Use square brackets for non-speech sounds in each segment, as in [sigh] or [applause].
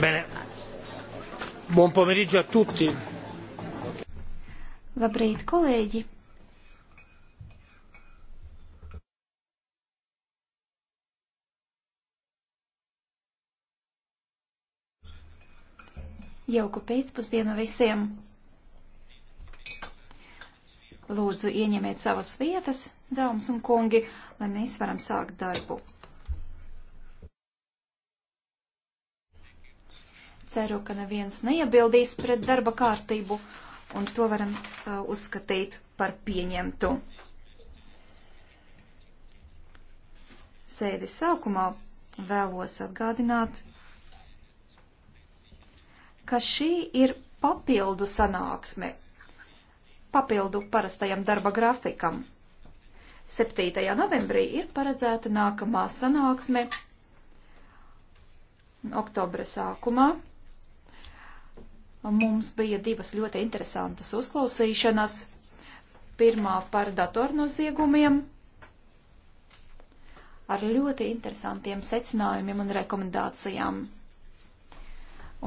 Bene. Buon pomeriggio a tutti. Labrīt, kolēģi. Jauku pēcpusdienu visiem. Lūdzu, ieņemiet savas vietas, dāmas un kungi, lai mēs varam sākt darbu. Ceru, ka neviens neiebildīs pret darba kārtību, un to varam uh, uzskatīt par pieņemtu. Sēdi sākumā vēlos atgādināt, ka šī ir papildu sanāksme, papildu parastajam darba grafikam. 7. novembrī ir paredzēta nākamā sanāksme oktobra sākumā Mums bija divas ļoti interesantas uzklausīšanas. Pirmā par datornoziegumiem ar ļoti interesantiem secinājumiem un rekomendācijām.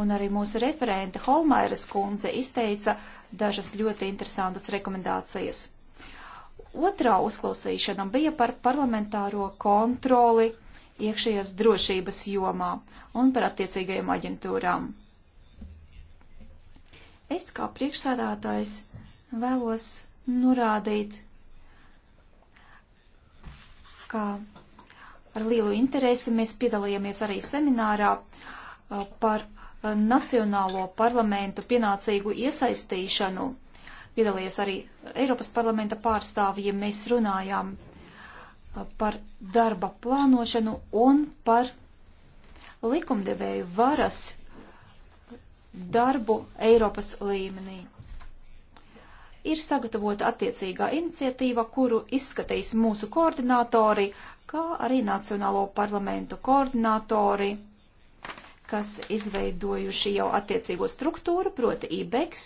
Un arī mūsu referente Holmairas kundze izteica dažas ļoti interesantas rekomendācijas. Otrā uzklausīšana bija par parlamentāro kontroli iekšējās drošības jomā un par attiecīgajām aģentūrām. Es kā priekšsādātājs vēlos norādīt, ka ar lielu interesi mēs piedalījāmies arī seminārā uh, par uh, nacionālo parlamentu pienācīgu iesaistīšanu. Piedalījies arī Eiropas parlamenta pārstāvji, mēs runājām uh, par darba plānošanu un par likumdevēju varas darbu Eiropas līmenī. Ir sagatavota attiecīgā iniciatīva, kuru izskatīs mūsu koordinatori, kā arī Nacionālo parlamentu koordinatori, kas izveidojuši jau attiecīgo struktūru, proti IBEX.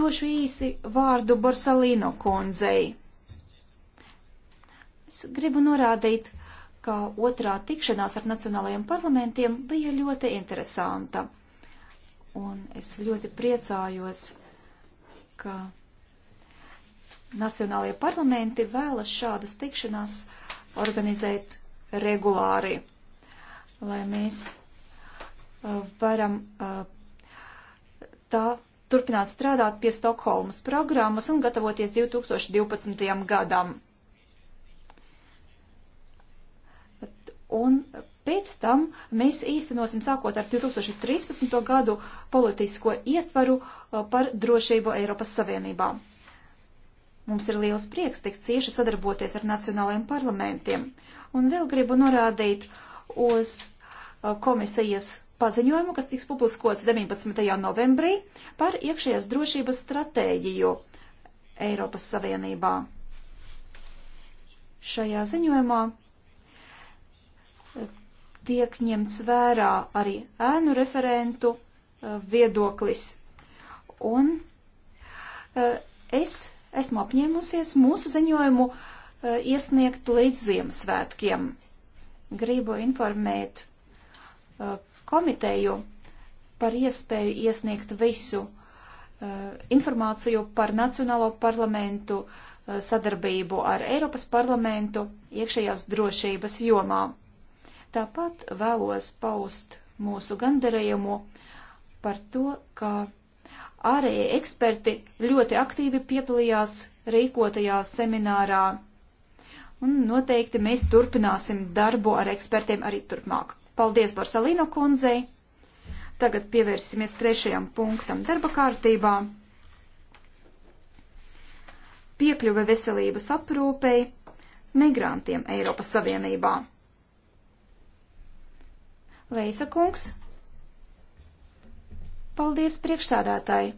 Došu īsi vārdu Borsalino kundzei. Es gribu norādīt, ka otrā tikšanās ar nacionālajiem parlamentiem bija ļoti interesanta. Un es ļoti priecājos, ka nacionālajie parlamenti vēlas šādas tikšanās organizēt regulāri, lai mēs uh, varam uh, tā turpināt strādāt pie Stokholmas programmas un gatavoties 2012. gadam. Un pēc tam mēs īstenosim sākot ar 2013. gadu politisko ietvaru uh, par drošību Eiropas Savienībā. Mums ir liels prieks tik cieši sadarboties ar nacionālajiem parlamentiem. Un vēl gribu norādīt uz uh, komisijas paziņojumu, kas tiks publiskots 19. novembrī par iekšējās drošības stratēģiju Eiropas Savienībā. Šajā ziņojumā tiek ņemts vērā arī ēnu referentu eh, viedoklis. Un eh, es esmu apņēmusies mūsu ziņojumu eh, iesniegt līdz Ziemassvētkiem. Gribu informēt komiteju par iespēju iesniegt visu informāciju par Nacionālo parlamentu sadarbību ar Eiropas parlamentu iekšējās drošības jomā. Tāpat vēlos paust mūsu gandarējumu par to, ka ārējie eksperti ļoti aktīvi piedalījās rīkotajā seminārā. Un noteikti mēs turpināsim darbu ar ekspertiem arī turpmāk. Paldies Borsalino kundzei! Tagad pievērsimies trešajam punktam darba kārtībā. Piekļuve veselības aprūpei migrantiem Eiropas Savienībā. Leisa kungs. Paldies priekšsādātāji.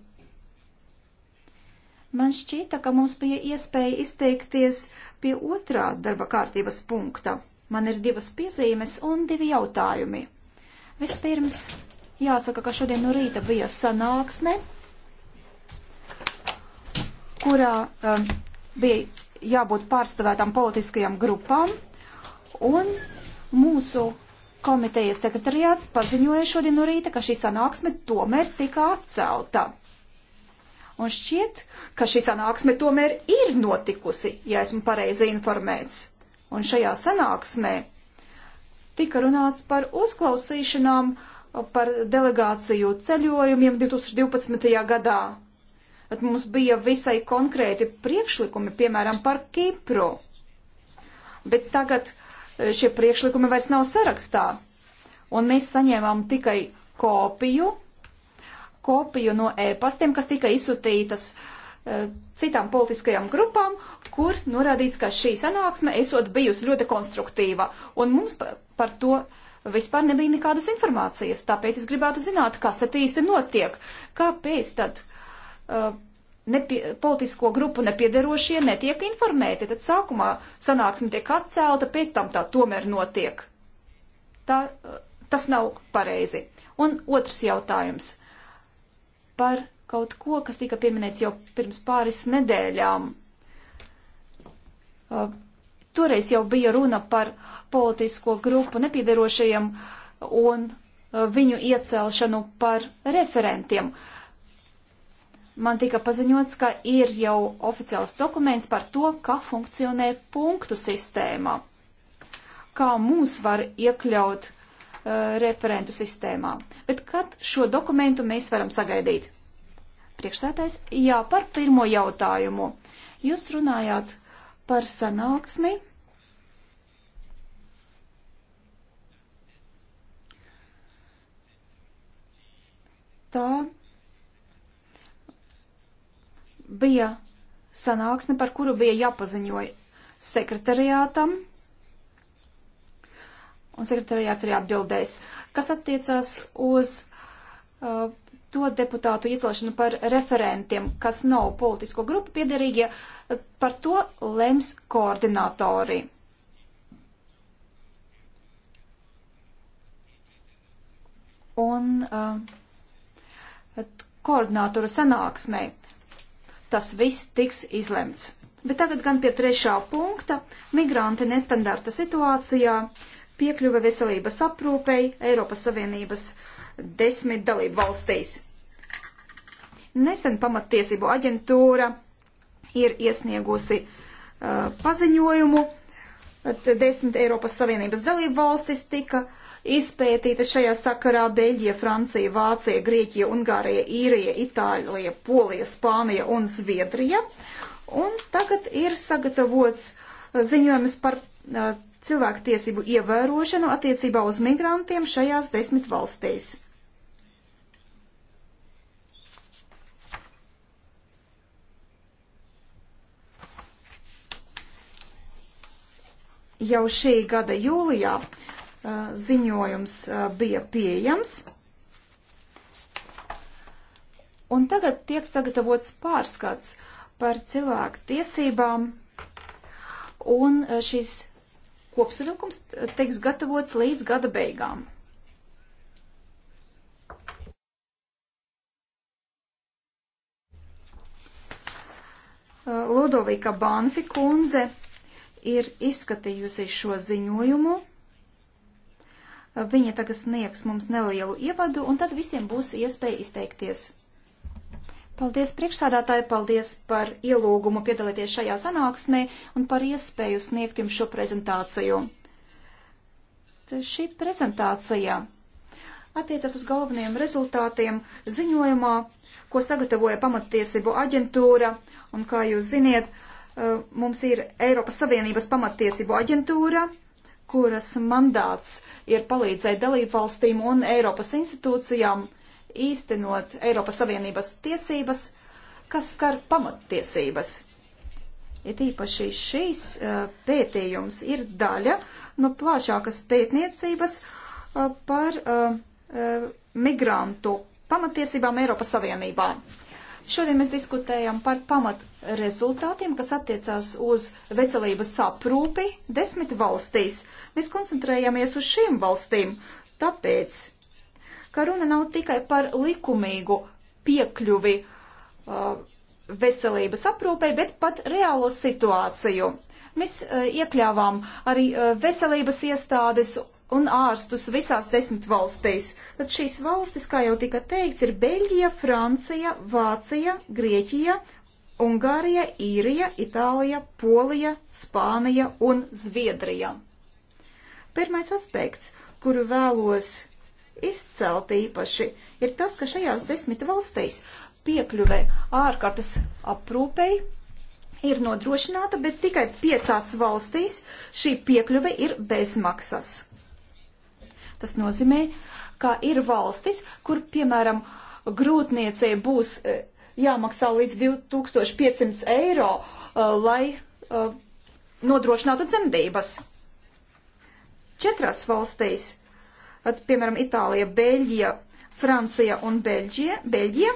Man šķita, ka mums bija iespēja izteikties pie otrā darba kārtības punkta. Man ir divas piezīmes un divi jautājumi. Vispirms jāsaka, ka šodien no rīta bija sanāksme, kurā um, bija jābūt pārstāvētām politiskajām grupām, un mūsu Komitejas sekretariāts paziņoja šodien no rīta, ka šī sanāksme tomēr tika atcelta. Un šķiet, ka šī sanāksme tomēr ir notikusi, ja esmu pareizi informēts. Un šajā sanāksmē tika runāts par uzklausīšanām, par delegāciju ceļojumiem 2012. gadā. Tad mums bija visai konkrēti priekšlikumi, piemēram, par Kipru. Bet tagad uh, šie priekšlikumi vairs nav sarakstā. Un mēs saņēmām tikai kopiju, kopiju no ēpastiem, kas tika izsūtītas uh, citām politiskajām grupām, kur norādīts, ka šī sanāksme esot bijusi ļoti konstruktīva. Un mums par to vispār nebija nekādas informācijas. Tāpēc es gribētu zināt, kas tad īsti notiek. Kāpēc tad? Uh, nepie, politisko grupu nepiedarošie netiek informēti. Tad sākumā sanāksme tiek atcelta, pēc tam tā tomēr notiek. Tā, tas nav pareizi. Un otrs jautājums par kaut ko, kas tika pieminēts jau pirms pāris nedēļām. Uh, toreiz jau bija runa par politisko grupu nepiedarošajiem un uh, viņu iecelšanu par referentiem. Uh, man tika paziņots, ka ir jau oficiāls dokuments par to, kā funkcionē punktu sistēma, kā mūs var iekļaut uh, referentu sistēmā. Bet kad šo dokumentu mēs varam sagaidīt? Priekšsētais, jā, par pirmo jautājumu. Jūs runājāt par sanāksmi. Tā bija sanāksme, par kuru bija jāpaziņoja sekretariātam. Un sekretariāts arī atbildēs, kas attiecās uz uh, to deputātu iecelšanu par referentiem, kas nav politisko grupu piederīgie, par to lems koordinātori. Un uh, koordinātoru sanāksmei tas viss tiks izlemts. Bet tagad gan pie trešā punkta - migranti nestandarta situācijā, piekļuve veselības aprūpei Eiropas Savienības desmit dalību valstīs. Nesen pamattiesību aģentūra ir iesniegusi uh, paziņojumu, desmit Eiropas Savienības dalību valstis tika uh, izpētītas šajā sakarā Beļģija, Francija, Vācija, Grieķija, Ungārija, Īrija, Itālija, Polija, Spānija un Zviedrija. Un tagad ir sagatavots uh, ziņojums par uh, cilvēktiesību ievērošanu attiecībā uz migrantiem šajās desmit valstīs. Jau šī gada jūlijā uh, Uh, ziņojums uh, bija pieejams. Un tagad tiek sagatavots pārskats par cilvēku tiesībām, un uh, šis kopsavilkums tiks gatavots līdz gada beigām. Ludovika Banfi kundze ir izskatījusi šo ziņojumu Viņa tagad sniegs mums nelielu ievadu, un tad visiem būs iespēja izteikties. Paldies priekšsādātāji, paldies par ielūgumu piedalīties šajā sanāksmē un par iespēju sniegt jums šo prezentāciju. Tad šī prezentācija attiecas uz galvenajiem rezultātiem ziņojumā, ko sagatavoja pamatiesību aģentūra, un kā jūs ziniet, uh, mums ir Eiropas Savienības pamatiesību aģentūra, kuras mandāts ir palīdzēt dalībvalstīm un Eiropas institūcijām īstenot Eiropas Savienības tiesības, kas skar pamattiesības. Ir ja īpaši šīs uh, pētījums ir daļa no plašākas pētniecības uh, par uh, migrantu pamatiesībām Eiropas Savienībā. Šodien mēs diskutējam par pamat rezultātiem, kas attiecās uz veselības aprūpi desmit valstīs. Uh, Mēs koncentrējamies uz šīm valstīm, tāpēc, ka runa nav tikai par likumīgu piekļuvi uh, veselības aprūpei, bet pat reālo situāciju. Mēs uh, iekļāvām arī uh, veselības iestādes un ārstus visās desmit valstīs. Tad šīs valstis, kā jau tika teikts, ir Beļģija, Francija, Vācija, Grieķija, Ungārija, Īrija, Itālija, Polija, Spānija un Zviedrija. Pirmais aspekts, kuru vēlos izcelt īpaši, ir tas, ka šajās desmit valstīs piekļuve ārkārtas aprūpei ir nodrošināta, bet tikai piecās valstīs šī piekļuve ir bezmaksas. Tas nozīmē, ka ir valstis, kur, piemēram, grūtniecei būs e, jāmaksā līdz 2500 eiro, e, lai e, nodrošinātu dzemdības četrās valstīs, at, piemēram, Itālija, Beļģija, Francija un Beļģija, Beļģija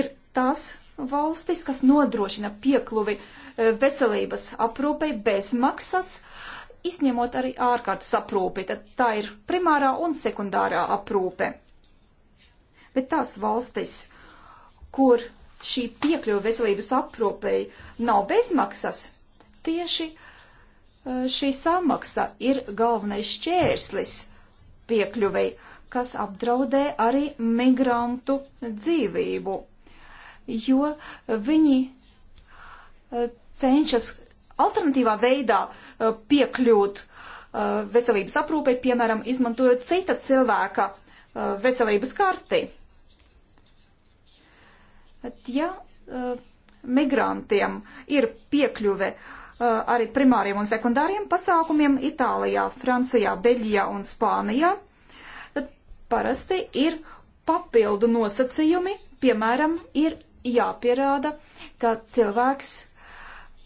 ir tās valstis, kas nodrošina piekluvi e, veselības aprūpei bez maksas, izņemot arī ārkārtas aprūpi. Tad tā ir primārā un sekundārā aprūpe. Bet tās valstis, kur šī piekļuva veselības aprūpei nav bezmaksas, tieši uh, Eh, šī samaksa ir galvenais šķērslis piekļuvei, kas apdraudē arī migrantu dzīvību, jo viņi eh, cenšas alternatīvā veidā eh, piekļūt veselības aprūpei, piemēram, izmantojot cita cilvēka veselības karti. Ja migrantiem ir piekļuve uh, Eh, arī primāriem un sekundāriem pasākumiem Itālijā, Francijā, Beļģijā un Spānijā, tad parasti ir papildu nosacījumi, piemēram, ir jāpierāda, ka cilvēks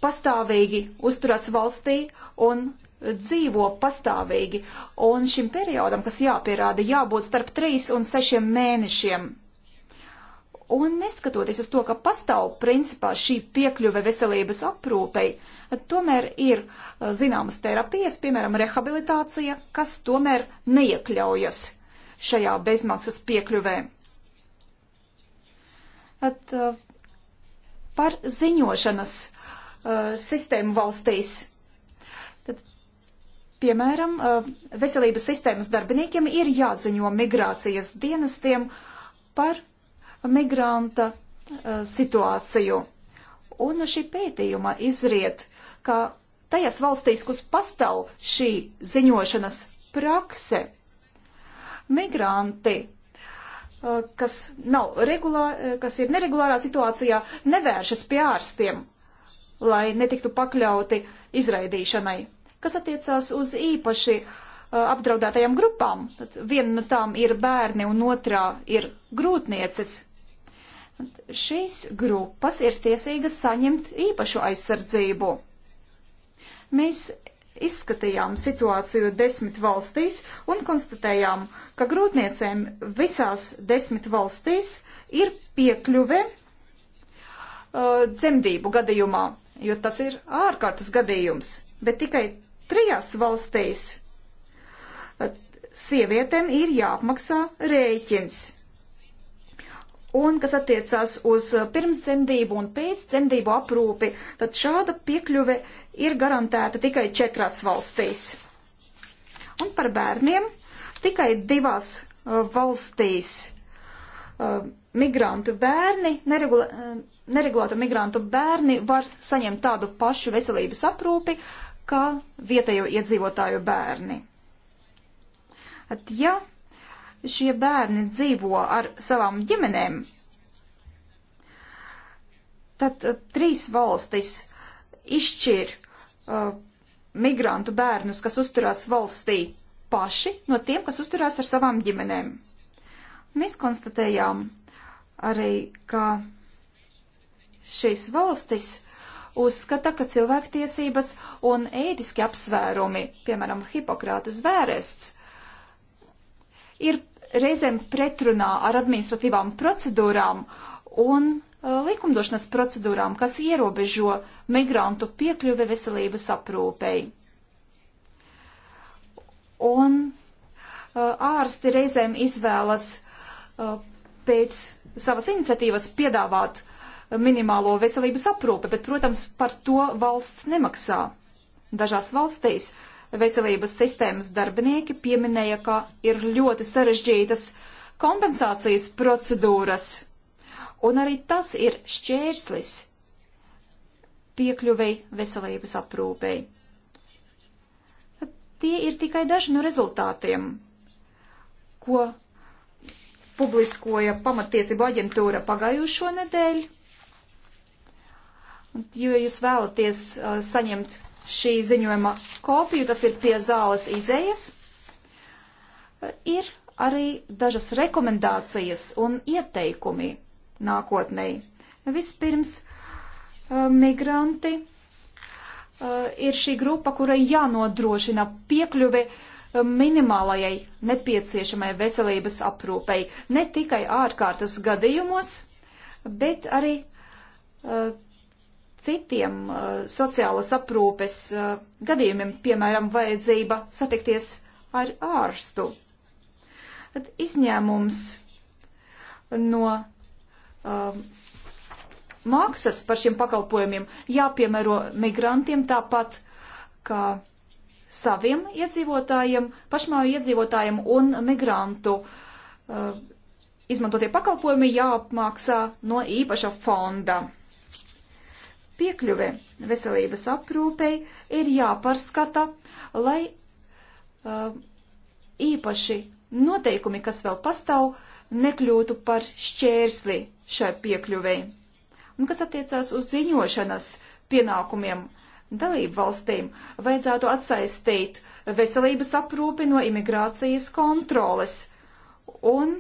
pastāvīgi uzturas valstī un dzīvo pastāvīgi, un šim periodam, kas jāpierāda, jābūt starp 3 un 6 mēnešiem. Un neskatoties uz to, ka pastāv principā šī piekļuve veselības aprūpei, tomēr ir uh, zināmas terapijas, piemēram, rehabilitācija, kas tomēr neiekļaujas šajā bezmaksas piekļuvē. At, uh, par ziņošanas uh, sistēmu valstīs. Tad, piemēram, uh, veselības sistēmas darbiniekiem ir jāziņo migrācijas dienestiem par migranta eh, situāciju. Un no šī pētījuma izriet, ka tajās valstīs, kur pastāv šī ziņošanas prakse, migranti, eh, kas, nav regulā, eh, kas ir neregulārā situācijā, nevēršas pie ārstiem, lai netiktu pakļauti izraidīšanai. Kas attiecās uz īpaši apdraudētajām grupām, tad viena no tām ir bērni un otrā ir grūtnieces Šīs grupas ir tiesīgas saņemt īpašu aizsardzību. Mēs izskatījām situāciju desmit valstīs un konstatējām, ka grūtniecēm visās desmit valstīs ir piekļuve uh, dzemdību gadījumā, jo tas ir ārkārtas gadījums, bet tikai trijās valstīs uh, sievietēm ir jāapmaksā rēķins. Un kas attiecās uz uh, pirmsdzemdību un pēcdzemdību aprūpi, tad šāda piekļuve ir garantēta tikai četrās valstīs. Un par bērniem tikai divās uh, valstīs uh, migrantu bērni, neregula, uh, neregulētu migrantu bērni var saņemt tādu pašu veselības aprūpi kā vietējo iedzīvotāju bēr bērni. At, ja šie bērni dzīvo ar savām ģimenēm, tad trīs valstis izšķir uh, migrantu bērnus, kas uzturās valstī paši, no tiem, kas uzturās ar savām ģimenēm. Mēs konstatējām arī, ka šīs valstis uzskata, ka cilvēktiesības un ētiski apsvērumi, piemēram, Hipokrātas vērests, ir reizēm pretrunā ar administratīvām procedūrām un uh, likumdošanas procedūrām, kas ierobežo migrantu piekļuvi veselības aprūpei. Un uh, ārsti reizēm izvēlas uh, pēc savas iniciatīvas piedāvāt minimālo veselības aprūpe, bet, protams, par to valsts nemaksā. Dažās valstīs uh, veselības sistēmas darbinieki pieminēja, ka ir ļoti sarežģītas kompensācijas procedūras, un arī tas ir šķērslis piekļuvei veselības aprūpei. Tie ir tikai daži no rezultātiem, ko publiskoja pamatiesību aģentūra pagājušo nedēļu. Jo jūs vēlaties uh, saņemt šī ziņojuma kopiju, tas ir pie zāles izējas. Ir arī dažas rekomendācijas un ieteikumi nākotnēji. Vispirms, migranti ir šī grupa, kurai jānodrošina piekļuvi minimālajai nepieciešamai veselības aprūpei ne tikai ārkārtas gadījumos, bet arī citiem uh, sociālas aprūpes uh, gadījumiem, piemēram, vajadzība satikties ar ārstu. Tad izņēmums no uh, maksas par šiem pakalpojumiem jāpiemēro migrantiem tāpat kā saviem iedzīvotājiem, pašmāju iedzīvotājiem un migrantu. Uh, izmantotie pakalpojumi jāapmaksā no īpaša fonda. Piekļuve veselības aprūpei ir jāpārskata, lai uh, īpaši noteikumi, kas vēl pastāv, nekļūtu par šķērsli šai piekļuvei. Un kas attiecās uz ziņošanas pienākumiem dalību valstīm, vajadzētu atsaistīt veselības aprūpi no imigrācijas kontroles un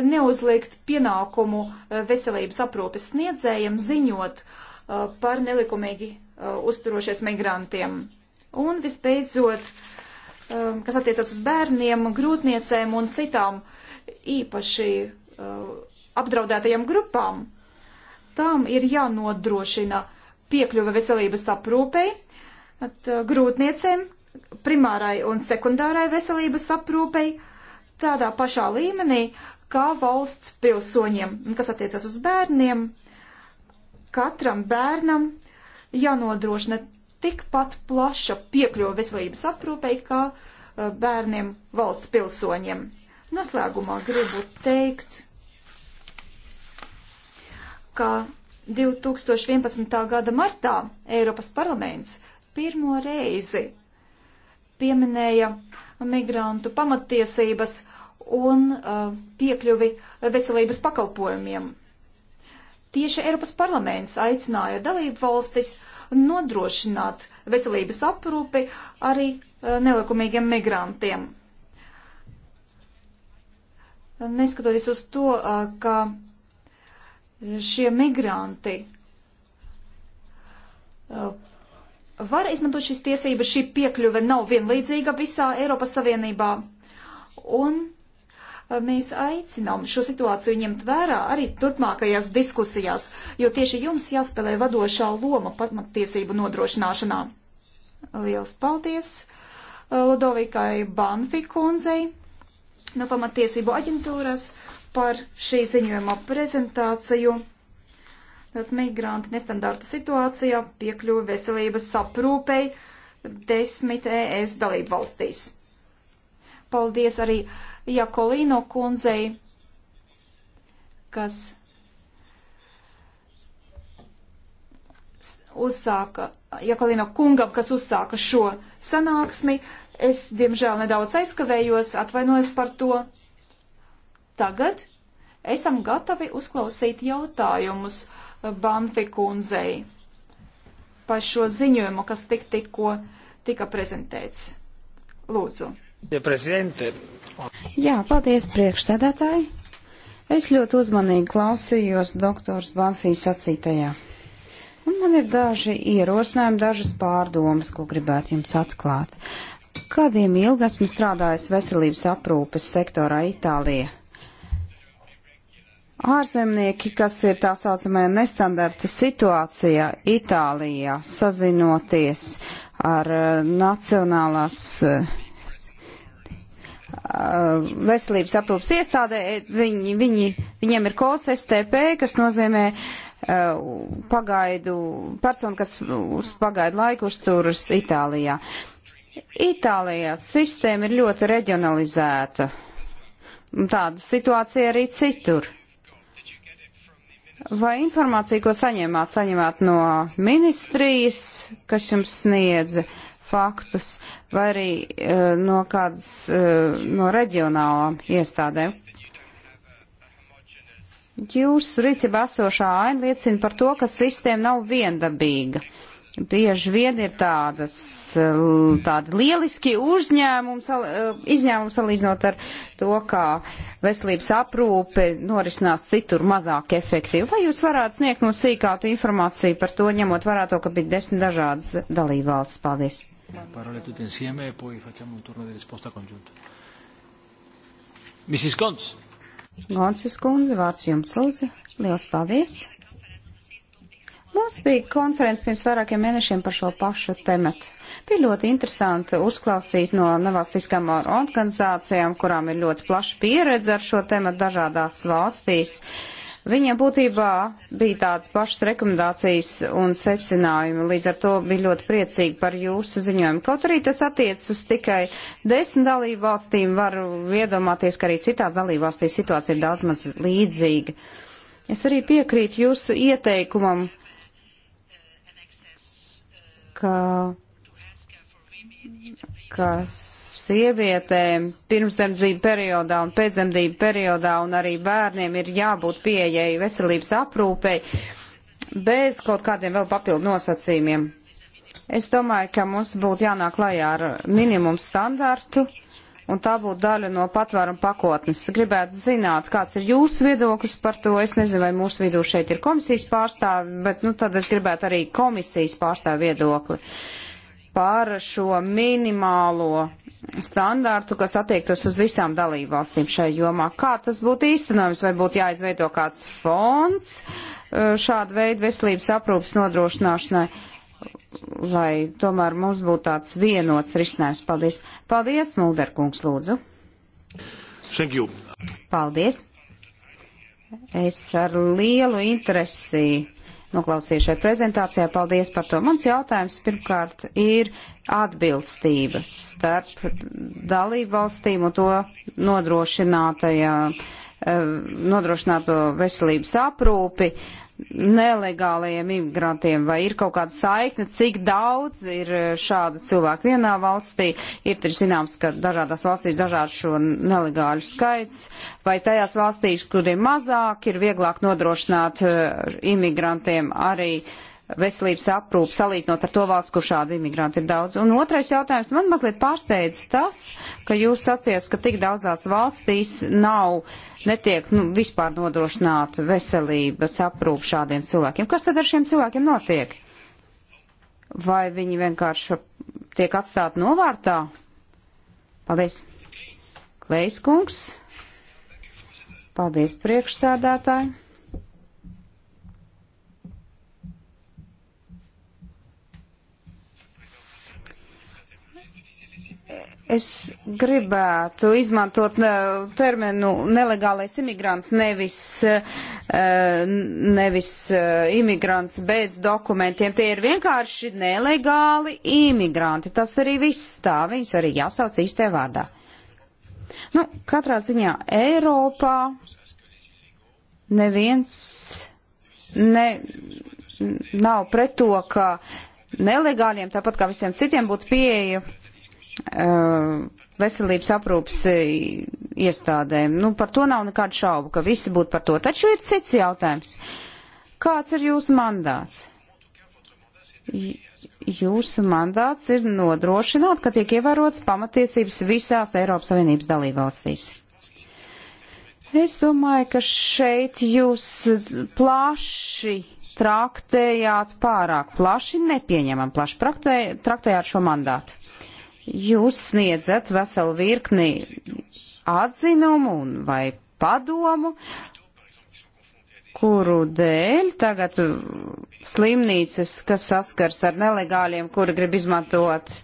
neuzlikt pienākumu eh, veselības aprūpes sniedzējiem ziņot eh, par nelikumīgi eh, uzturošies migrantiem. Un visbeidzot, kas attiecas uz bērniem, grūtniecēm un citām īpaši apdraudētajām grupām, tām ir jānodrošina piekļuve veselības aprūpei, grūtniecēm, primārai un sekundārai veselības aprūpei, tādā pašā līmenī, uh, kā valsts pilsoņiem, kas attiecas uz bērniem. Katram bērnam jānodrošina tikpat plaša piekļuva veselības aprūpei, kā eh, bērniem valsts pilsoņiem. Noslēgumā gribu teikt, ka 2011. gada martā Eiropas parlaments pirmo reizi pieminēja migrantu pamatiesības un uh, piekļuvi veselības pakalpojumiem. Tieši Eiropas parlaments aicināja dalību valstis nodrošināt veselības aprūpi arī uh, nelikumīgiem migrantiem. Neskatoties uz to, uh, ka šie migranti uh, var izmantot šīs tiesības, šī piekļuve nav vienlīdzīga visā Eiropas Savienībā. Un Mēs aicinām šo situāciju ņemt vērā arī turpmākajās diskusijās, jo tieši jums jāspēlē vadošā loma patmatiesību nodrošināšanā. Liels paldies Ludovikai Banfi kundzei no pamatiesību aģentūras par šī ziņojuma prezentāciju. Tad migranti nestandarta situācijā piekļuva veselības aprūpei desmit ES dalību valstīs. Paldies arī uh, Jakolīno kundzei, kas uzsāka, Jakolīno kungam, kas uzsāka šo sanāksmi. Es, diemžēl, nedaudz aizkavējos, atvainojos par to. Tagad esam gatavi uzklausīt jautājumus eh, Banfi kundzei par šo ziņojumu, kas tik tikko tika prezentēts. Lūdzu. Ja Jā, paldies priekšstādātāji. Es ļoti uzmanīgi klausījos doktors Banfijas sacītajā. Un man ir daži ierosinājumi, dažas pārdomas, ko gribētu jums atklāt. Kādiem ilgi esmu strādājis veselības aprūpes sektorā Itālijā? Ārzemnieki, kas ir tā saucamajā nestandarta situācijā Itālijā, sazinoties ar eh, nacionālās uh, Uh, veselības aprūpas iestādē, viņi, viņi, viņiem ir kods STP, kas nozīmē uh, pagaidu personu, kas uz pagaidu laiku uzturas Itālijā. Itālijā sistēma ir ļoti reģionalizēta. Tāda situācija arī citur. Vai informācija, ko saņēmāt, saņēmāt no ministrijas, kas jums sniedza? Uh, faktus vai arī uh, no kādas uh, no reģionālām iestādēm. Jūsu rīcība esošā aina liecina par to, ka sistēma nav viendabīga. Bieži vien ir tādas, eh, tādi lieliski uzņēmumi, izņēmumi salīdzinot ar to, kā veselības aprūpe norisinās citur mazāk efektīvi. Vai jūs varētu sniegt mums sīkātu informāciju par to, ņemot vērā to, ka bija desmit dažādas dalībvalstis? Paldies! Le parole tutte insieme e poi facciamo un turno di risposta congiunto. Mrs. Gons. Gonsis kundze, vārds jums lūdzu. Liels paldies. Mums bija konferences pirms vairākiem mēnešiem par šo pašu tematu. Bija ļoti interesanti uzklausīt no nevalstiskām organizācijām, kurām ir ļoti plaša pieredze ar šo tematu dažādās valstīs. Uh, Viņiem būtībā bija tādas pašas rekomendācijas un secinājumi, līdz ar to bija ļoti priecīgi par jūsu ziņojumu. Kaut arī tas attiecas uz tikai desmit dalību valstīm, var iedomāties, ka arī citās dalību valstīs situācija ir daudz maz līdzīga. Es arī piekrītu jūsu ieteikumam, ka ka sievietēm pirmsdzemdību periodā un pēcdzemdību periodā un arī bērniem ir jābūt pieejai veselības aprūpei bez kaut kādiem vēl papildu nosacījumiem. Es domāju, ka mums būtu jānāk klajā ar minimumu standartu, un tā būtu daļa no patvērumu pakotnes. Gribētu zināt, kāds ir jūsu viedoklis par to. Es nezinu, vai mūsu vidū šeit ir komisijas pārstāvi, bet nu, tad es gribētu arī komisijas pārstāvi viedokli. Uh, par šo minimālo standārtu, kas attiektos uz visām dalībvalstīm šai jomā. Kā tas būtu īstenojams, vai būtu jāizveido kāds fonds eh, šāda veida veselības aprūpas nodrošināšanai, lai tomēr mums būtu tāds vienots risinājums. Paldies. Paldies, Mulderkungs, lūdzu. Thank you. Paldies. Es ar lielu interesi noklausīju šai prezentācijā. Paldies par to. Mans jautājums pirmkārt ir atbilstība starp dalību valstīm un to nodrošinātajā eh, nodrošināto veselības aprūpi. Uh, nelegālajiem imigrantiem, vai ir kaut kāda saikne, cik daudz ir eh, šādu cilvēku vienā valstī, ir taču zināms, ka dažādās valstīs dažāds šo nelegāļu skaits, vai tajās valstīs, kur ir mazāk, ir vieglāk nodrošināt eh, imigrantiem arī uh, veselības aprūpu salīdzinot ar to valsts, kur šādu imigrantu ir daudz. Un otrais jautājums man mazliet pārsteidz tas, ka jūs sacies, ka tik daudzās valstīs nav, netiek nu, vispār nodrošināta veselības aprūpu šādiem cilvēkiem. Kas tad ar šiem cilvēkiem notiek? Vai viņi vienkārši tiek atstāti novārtā? Paldies. Klejs kungs. Paldies priekšsēdētāji. Es gribētu izmantot terminu nelegālais imigrants, nevis, eh, nevis eh, imigrants bez dokumentiem. Tie ir vienkārši nelegāli imigranti. Tas arī viss tā. Viņus arī jāsauc īstē vārdā. Nu, katrā ziņā Eiropā neviens ne, nav pret to, ka nelegāliem, tāpat kā visiem citiem, būtu pieeja Uh, veselības aprūpas uh, iestādēm. Nu, par to nav nekādu šaubu, ka visi būtu par to. Taču ir cits jautājums. Kāds ir jūsu mandāts? J jūsu mandāts ir nodrošināt, ka tiek ievērots pamatiesības visās Eiropas Savienības dalībvalstīs. Es domāju, ka šeit jūs plaši traktējāt pārāk plaši, nepieņemam plaši traktējāt šo mandātu. Jūs sniedzat veselu virkni atzinumu un vai padomu, kuru dēļ tagad slimnīcas, kas saskars ar nelegāliem, kuri grib izmantot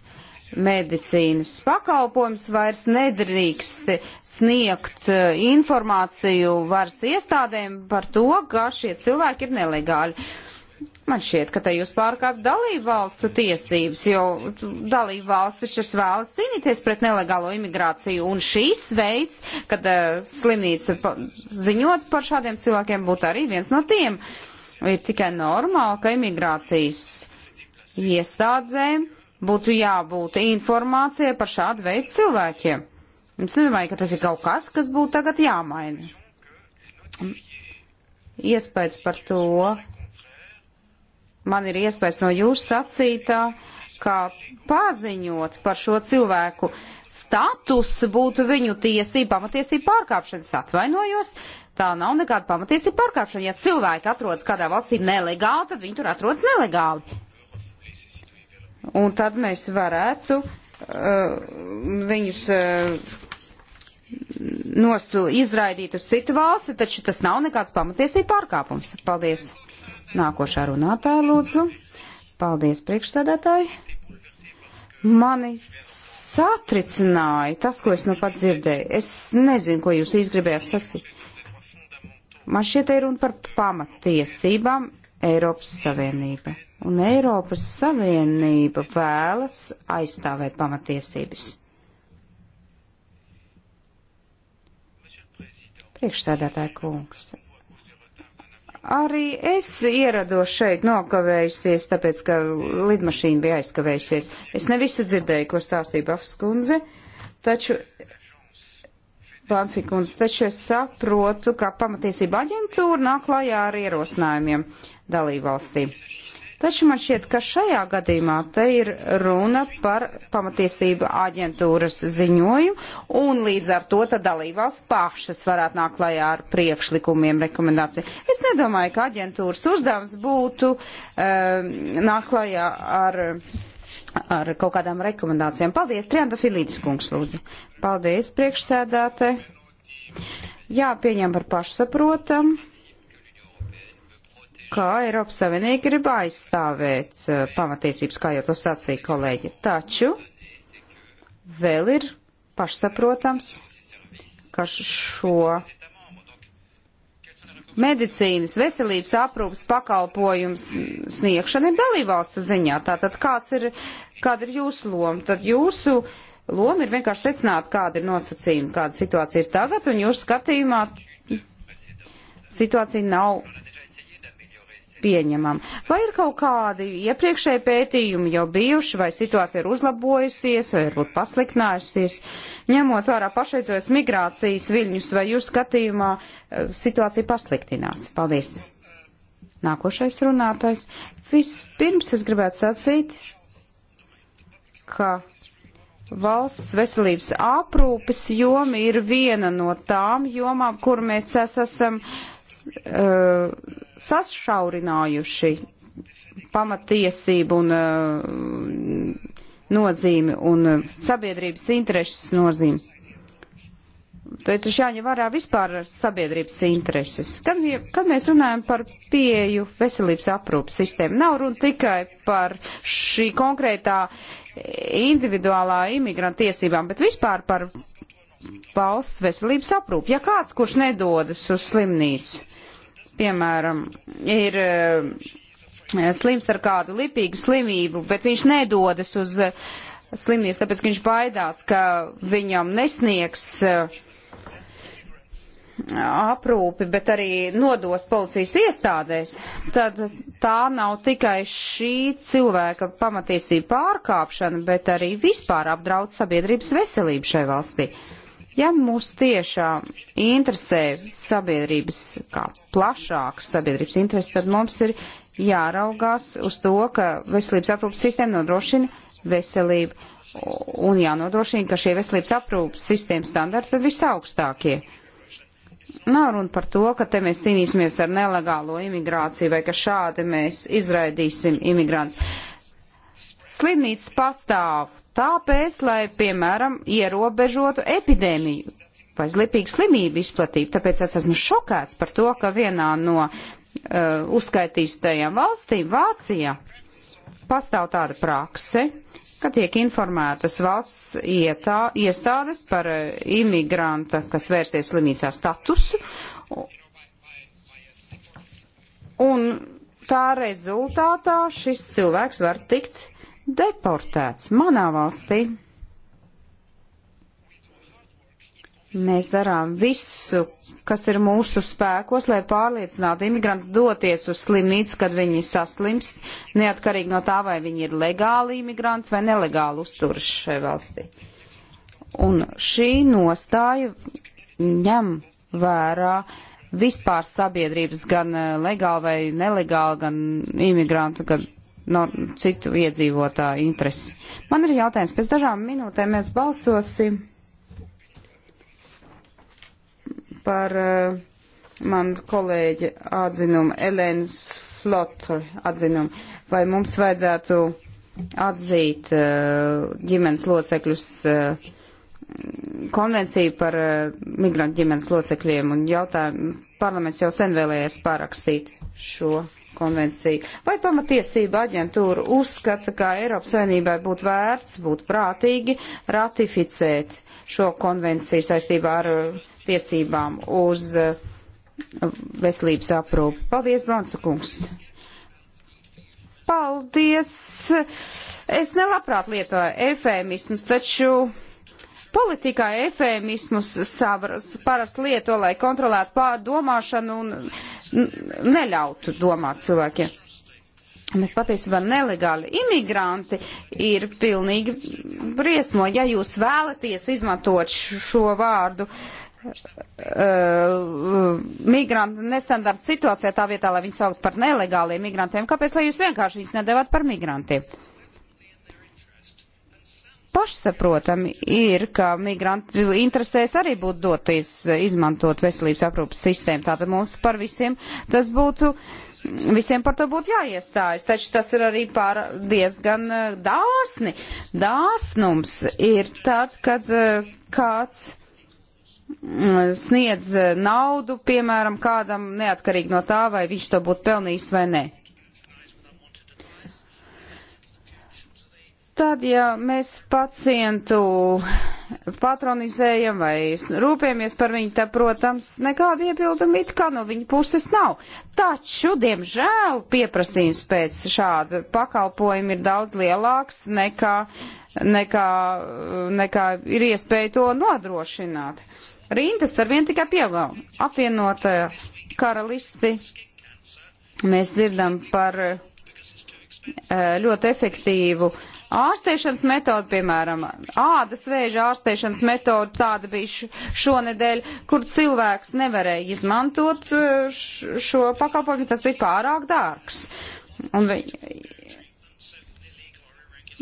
medicīnas pakalpojums, vairs nedrīkst sniegt e, informāciju varas iestādēm par to, ka šie cilvēki ir nelegāli. Man šķiet, ka te jūs pārkāpjat dalību valstu tiesības, jo dalību valstis šis vēlas cīnīties pret nelegālo imigrāciju, un šīs veids, kad uh, slimnīca pa ziņot par šādiem cilvēkiem, būtu arī viens no tiem. Ir tikai normāli, ka imigrācijas iestādēm būtu jābūt informācijai par šādu veidu cilvēkiem. Es nedomāju, ka tas ir kaut kas, kas būtu tagad jāmaina. Iespējams par to, man ir iespējas no jūsu sacītā, ka paziņot par šo cilvēku status būtu viņu tiesība, pamatiesība pārkāpšanas atvainojos. Tā nav nekāda pamatiesība pārkāpšana. Ja cilvēki atrodas kādā valstī nelegāli, tad viņi tur atrodas nelegāli. Un tad mēs varētu uh, viņus uh, nostu izraidīt uz citu valsti, taču tas nav nekāds pamatiesība pārkāpums. Paldies! Nākošā runātāja lūdzu. Paldies priekšsēdētāji. Mani satricināja tas, ko es nu pat dzirdēju. Es nezinu, ko jūs izgribējāt sacīt. Man šeit ir runa par pamatiesībām Eiropas Savienība. Un Eiropas Savienība vēlas aizstāvēt pamatiesības. Priekšsēdētāja kungs, Arī es ierados šeit nokavējusies, tāpēc, ka lidmašīna bija aizkavējusies. Es nevisu dzirdēju, ko stāstīja Bafs kundze, taču, Banfi kundze, taču es saprotu, ka pamatiesība aģentūra nāk klajā ar ierosinājumiem dalībvalstīm. Taču man šķiet, ka šajā gadījumā te ir runa par pamatiesību aģentūras ziņojumu, un līdz ar to tad dalībās pašas varētu nākt klajā ar priekšlikumiem rekomendāciju. Es nedomāju, ka aģentūras uzdevums būtu um, nākt klajā ar. Ar kaut kādām rekomendācijām. Paldies, Trianda Filītis kungs, lūdzu. Paldies, priekšsēdāte. Jā, pieņem par pašsaprotamu kā Eiropas Savienība grib aizstāvēt eh, pamatiesības, kā jau to sacīja kolēģi. Taču vēl ir pašsaprotams, ka šo medicīnas veselības aprūpas pakalpojums sniegšana ir dalībvalstu ziņā. Tātad kāds ir, kāda ir jūsu loma? Tad jūsu loma ir vienkārši secināt, kāda ir nosacījuma, kāda situācija ir tagad, un jūsu skatījumā situācija nav pieņemam. Vai ir kaut kādi iepriekšēji pētījumi jau bijuši, vai situācija ir uzlabojusies, vai varbūt pasliktinājusies, ņemot vērā pašreizējos migrācijas viļņus, vai jūs skatījumā eh, situācija pasliktinās? Paldies! Nākošais runātājs. Vispirms es gribētu sacīt, ka valsts veselības aprūpes joma ir viena no tām jomām, kur mēs esam. Uh, uh, sasšaurinājuši pamatiesību un uh, nozīmi un uh, sabiedrības intereses nozīmi. Tad ir jāņem vērā vispār sabiedrības intereses. Kad, kad mēs runājam par pieju veselības aprūpas sistēmu, nav runa tikai par šī konkrētā individuālā imigranta tiesībām, bet vispār par valsts veselības aprūpi. Ja kāds, kurš nedodas uz slimnīcu, piemēram, ir eh, slims ar kādu lipīgu slimību, bet viņš nedodas uz eh, slimnīcu, tāpēc, ka viņš baidās, ka viņam nesniegs eh, aprūpi, bet arī nodos policijas iestādēs, tad tā nav tikai šī cilvēka pamatiesība pārkāpšana, bet arī vispār apdraud sabiedrības veselību šai valstī. Uh, Ja mūs tiešām interesē sabiedrības, kā plašāks sabiedrības interesi, tad mums ir jāraugās uz to, ka veselības aprūpas sistēma nodrošina veselību un jānodrošina, ka šie veselības aprūpas sistēmas standarti ir visaugstākie. Nav runa par to, ka te mēs cīnīsimies ar nelegālo imigrāciju vai ka šādi mēs izraidīsim imigrants. Slimnīcas pastāv, Tāpēc, lai, piemēram, ierobežotu epidēmiju vai slipīgu slimību izplatību, tāpēc es esmu šokēts par to, ka vienā no uh, uzskaitīstajām valstīm, Vācijā, pastāv tāda prakse, ka tiek informētas valsts ietā, iestādes par uh, imigranta, kas vērsties slimnīcā statusu, un tā rezultātā šis cilvēks var tikt deportēts manā valstī. Mēs darām visu, kas ir mūsu spēkos, lai pārliecinātu imigrants doties uz slimnīcu, kad viņi saslimst, neatkarīgi no tā, vai viņi ir legāli imigranti vai nelegāli uzturas šajā valstī. Un šī nostāja ņem vērā vispār sabiedrības gan eh, legāli vai nelegāli, gan imigrantu, gan no citu iedzīvotāju interesi. Man ir jautājums, pēc dažām minūtēm mēs balsosim par uh, man kolēģi atzinumu, Elēnas Flotri atzinumu, vai mums vajadzētu atzīt uh, ģimenes locekļus uh, konvenciju par uh, migrantu ģimenes locekļiem un jautājumu. Parlaments jau sen vēlējies pārakstīt šo konvenciju. Vai pamatiesība aģentūra uzskata, ka Eiropas Savienībai būtu vērts, būtu prātīgi ratificēt šo konvenciju saistībā ar uh, tiesībām uz uh, veselības aprūpu? Paldies, Bronsa kungs! Paldies! Es nelabprāt lietoju efēmismus, taču politikā efēmismus savas parasti lieto, lai kontrolētu pārdomāšanu un neļautu domāt cilvēkiem. Bet patiesībā nelegāli imigranti ir pilnīgi briesmo. Ja jūs vēlaties izmantot šo vārdu, Uh, migrantu nestandarta situācijā tā vietā, lai viņus saukt par nelegāliem migrantiem, kāpēc lai jūs vienkārši viņus nedēvāt par migrantiem? Uh, pašsaprotami ir, ka migrantu interesēs arī būtu doties eh, izmantot veselības aprūpas sistēmu. Tātad mums par visiem tas būtu. Visiem par to būtu jāiestājas, taču tas ir arī pār diezgan eh, dāsni. Dāsnums ir tad, kad eh, kāds mm, sniedz naudu, piemēram, kādam neatkarīgi no tā, vai viņš to būtu pelnījis vai nē. Tad, ja mēs pacientu patronizējam vai rūpējamies par viņu, tad, protams, nekāda iebilduma it kā no viņa puses nav. Taču, diemžēl, pieprasījums pēc šāda pakalpojuma ir daudz lielāks nekā, nekā, nekā ir iespēja to nodrošināt. Rindas ar vien tikai pieaug. Apvienotā karalisti mēs dzirdam par eh, ļoti efektīvu uh, Ārstēšanas metode, piemēram, ādas vēža ārstēšanas metode, tāda bija šonedēļ, kur cilvēks nevarēja izmantot e, šo pakalpojumu, tas bija pārāk dārgs. Un,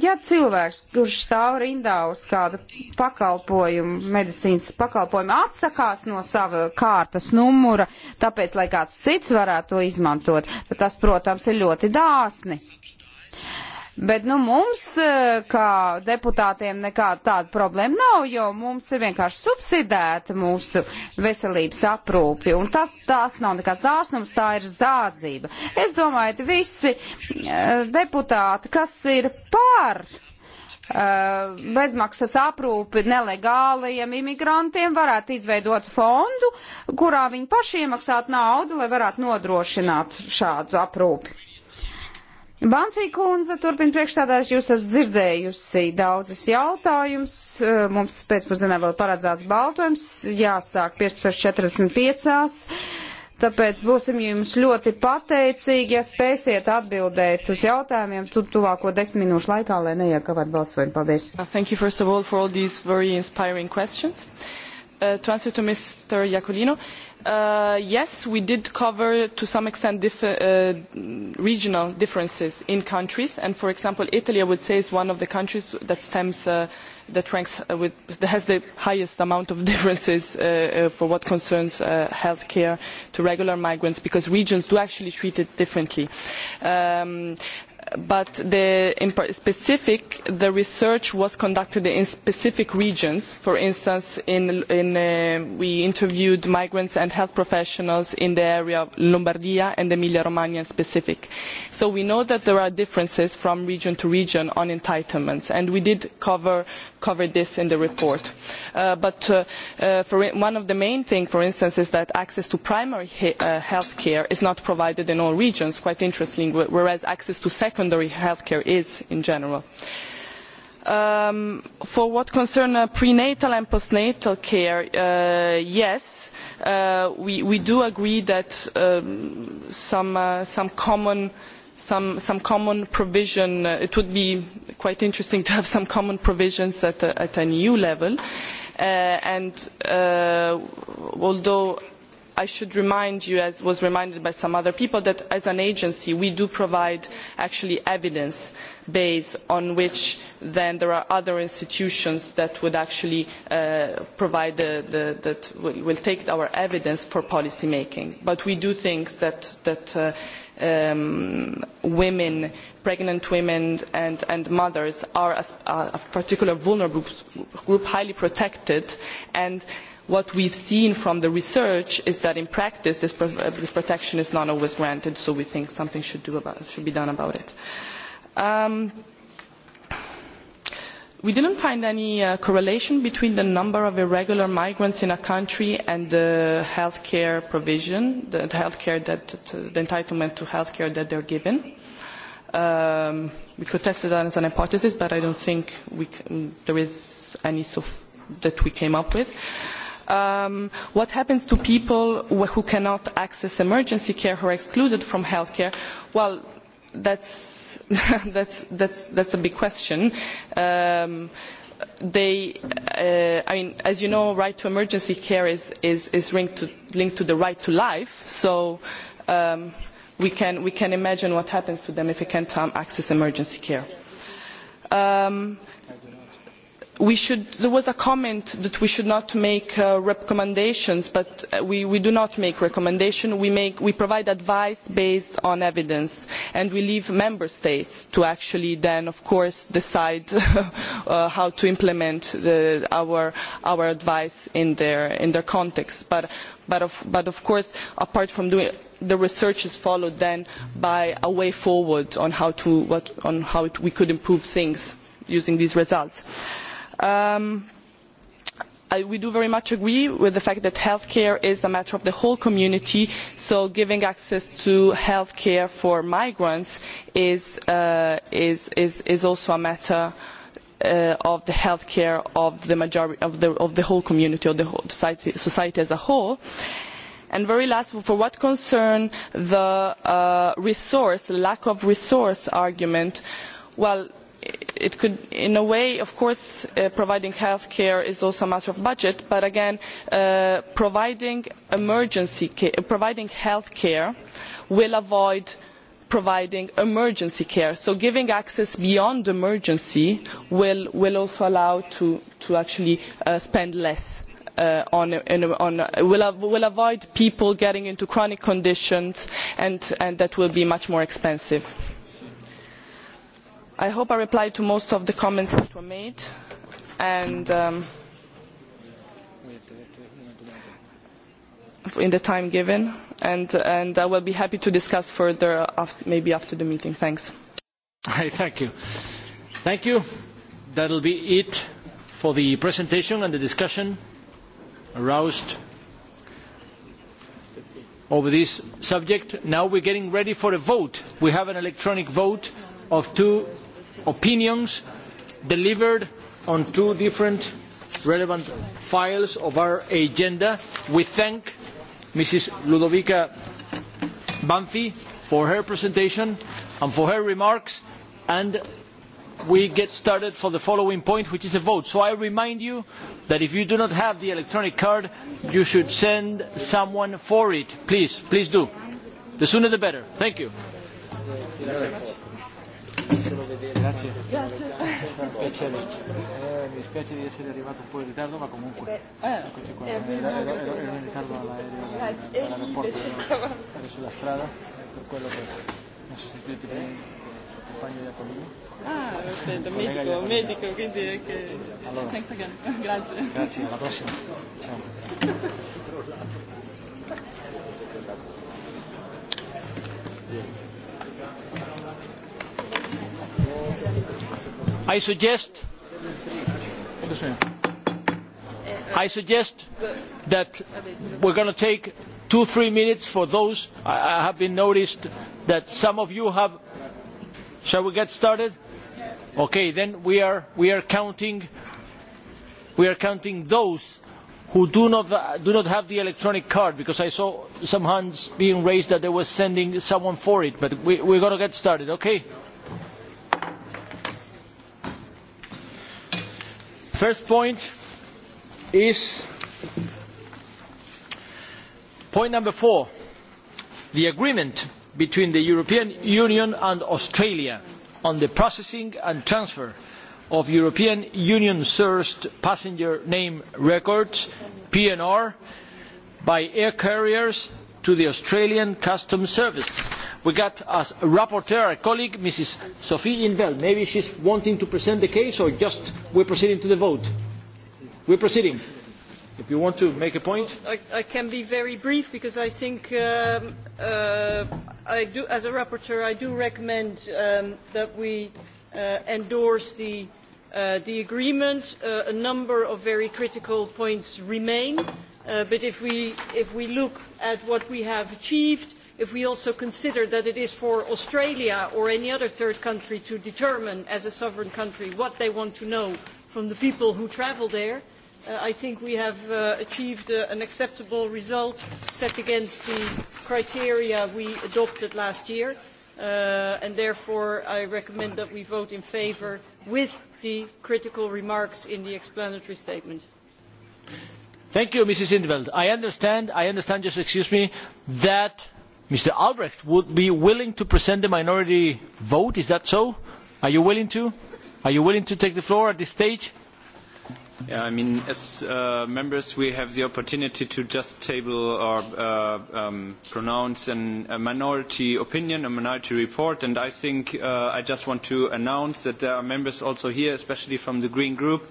ja cilvēks, kurš stāv rindā uz kādu pakalpojumu, medicīnas pakalpojumu, atsakās no sava kārtas numura, tāpēc, lai kāds cits varētu to izmantot, tas, protams, ir ļoti dāsni. Uh, Bet nu, mums, eh, kā deputātiem, nekāda tāda problēma nav, jo mums ir vienkārši subsidēta mūsu veselības aprūpi. Un tas, tas nav nekāds dāsnums, tā ir zādzība. Es domāju, ka visi eh, deputāti, kas ir pār eh, bezmaksas aprūpi nelegālajiem imigrantiem, varētu izveidot fondu, kurā viņi paši iemaksātu naudu, lai varētu nodrošināt šādu aprūpi. Banfī kundze, turpin priekšstādājuši, jūs esat dzirdējusi daudzus jautājumus. Eh, mums pēcpusdienā vēl paredzēts baltojums, jāsāk 15.45. Tāpēc būsim jums ļoti pateicīgi, ja spēsiet atbildēt uz jautājumiem tu, tuvāko desmit minūšu laikā, lai neiekavētu balsojumu. Paldies. Uh, thank you first of all for all these very inspiring questions. Uh, to answer to Mr. Jakulino. Uh, uh, yes, we did cover to some extent dif uh, regional differences in countries. And for example, Italy, I would say, is one of the countries that stems, uh, that ranks uh, with, that has the highest amount of [laughs] differences uh, uh, for what concerns uh, health care to regular migrants, because regions do actually treat it differently. Um, but the, in specific, the research was conducted in specific regions. For instance, in, in, uh, we interviewed migrants and health professionals in the area of Lombardia and Emilia-Romagna in specific. So we know that there are differences from region to region on entitlements, and we did cover, cover this in the report. Uh, but uh, uh, for one of the main things, for instance, is that access to primary he uh, health care is not provided in all regions, quite interesting, whereas access to secondary secondary healthcare is in general. Um, for what concerns uh, prenatal and postnatal care, uh, yes, uh, we, we do agree that um, some, uh, some common some, some common provision, uh, it would be quite interesting to have some common provisions at, uh, at an EU level. Uh, and uh, although i should remind you as was reminded by some other people that as an agency we do provide actually evidence base on which then there are other institutions that would actually uh, provide the, the, that will take our evidence for policy making but we do think that that uh, um, women, pregnant women and, and mothers are a, a particular vulnerable group, highly protected and uh, what we've seen from the research is that in practice this, pro uh, this protection is not always granted, so we think something should, do about, should be done about it. Um, we didn't find any uh, correlation between the number of irregular migrants in a country and the health care provision, the, the, health care that, the entitlement to health care that they're given. Um, we could test it as an hypothesis, but I don't think we can, there is any so f that we came up with. Uh, um, what happens to people who cannot access emergency care, who are excluded from healthcare? Well, that's, [laughs] that's, that's, that's a big question. Um, they, uh, I mean, as you know, right to emergency care is, is, is linked, to, linked to the right to life, so um, we, can, we can imagine what happens to them if they can't um, access emergency care. Um, Should, there was a comment that we should not make uh, recommendations but uh, we, we do not make recommendations we, we provide advice based on evidence and we leave member states to actually then of course decide [laughs] uh, how to implement the, our, our advice in their, in their context but, but, of, but of course apart from doing the research is followed then by a way forward on how, to, what, on how it, we could improve things using these results. Uh, Um, I, we do very much agree with the fact that healthcare is a matter of the whole community, so giving access to healthcare for migrants is, uh, is, is, is also a matter uh, of the healthcare of the, majority, of the, of the whole community, of the whole society, society as a whole. And very last, for what concern the uh, resource, lack of resource argument, well, it could, in a way, of course, uh, providing health care is also a matter of budget, but again, uh, providing emergency care, providing health care will avoid providing emergency care. So giving access beyond emergency will, will also allow to, to actually uh, spend less uh, on, in, on uh, will, av will avoid people getting into chronic conditions and, and that will be much more expensive. I hope I replied to most of the comments that were made. And um, in the time given, and, and I will be happy to discuss further, after, maybe after the meeting. Thanks. Hi, [laughs] thank you. Thank you. That'll be it for the presentation and the discussion aroused over this subject. Now we're getting ready for a vote. We have an electronic vote of two opinions delivered on two different relevant files of our agenda. We thank Mrs. Ludovica Banfi for her presentation and for her remarks, and we get started for the following point, which is a vote. So I remind you that if you do not have the electronic card, you should send someone for it. Please, please do. The sooner the better. Thank you. Thank you very much solo vedere grazie grazie piacere eh, mi spiace di essere arrivato un po' in ritardo ma comunque eh, eh eccoci qua ero, ero, ero in ritardo all'aereo ah, eh, all'aeroporto ero, ero sulla strada per quello che mi ha sostituito per il compagno Iacolino ah aspetta medico medico quindi è che allora. thanks again grazie grazie alla prossima ciao Thank [laughs] you. I suggest I suggest that we're going to take two, three minutes for those. I, I have been noticed that some of you have. Shall we get started? Okay, then we are we are counting. We are counting those who do not do not have the electronic card because I saw some hands being raised that they were sending someone for it. But we, we're going to get started. Okay. First point is point number four, the agreement between the European Union and Australia on the processing and transfer of European Union sourced passenger name records, PNR, by air carriers to the Australian Customs Service. We got as a rapporteur, a colleague, Mrs. Sophie Invel. Maybe she's wanting to present the case or just we're proceeding to the vote. We're proceeding. If you want to make a point. I, I can be very brief because I think um, uh, I do, as a rapporteur I do recommend um, that we uh, endorse the, uh, the agreement. Uh, a number of very critical points remain. Uh, Uh, but if we, if we look at what we have achieved, if we also consider that it is for Australia or any other third country to determine as a sovereign country what they want to know from the people who travel there, uh, I think we have uh, achieved uh, an acceptable result set against the criteria we adopted last year. Uh, and therefore, I recommend that we vote in favour with the critical remarks in the explanatory statement. Thank you, Mrs. Indveld. I understand, I understand, just excuse me, that Mr. Albrecht would be willing to present the minority vote. Is that so? Are you willing to? Are you willing to take the floor at this stage? Yeah, I mean, as uh, members, we have the opportunity to just table or uh, um, pronounce an, a minority opinion, a minority report, and I think uh, I just want to announce that there are members also here, especially from the Green Group, uh,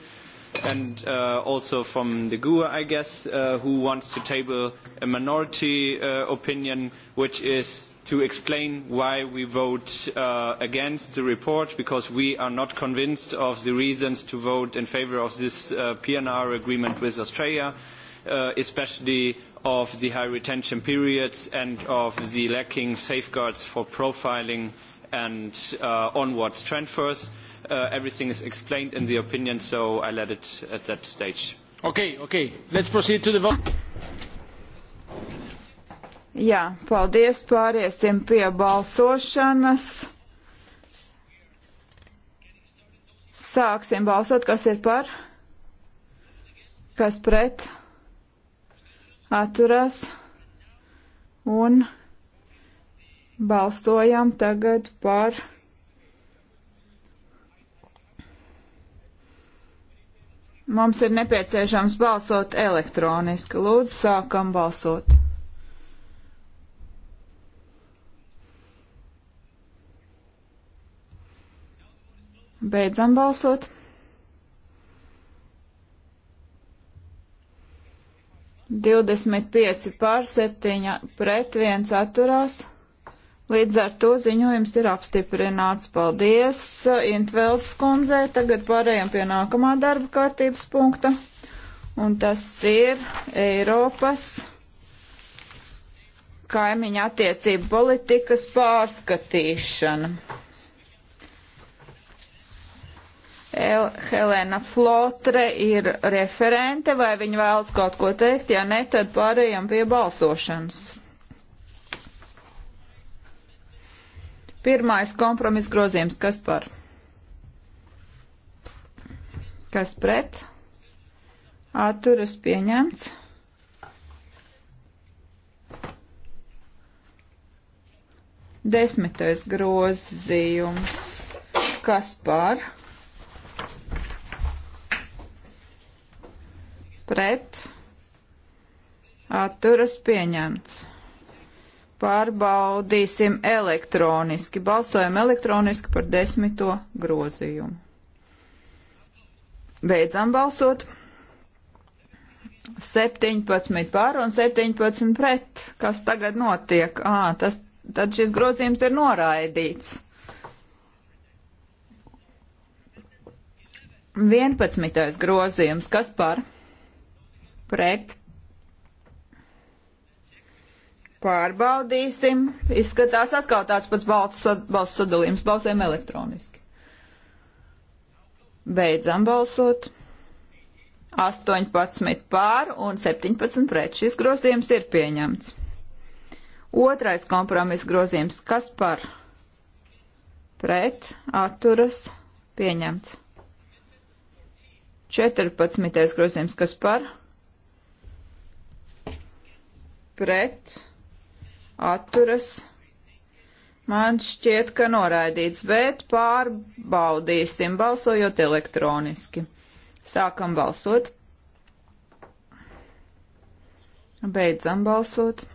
and uh, also from the GUA, e, I guess, uh, who wants to table a minority uh, opinion, which is to explain why we vote uh, against the report, because we are not convinced of the reasons to vote in favor of this uh, PNR agreement with Australia, uh, especially of the high retention periods and of the lacking safeguards for profiling and uh, onwards transfers. Uh, Uh, everything is explained in the opinion, so I let it at that stage. Okay, okay. Let's proceed to the vote. Jā, paldies. Pāriesim pie balsošanas. Sāksim balsot, kas ir par, kas pret, atturās un balstojam tagad par Mums ir nepieciešams balsot elektroniski. Lūdzu, sākam balsot. Beidzam balsot. Divdesmit pieci pār septiņa pret viens atturās. Līdz ar to ziņojums ir apstiprināts. Paldies Intvelds kundzei. Tagad pārējām pie nākamā darba kārtības punkta. Un tas ir Eiropas kaimiņa attiecību politikas pārskatīšana. El Helēna Flotre ir referente, vai viņa vēlas kaut ko teikt? Ja ne, tad pārējām pie balsošanas. Pirmais kompromiss grozījums, kas par? Kas pret? Atturas pieņemts. Desmitais grozījums. Kas par? Pret. Atturas pieņemts pārbaudīsim elektroniski. Balsojam elektroniski par desmito grozījumu. Beidzam balsot. 17 pār un 17 pret. Kas tagad notiek? Ā, tas, tad šis grozījums ir noraidīts. 11. grozījums. Kas par? Pret Pārbaudīsim. Izskatās atkal tāds pats balsts, balsts sadalījums. Balsojam elektroniski. Beidzam balsot. 18 pār un 17 pret. Šis grozījums ir pieņemts. Otrais kompromiss grozījums. Kas par? Pret. Atturas. Pieņemts. 14. grozījums. Kas par? Pret atturas. Man šķiet, ka noraidīts, bet pārbaudīsim balsojot elektroniski. Sākam balsot. Beidzam balsot.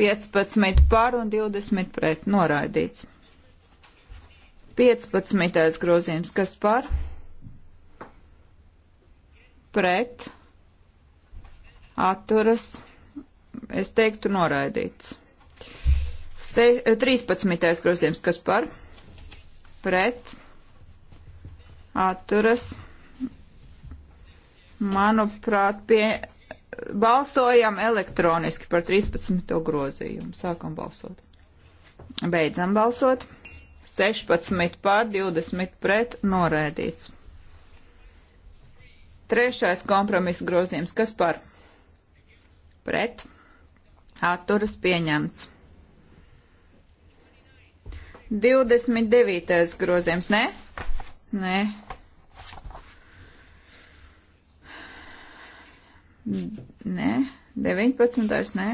15 par un 20 pret noraidīts. 15. grozījums, kas par? Pret. Atturas es teiktu, noraidīts. Se, 13. Eh, grozījums, kas par, pret, atturas, manuprāt, pie, balsojam elektroniski par 13. grozījumu. Sākam balsot. Beidzam balsot. 16 pār 20 pret norēdīts. Trešais kompromiss grozījums. Kas par? Pret atturas pieņemts. 29. grozījums, nē? Nē. 19. nē.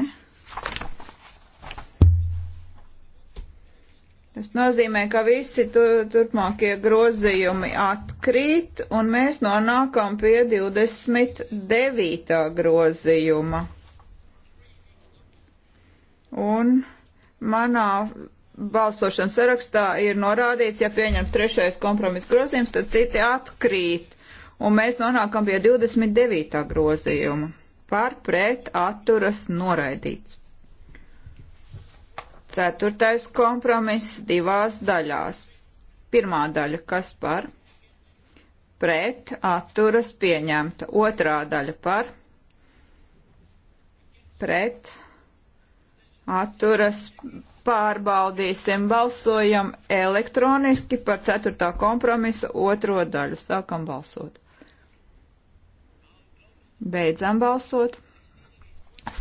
Tas nozīmē, ka visi tu, turpmākie grozījumi atkrīt, un mēs nonākam pie 29. grozījuma. Un manā balsošanas sarakstā ir norādīts, ja pieņems trešais kompromis grozījums, tad citi atkrīt. Un mēs nonākam pie 29. grozījuma. Par pret atturas noraidīts. Ceturtais kompromis divās daļās. Pirmā daļa, kas par pret atturas pieņemta. Otrā daļa par pret atturas atturas pārbaudīsim. Balsojam elektroniski par 4. kompromisa otro daļu. Sākam balsot. Beidzam balsot.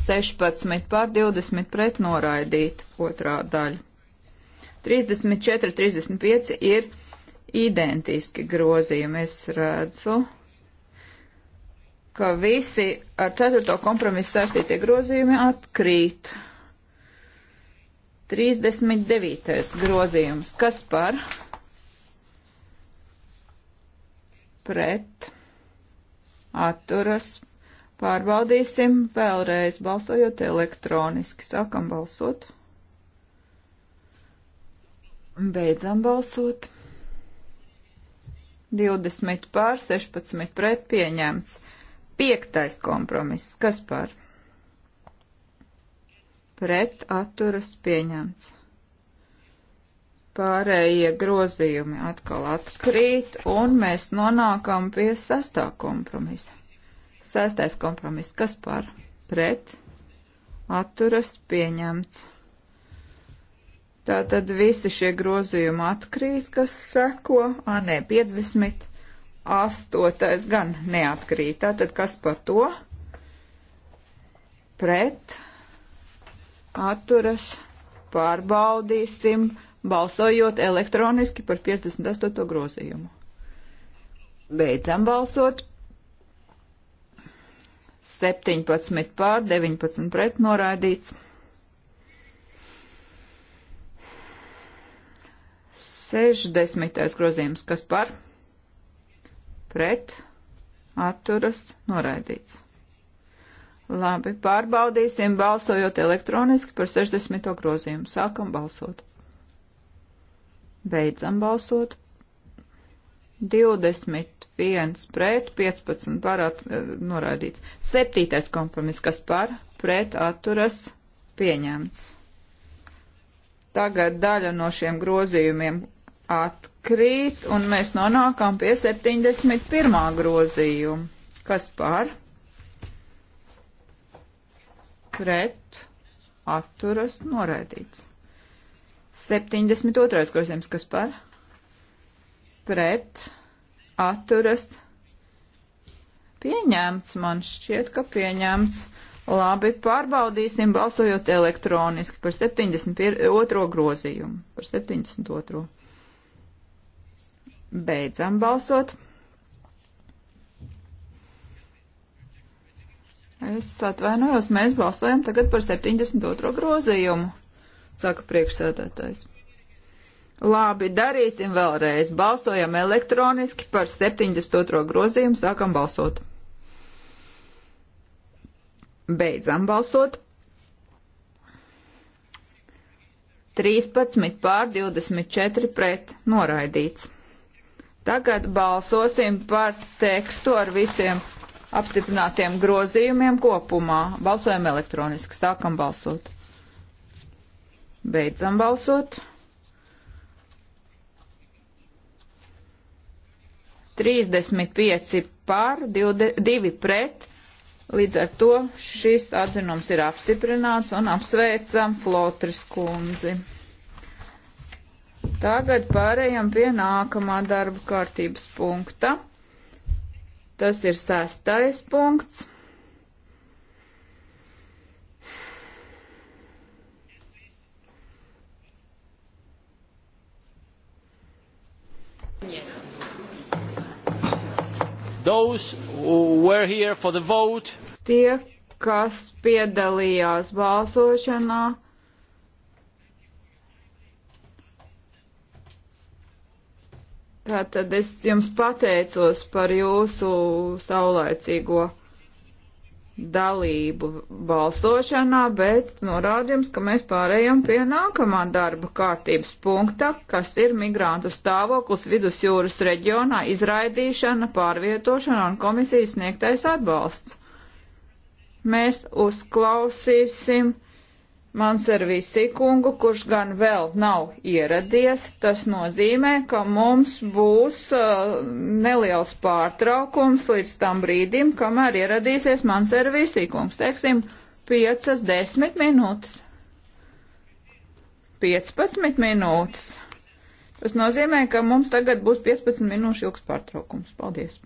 16 pār 20 pret noraidīt otrā daļa. 34, 35 ir identiski grozījumi. Es redzu, ka visi ar 4. kompromisu saistītie grozījumi atkrīt. 39. grozījums. Kas par? Pret. Atturas. Pārbaudīsim vēlreiz balsojot elektroniski. Sākam balsot. Beidzam balsot. 20 pār 16 pret pieņemts. Piektais kompromiss. Kas par? pret atturas pieņemts. Pārējie grozījumi atkal atkrīt, un mēs nonākam pie sastā kompromisa. Sastais kompromiss, kas par pret atturas pieņemts. Tātad visi šie grozījumi atkrīt, kas seko, ā, nē, 58. gan neatkrīt. Tātad kas par to? Pret atturas pārbaudīsim, balsojot elektroniski par 58. grozījumu. Beidzam balsot. 17 pār 19 pret noraidīts. 60. grozījums, kas par pret atturas noraidīts. Labi, pārbaudīsim balsojot elektroniski par 60. grozījumu. Sākam balsot. Beidzam balsot. 21 pret, 15 par at, eh, noraidīts. Septītais kompromiss, kas par pret atturas pieņemts. Tagad daļa no šiem grozījumiem atkrīt, un mēs nonākam pie 71. grozījuma. Kas par? pret atturas noraidīts. 72. grozījums, kas par pret atturas pieņemts, man šķiet, ka pieņemts. Labi, pārbaudīsim balsojot elektroniski par 72. grozījumu, par 72. Beidzam balsot. Es atvainojos, mēs balsojam tagad par 72. grozījumu, saka priekšsēdētājs. Labi, darīsim vēlreiz. Balsojam elektroniski par 72. grozījumu, sākam balsot. Beidzam balsot. 13 pār 24 pret noraidīts. Tagad balsosim par tekstu ar visiem apstiprinātiem grozījumiem kopumā. Balsojam elektroniski. Sākam balsot. Beidzam balsot. 35 par, 2 pret. Līdz ar to šis atzinums ir apstiprināts un apsveicam Flotris kundzi. Tagad pārējām pie nākamā darba kārtības punkta. Tas ir sastais punkts. Those who were here for the vote. Tie, kas piedalījās balsošanā, Tātad es jums pateicos par jūsu saulēcīgo dalību balsošanā, bet norādu jums, ka mēs pārējām pie nākamā darba kārtības punkta, kas ir migrantu stāvoklis vidusjūras reģionā, izraidīšana, pārvietošana un komisijas sniegtais atbalsts. Mēs uzklausīsim Manservīsi kungu, kurš gan vēl nav ieradies. Tas nozīmē, ka mums būs uh, neliels pārtraukums līdz tam brīdim, kamēr ieradīsies Manservīsi kungs. Teiksim, 5-10 minūtes. 15 minūtes. Tas nozīmē, ka mums tagad būs 15 minūšu ilgs pārtraukums. Paldies!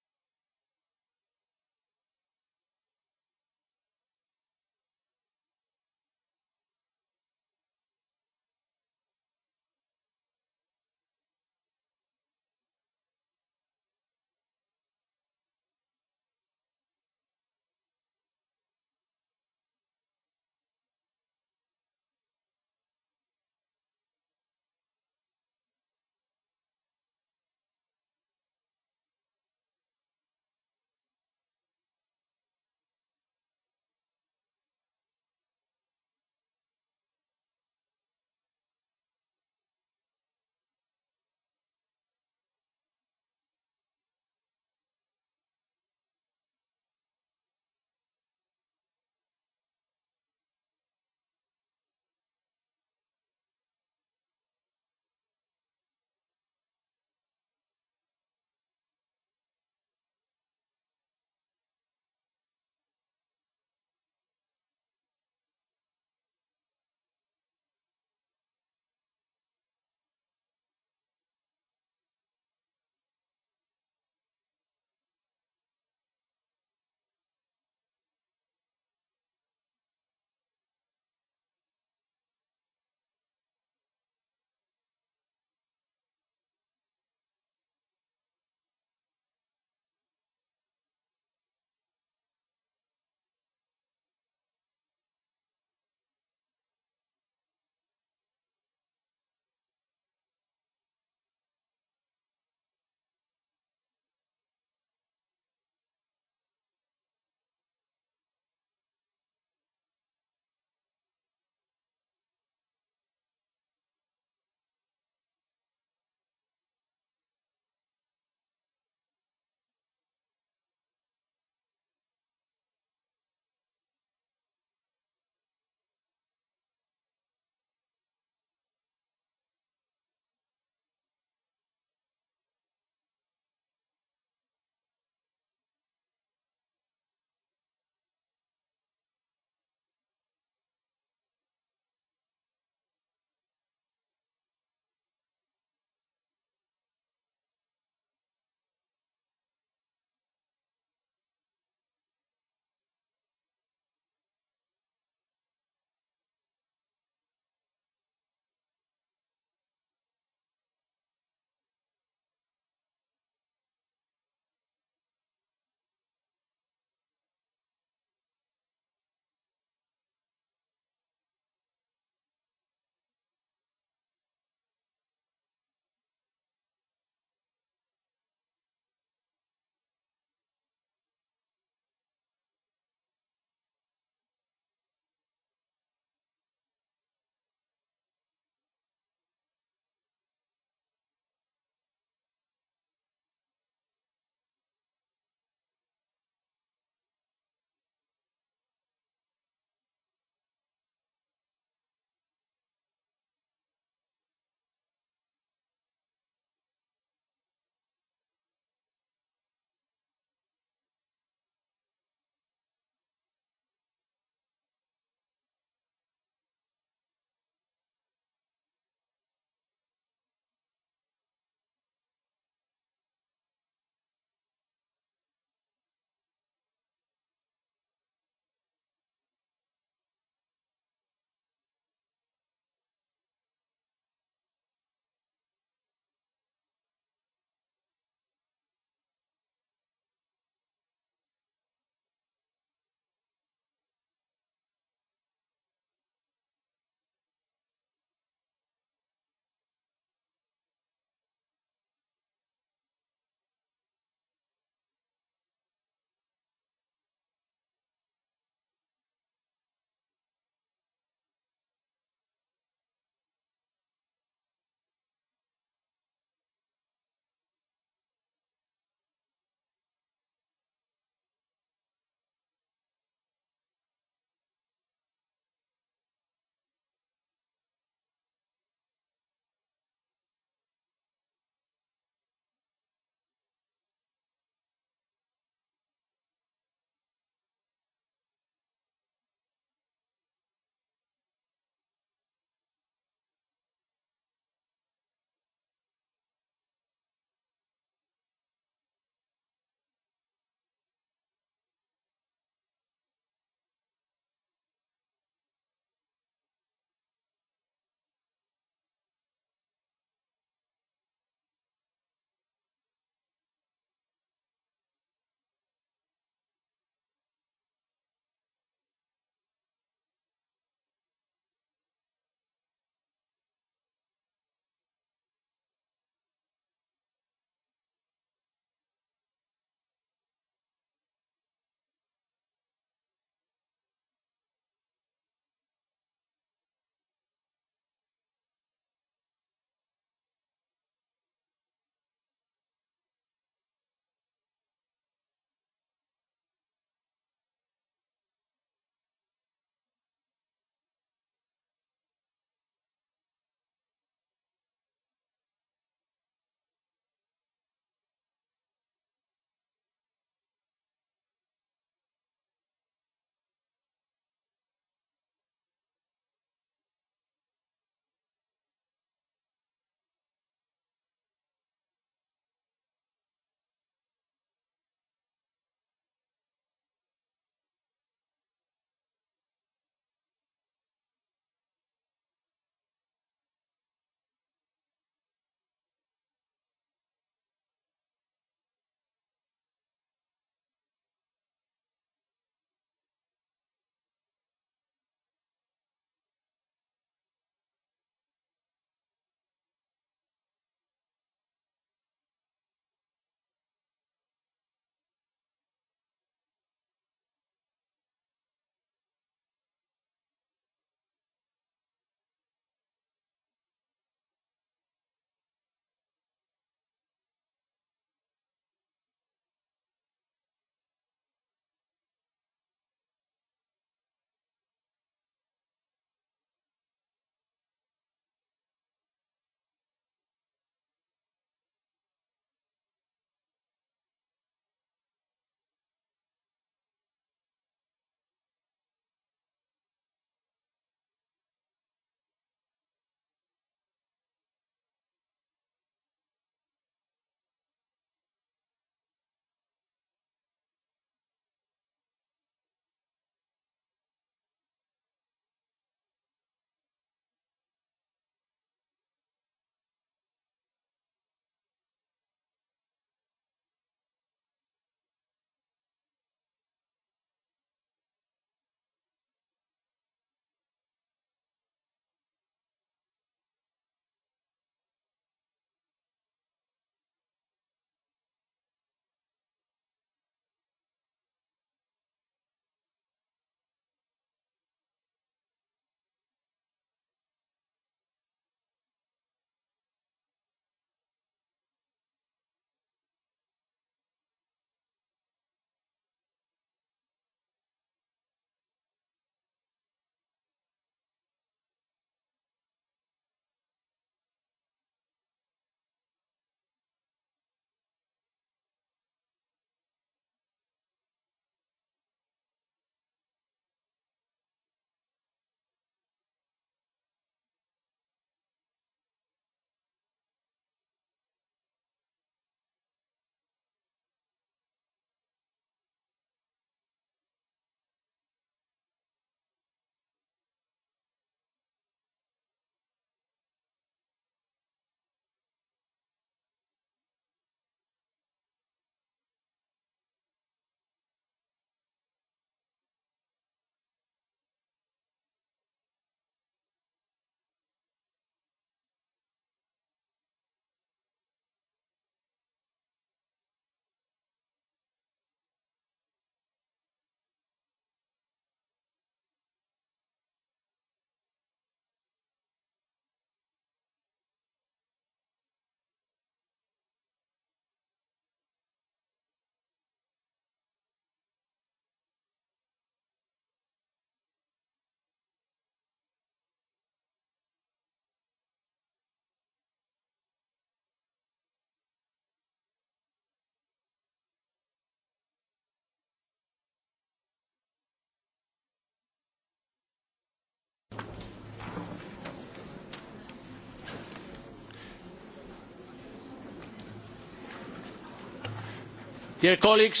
Dear colleagues!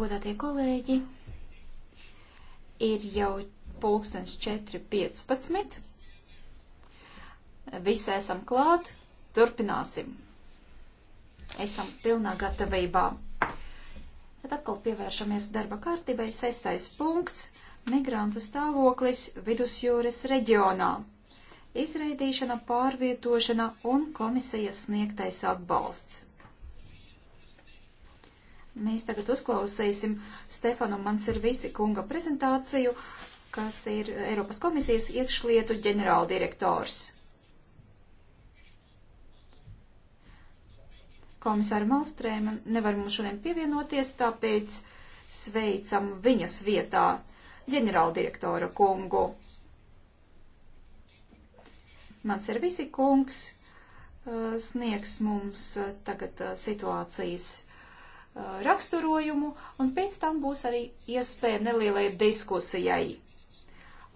Godātie kolēģi, ir jau pulkstens 4.15. Visi esam klāt, turpināsim. Esam pilnā gatavībā. Tad atkal pievēršamies darba kārtībai. Sestais punkts - migrantu stāvoklis vidusjūras reģionā. Izraidīšana, pārvietošana un komisijas sniegtais atbalsts. Mēs tagad uzklausīsim Stefanu Manservisi kunga prezentāciju, kas ir Eiropas komisijas iekšlietu ģenerāldirektors. Komisāra Malstrēma nevar mums šodien pievienoties, tāpēc sveicam viņas vietā ģenerāldirektora kungu. Mans ir visi kungs uh, sniegs mums uh, tagad uh, situācijas Uh, raksturojumu, un pēc tam būs arī iespēja nelielai diskusijai.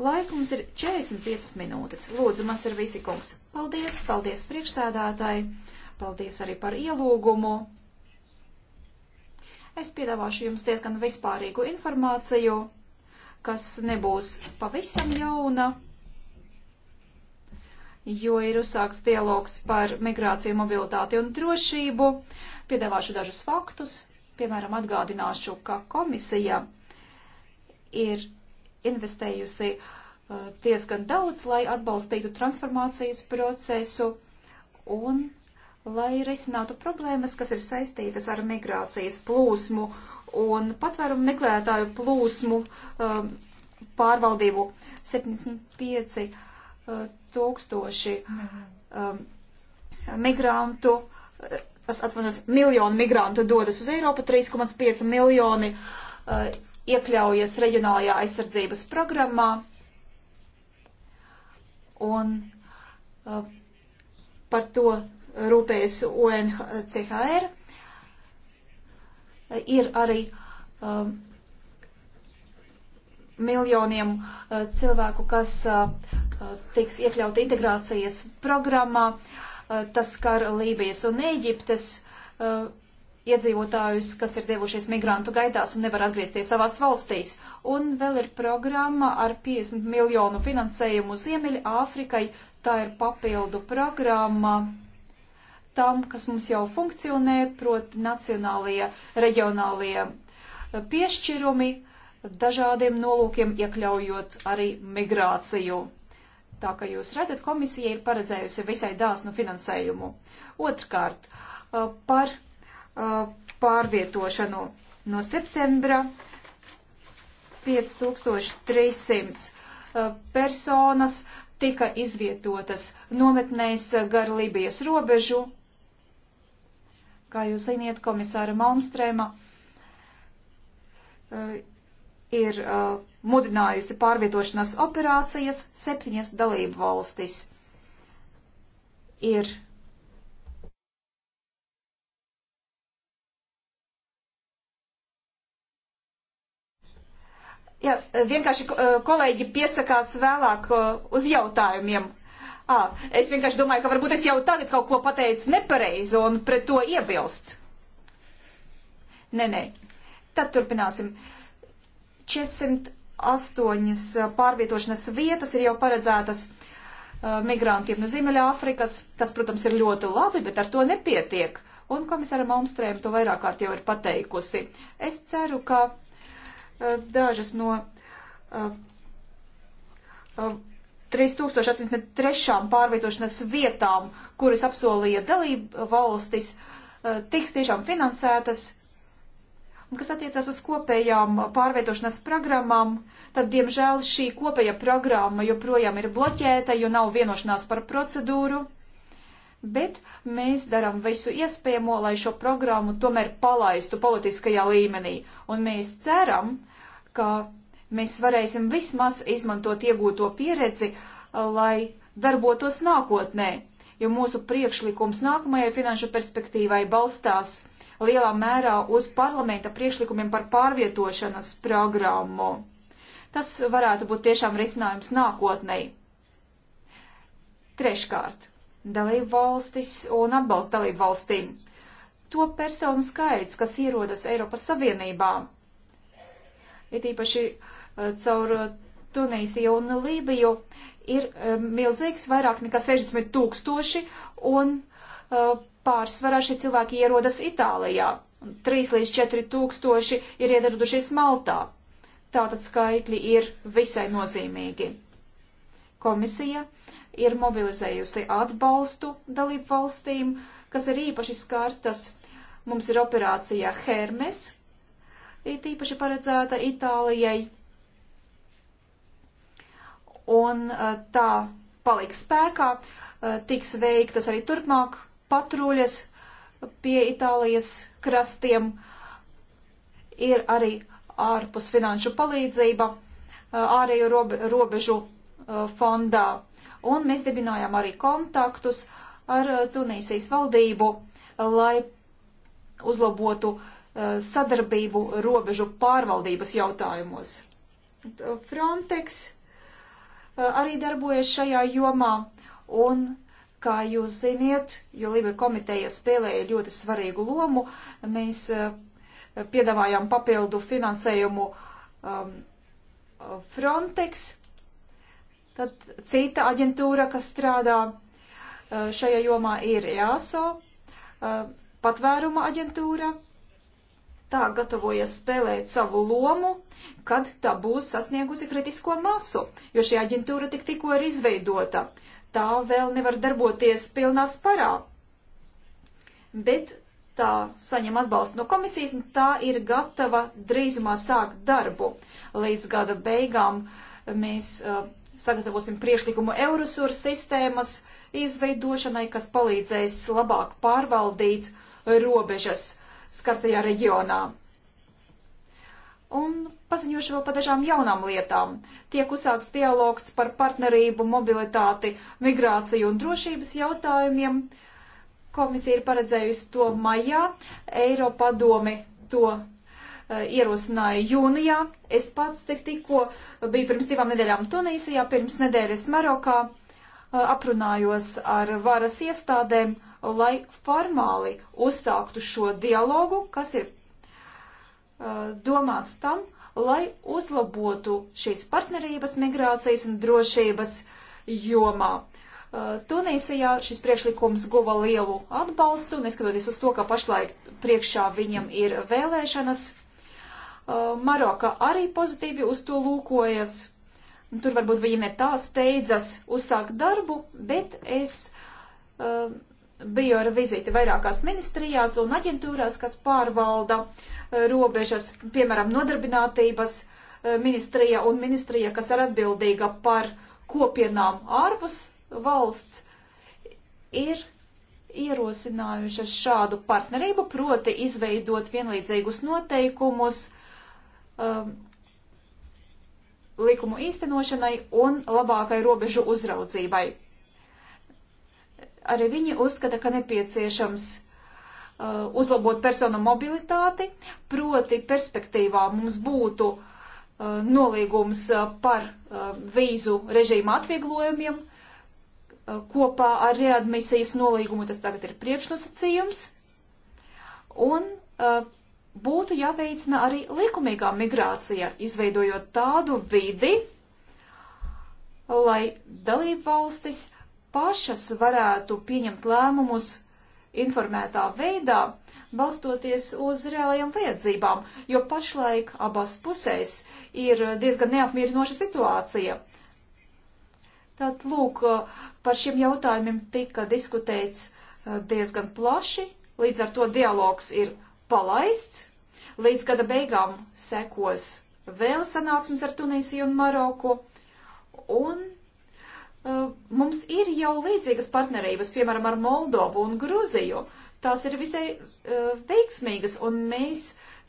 Laika mums ir 45 minūtes. Lūdzu, mans ir visi kungs. Paldies, paldies priekšsēdātāji, paldies arī par ielūgumu. Es piedāvāšu jums diezgan vispārīgu informāciju, kas nebūs pavisam jauna, jo ir uzsāks dialogs par migrāciju, mobilitāti un drošību. Piedāvāšu dažus faktus, Piemēram, atgādināšu, ka komisija ir investējusi uh, diezgan daudz, lai atbalstītu transformācijas procesu un lai risinātu problēmas, kas ir saistītas ar migrācijas plūsmu un patvērumu meklētāju plūsmu um, pārvaldību 75 uh, tūkstoši um, migrantu uh, es atvainojos, miljonu migrantu dodas uz Eiropu, 3,5 miljoni uh, iekļaujas reģionālajā aizsardzības programmā. Un uh, par to rūpējas UNCHR. Ir arī um, miljoniem uh, cilvēku, kas uh, uh tiks iekļauti integrācijas programmā. Uh, Uh, tas skar Lībijas un Ēģiptes uh, iedzīvotājus, kas ir devušies migrantu gaitās un nevar atgriezties savās valstīs. Un vēl ir programma ar 50 miljonu finansējumu Ziemeļa Āfrikai. Tā ir papildu programma tam, kas mums jau funkcionē, proti nacionālie, reģionālie uh, piešķirumi dažādiem nolūkiem, iekļaujot arī migrāciju. Tā kā jūs redzat, komisija ir paredzējusi visai dāsnu finansējumu. Otrkārt, par pārvietošanu no septembra 5300 personas tika izvietotas nometnēs gar Libijas robežu. Kā jūs ziniet, komisāra Malmstrēma ir mudinājusi pārvietošanās operācijas septiņas dalību valstis. Ir Jā, vienkārši eh, kolēģi piesakās vēlāk eh, uz jautājumiem. À, es vienkārši domāju, ka varbūt es jau tagad kaut ko pateicu nepareizi un pret to iebilst. Nē, nē. Tad turpināsim. 400 astoņas eh, pārvietošanas vietas ir jau paredzētas eh, migrantiem no Ziemeļāfrikas. Tas, protams, ir ļoti labi, bet ar to nepietiek. Un komisāra Malmstrēm to vairāk kārt jau ir pateikusi. Es ceru, ka eh, dažas no 3083 pārvietošanas vietām, kuras apsolīja dalību valstis, tiks tiešām finansētas Kas attiecās uz kopējām pārvietošanas programmām, tad, diemžēl, šī kopējā programma joprojām ir bloķēta, jo nav vienošanās par procedūru. Bet mēs darām visu iespējamo, lai šo programmu tomēr palaistu politiskajā līmenī. Un mēs ceram, ka mēs varēsim vismaz izmantot iegūto pieredzi, lai darbotos nākotnē, jo mūsu priekšlikums nākamajai finanšu perspektīvai balstās lielā mērā uz parlamenta priekšlikumiem par pārvietošanas programmu. Tas varētu būt tiešām risinājums nākotnei. Treškārt, dalību valstis un atbalsts dalību valstīm. To personu skaits, kas ierodas Eiropas Savienībā, ir īpaši eh, caur Tunīsiju un Lībiju, ir eh, milzīgs, vairāk nekā 60 tūkstoši, un eh, Pārsvarā šie cilvēki ierodas Itālijā, un 3 līdz 4 tūkstoši ir iedaradušies Maltā. Tātad skaitļi ir visai nozīmīgi. Komisija ir mobilizējusi atbalstu dalību valstīm, kas ir īpaši skartas. Mums ir operācija Hermes, ir īpaši paredzēta Itālijai. Un uh, tā paliks spēkā, uh, tiks veiktas arī turpmāk patruļas pie Itālijas krastiem, ir arī ārpus finanšu palīdzība ārēju robežu fondā. Un mēs dibinājām arī kontaktus ar Tunīsijas valdību, lai uzlabotu sadarbību robežu pārvaldības jautājumos. Frontex arī darbojas šajā jomā un Kā jūs ziniet, jo Lība komiteja spēlēja ļoti svarīgu lomu, mēs eh, piedāvājām papildu finansējumu um, Frontex, tad cita aģentūra, kas strādā eh, šajā jomā, ir EASO, eh, patvēruma aģentūra. Tā gatavojas spēlēt savu lomu, kad tā būs sasniegusi kritisko masu, jo šī aģentūra tik tikko ir izveidota tā vēl nevar darboties pilnā sparā. Bet tā saņem atbalstu no komisijas un tā ir gatava drīzumā sākt darbu. Līdz gada beigām mēs uh, sagatavosim priešlikumu Eurosur sistēmas izveidošanai, kas palīdzēs labāk pārvaldīt robežas skartajā reģionā un paziņošu vēl par dažām jaunām lietām. Tiek uzsāks dialogs par partnerību, mobilitāti, migrāciju un drošības jautājumiem. Komisija ir paredzējusi to maijā, Eiropadome to uh, ierosināja jūnijā. Es pats tik tikko biju pirms divām nedēļām Tunīsijā, pirms nedēļas Marokā, uh, aprunājos ar varas iestādēm, lai formāli uzsāktu šo dialogu, kas ir domāts tam, lai uzlabotu šīs partnerības migrācijas un drošības jomā. Tunīsijā šis priekšlikums guva lielu atbalstu, neskatoties uz to, ka pašlaik priekšā viņam ir vēlēšanas. Maroka arī pozitīvi uz to lūkojas. Tur varbūt viņiem ir tā steidzas uzsākt darbu, bet es biju ar vizīti vairākās ministrijās un aģentūrās, kas pārvalda uh, robežas, piemēram, nodarbinātības eh, ministrija un ministrija, kas ir atbildīga par kopienām ārpus valsts, ir ierosinājušas šādu partnerību, proti izveidot vienlīdzīgus noteikumus um, likumu īstenošanai un labākai robežu uzraudzībai. Arī viņi uzskata, ka nepieciešams uh, Uh, uzlabot personu mobilitāti, proti perspektīvā mums būtu uh, nolīgums uh, par vīzu režīmu atvieglojumiem kopā ar readmisijas nolīgumu, tas tagad ir priekšnosacījums, un būtu jāveicina arī likumīgā migrācija, izveidojot tādu vidi, lai dalību valstis pašas varētu pieņemt lēmumus, uh, informētā veidā, balstoties uz reālajām vajadzībām, jo pašlaik abās pusēs ir diezgan neapmierinoša situācija. Tad, lūk, par šiem jautājumiem tika diskutēts eh, diezgan plaši, līdz ar to dialogs ir palaists, līdz gada beigām sekos vēl sanāksmes ar Tunisiju un Maroku, un Uh, mums ir jau līdzīgas partnerības, piemēram, ar Moldovu un Gruziju. Tās ir visai uh, veiksmīgas, un mēs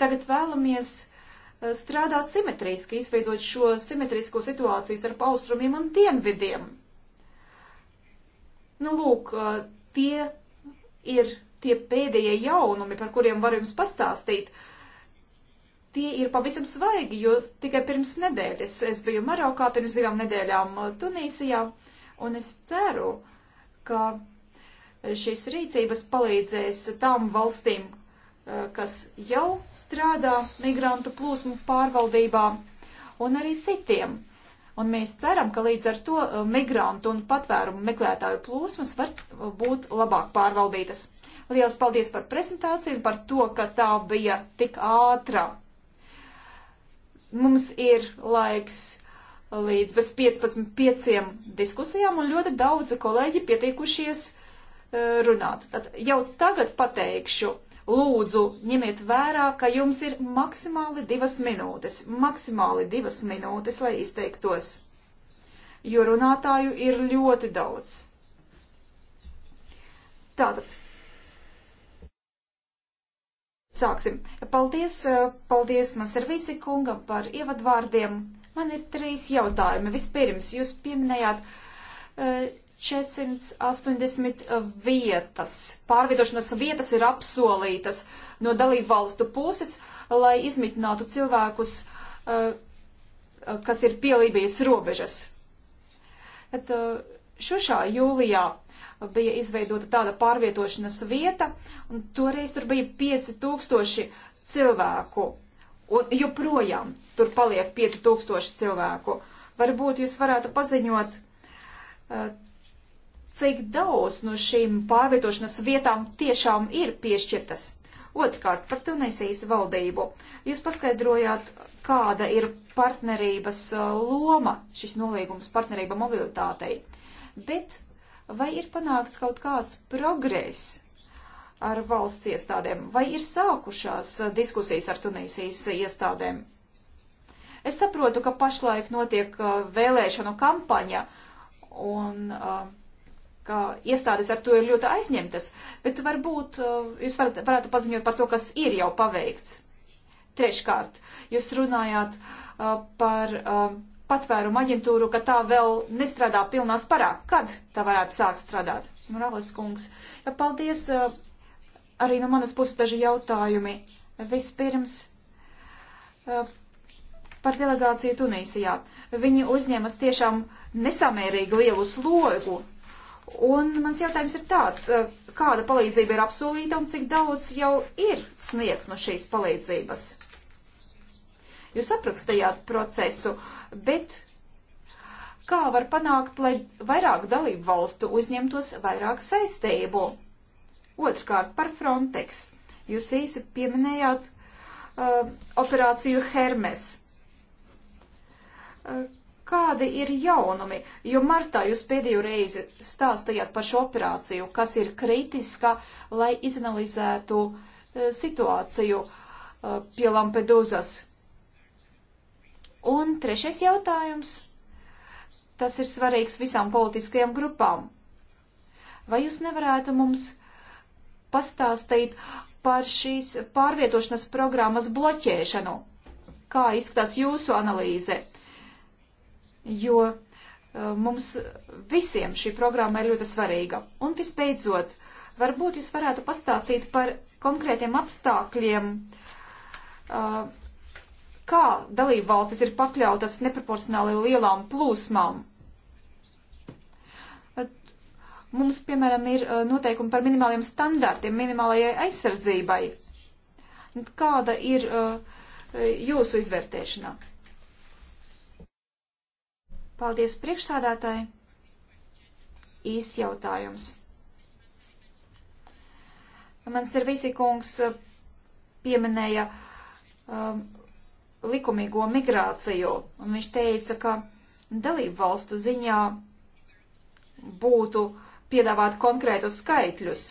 tagad vēlamies uh, strādāt simetriski, izveidot šo simetrisko situāciju starp austrumiem un dienvidiem. Nu, lūk, tie ir tie pēdējie jaunumi, par kuriem varu jums pastāstīt. Uh, tie ir pavisam svaigi, jo tikai pirms nedēļas es biju Marokā, pirms divām nedēļām uh, Tunīsijā, un es ceru, ka šīs rīcības palīdzēs tām valstīm, uh, kas jau strādā migrantu plūsmu pārvaldībā, un arī citiem. Un mēs ceram, ka līdz ar to uh, migrantu un patvērumu meklētāju plūsmas var būt labāk pārvaldītas. Lielas paldies par prezentāciju un par to, ka tā bija tik ātra. Mums ir laiks līdz bez 15.5 diskusijām, un ļoti daudzi kolēģi pieteikušies e, runāt. Tad jau tagad pateikšu, lūdzu, ņemiet vērā, ka jums ir maksimāli divas minūtes, maksimāli divas minūtes, lai izteiktos, jo runātāju ir ļoti daudz. Tātad Sāksim. Paldies, eh, paldies man servisi kungam par ievadvārdiem. Man ir trīs jautājumi. Vispirms, jūs pieminējāt 480 eh, vietas. Pārvietošanas vietas ir apsolītas no dalību valstu puses, lai izmitinātu cilvēkus, eh, kas ir pie Lībijas robežas. Tad, šušā jūlijā bija izveidota tāda pārvietošanas vieta, un toreiz tur bija 5000 cilvēku, un joprojām tur paliek 5000 cilvēku. Varbūt jūs varētu paziņot, eh, cik daudz no šīm pārvietošanas vietām tiešām ir piešķirtas. Otrkārt, par Tunisijas valdību. Jūs paskaidrojāt, kāda ir partnerības eh, loma, šis nolīgums partnerība mobilitātei. Bet Vai ir panākts kaut kāds progress ar valsts iestādēm, vai ir sākušās diskusijas ar Tunīsijas iestādēm? Es saprotu, ka pašlaik notiek uh, vēlēšanu kampaņa un uh, ka iestādes ar to ir ļoti aizņemtas, bet varbūt uh, jūs varat, varētu paziņot par to, kas ir jau paveikts. Treškārt, jūs runājāt par patvērumu aģentūru, ka tā vēl nestrādā pilnā sparā. Kad tā varētu sākt strādāt? Morales kungs, ja, paldies. Eh, arī no manas puses daži jautājumi. Vispirms eh, par delegāciju Tunīsijā. Viņi uzņemas tiešām nesamērīgi lielu slogu. Un mans jautājums ir tāds, eh, kāda palīdzība ir apsolīta un cik daudz jau ir sniegts no šīs palīdzības? Jūs aprakstījāt procesu, uh, bet kā var panākt, lai vairāk dalību valstu uzņemtos vairāk saistību? Otrkārt, par Frontex. Jūs īsi pieminējāt uh, operāciju Hermes. Uh, kādi ir jaunumi? Jo martā jūs pēdējo reizi stāstījāt par šo operāciju, kas ir kritiska, lai izanalizētu uh, situāciju uh, pie Lampedūzas. Un trešais jautājums. Tas ir svarīgs visām politiskajām grupām. Vai jūs nevarētu mums pastāstīt par šīs pārvietošanas programmas bloķēšanu? Kā izskatās jūsu analīze? Jo eh, mums visiem šī programma ir ļoti svarīga. Un visbeidzot, varbūt jūs varētu pastāstīt par konkrētiem apstākļiem, uh, kā dalība valstis ir pakļautas neproporcionāli lielām plūsmām. Mums, piemēram, ir eh, noteikumi par minimāliem standartiem, minimālajai aizsardzībai. Kāda ir eh, jūsu izvērtēšanā? Paldies priekšsādātāji. Īs jautājums. Man servīsī kungs eh, pieminēja um, likumīgo migrāciju, un viņš teica, ka dalību valstu ziņā būtu piedāvāt konkrētus skaitļus,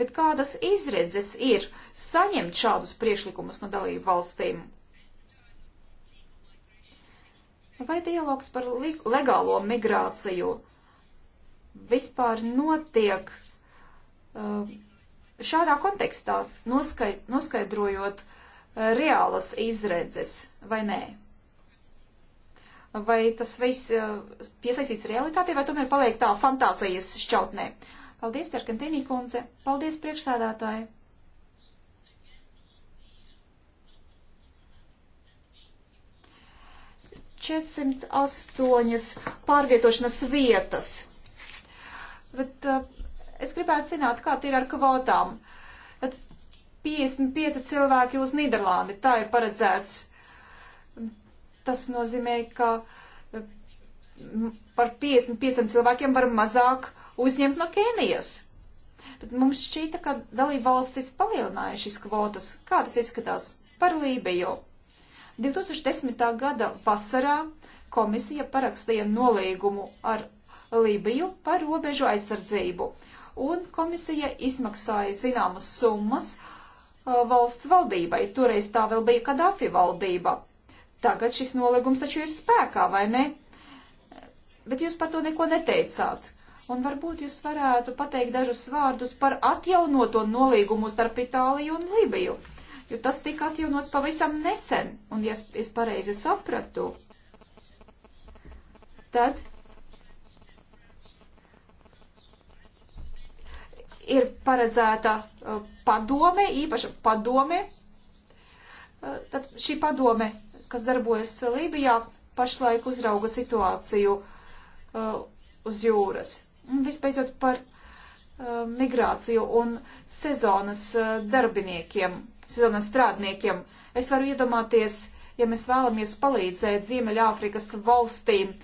bet kādas izredzes ir saņemt šādus priešlikumus no dalību valstīm? Vai dialogs par legālo migrāciju vispār notiek uh, šādā kontekstā, noskaidrojot, uh, reālas izredzes vai nē? Vai tas viss eh, piesaistīts realitātei vai tomēr paliek tā fantāzijas šķautnē? Paldies, Arkantīnī kundze. Paldies, priekšsādātāji. Četsimt astoņas pārvietošanas vietas. Bet uh, es gribētu zināt, kā tie ir ar kvotām. Tad 55 cilvēki uz Nīderlandi. Tā ir paredzēts. Tas nozīmē, ka par 55 cilvēkiem var mazāk uzņemt no Kenijas. Bet mums šķīta, ka dalība valstis palielināja šīs kvotas. Kā tas izskatās par Lībiju? 2010. gada vasarā komisija parakstīja nolīgumu ar Lībiju par robežu aizsardzību, un komisija izmaksāja zināmas summas, uh, Uh, valsts valdībai. Toreiz tā vēl bija Kadafi valdība. Tagad šis nolīgums taču ir spēkā, vai ne? Bet jūs par to neko neteicāt. Un varbūt jūs varētu pateikt dažus vārdus par atjaunoto nolīgumu starp Itāliju un Libiju, jo tas tika atjaunots pavisam nesen, un ja es pareizi sapratu, tad ir paredzēta uh, padome, īpaša padome. Uh, tad šī padome, kas darbojas Lībijā, pašlaik uzrauga situāciju uh, uz jūras. Vispēcot par migrāciju un sezonas darbiniekiem, sezonas strādniekiem. Es varu iedomāties, ja mēs vēlamies palīdzēt Ziemeļāfrikas valstīm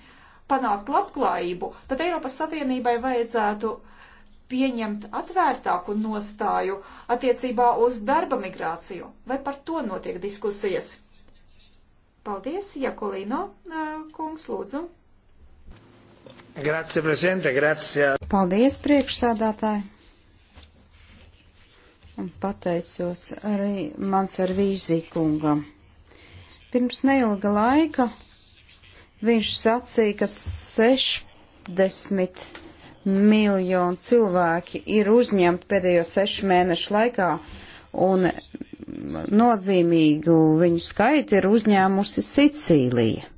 panākt labklājību, tad Eiropas Savienībai vajadzētu uh, pieņemt atvērtāku nostāju attiecībā uz darba migrāciju? Vai par to notiek diskusijas? Paldies, Jakolino kungs, lūdzu. Grazie, prezidente, grazie. Paldies, priekšsādātāji. Un pateicos arī mans ar vīzikungam. Pirms neilga laika viņš sacīja, ka 60 miljonu cilvēki ir uzņemti pēdējo sešu mēnešu laikā, un nozīmīgu viņu skaitu ir uzņēmusi Sicīlija.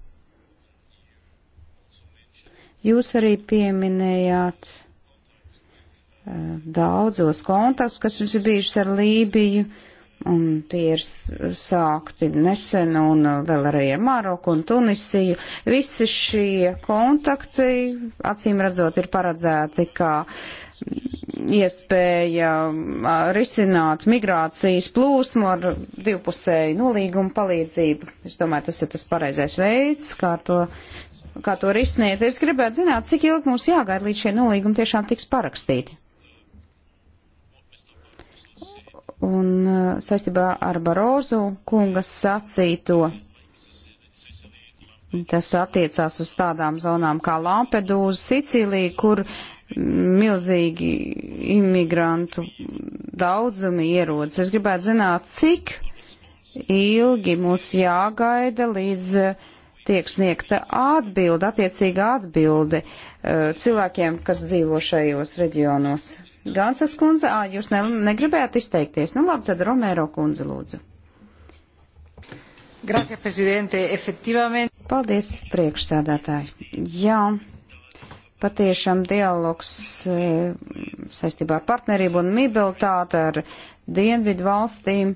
Jūs arī pieminējāt eh, daudzos kontaktus, kas jums ir bijuši ar Lībiju. Uh, un tie ir sākti nesen un uh, vēl arī ar Maroku un Tunisiju. Visi šie kontakti, acīm redzot, ir paredzēti kā mm, iespēja mm, risināt migrācijas plūsmu ar divpusēju nolīgumu palīdzību. Es domāju, tas ir tas pareizais veids, kā to, kā to risināt. Es gribētu zināt, cik ilgi mums jāgaida, līdz šie nolīgumi tiešām tiks parakstīti. un uh, saistībā ar Barozu kungas sacīto. Tas attiecās uz tādām zonām kā Lampedūza, Sicīlija, kur milzīgi imigrantu daudzumi ierodas. Es gribētu zināt, cik ilgi mums jāgaida līdz uh, tiek sniegta atbilde, attiecīga atbilde uh, cilvēkiem, kas dzīvo šajos reģionos. Gānsas kundze, ā, jūs ne, negribējāt izteikties. Nu labi, tad Romēro kundze lūdzu. Gracias, prezidente, efektīvamente. Paldies, priekšsēdētāji. Jā, patiešām dialogs e, saistībā ar partnerību un mobilitāti ar dienvidu valstīm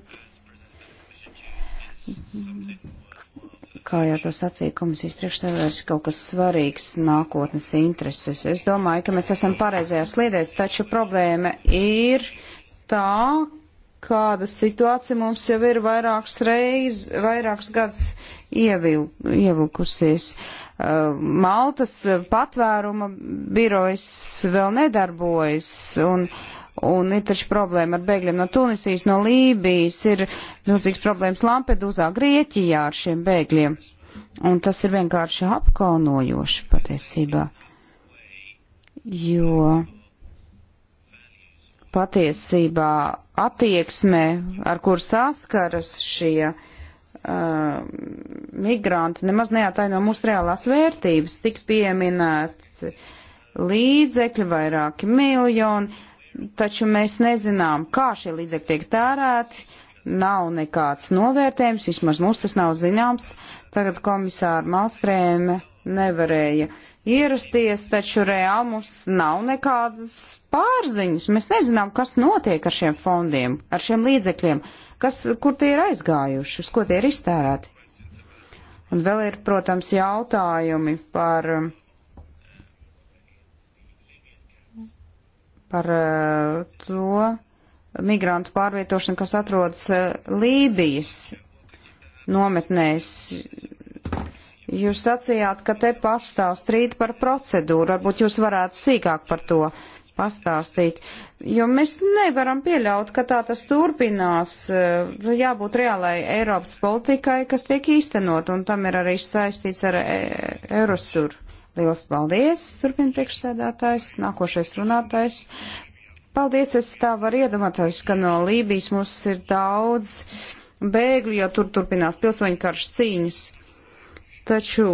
kā jau to sacīja komisijas priekšstādājs, kaut kas svarīgs nākotnes intereses. Es domāju, ka mēs esam pareizajā sliedēs, taču problēma ir tā, kāda situācija mums jau ir vairākas reizes, vairākas gads ievil, ievilkusies. Uh, Maltas patvēruma birojas vēl nedarbojas, un Un ir taču problēma ar bēgļiem no Tunisijas, no Lībijas, ir milzīgs problēmas Lampedūzā, Grieķijā ar šiem bēgļiem. Un tas ir vienkārši apkaunojoši patiesībā. Jo patiesībā attieksme, ar kur saskaras šie uh, migranti, nemaz neataino mūsu reālās vērtības, tik pieminēti līdzekļi, vairāki miljoni taču mēs nezinām, kā šie līdzekļi tiek tērēti, nav nekāds novērtējums, vismaz mums tas nav zināms. Tagad komisāra Malstrēme nevarēja ierasties, taču reāli mums nav nekādas pārziņas. Mēs nezinām, kas notiek ar šiem fondiem, ar šiem līdzekļiem, kas, kur tie ir aizgājuši, uz ko tie ir iztērēti. Un vēl ir, protams, jautājumi par um, par eh, to migrantu pārvietošanu, kas atrodas eh, Lībijas nometnēs. Jūs sacījāt, ka te pastāv strīd par procedūru, varbūt jūs varētu sīkāk par to pastāstīt, jo mēs nevaram pieļaut, ka tā tas turpinās, eh, jābūt reālai Eiropas politikai, kas tiek īstenot, un tam ir arī saistīts ar e- Eurosuru. Liels paldies, turpina priekšsēdētājs, nākošais runātājs. Paldies, es tā varu iedomāties, ka no Lībijas mums ir daudz bēgļu, jo tur turpinās pilsoņu karš cīņas. Taču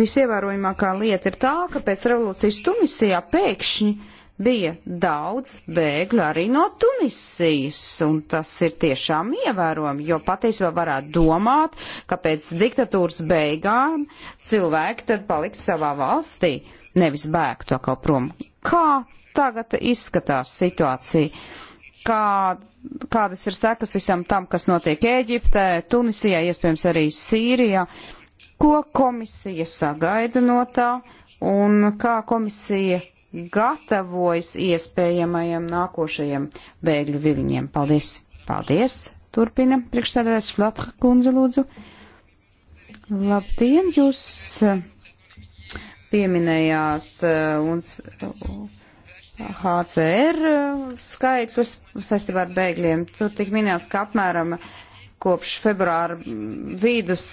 visievērojamākā lieta ir tā, ka pēc revolūcijas Tunisijā pēkšņi bija daudz bēgļu arī no Tunisijas, un tas ir tiešām ievērojami, jo patiesībā varētu domāt, ka pēc diktatūras beigām cilvēki tad paliks savā valstī, nevis bēgtu atkal prom. Kā tagad izskatās situācija? Kā, kādas ir sekas visam tam, kas notiek Ēģiptē, Tunisijā, iespējams arī Sīrijā? Ko komisija sagaida no tā? Un kā komisija gatavojas iespējamajiem nākošajiem bēgļu viļņiem. Paldies! Paldies! Turpina priekšsēdētājs Flatra kundze lūdzu. Labdien, jūs eh, pieminējāt eh, un HCR eh, skaitļus saistībā ar bēgļiem. Tur tik minēts, ka apmēram kopš februāra vidus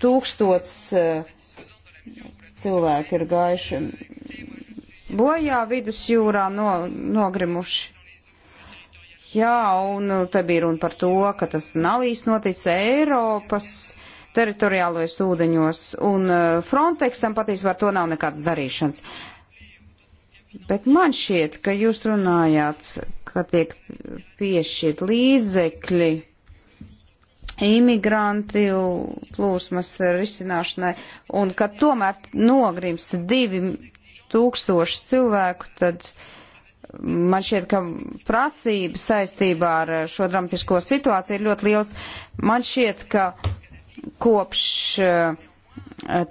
tūkstots cilvēki ir gājuši bojā vidusjūrā no, nogrimuši. Jā, un uh, te bija runa par to, ka tas nav īsti noticis Eiropas teritoriālojas ūdeņos, un uh, Frontexam patiesībā ar to nav nekādas darīšanas. Bet man šķiet, ka jūs runājāt, ka tiek piešķirt līdzekļi imigranti plūsmas risināšanai, un ka tomēr nogrimst divi tūkstoši cilvēku, tad man šķiet, ka prasība saistībā ar šo dramatisko situāciju ir ļoti liels. Man šķiet, ka kopš uh,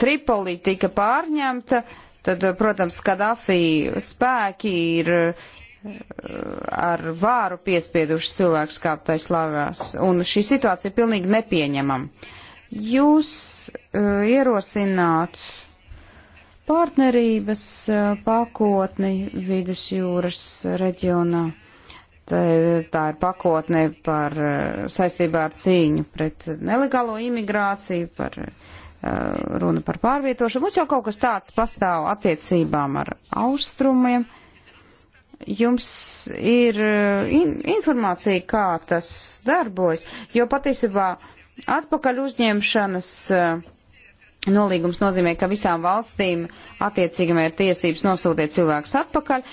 Tripolī tika pārņemta, tad, eh, protams, Kadafī spēki ir eh, ar vāru piespieduši cilvēku kāptais lavās, un šī situācija ir pilnīgi nepieņemama. Jūs uh, ierosināt partnerības pakotni vidusjūras reģionā. Tā, tā ir pakotne par saistībā ar cīņu pret nelegālo imigrāciju, par runa par pārvietošanu. Mums jau kaut kas tāds pastāv attiecībām ar austrumiem. Jums ir in informācija, kā tas darbojas, jo patiesībā atpakaļ uzņemšanas uh, Nolīgums nozīmē, ka visām valstīm attiecīgam ir tiesības nosūtīt cilvēkus atpakaļ,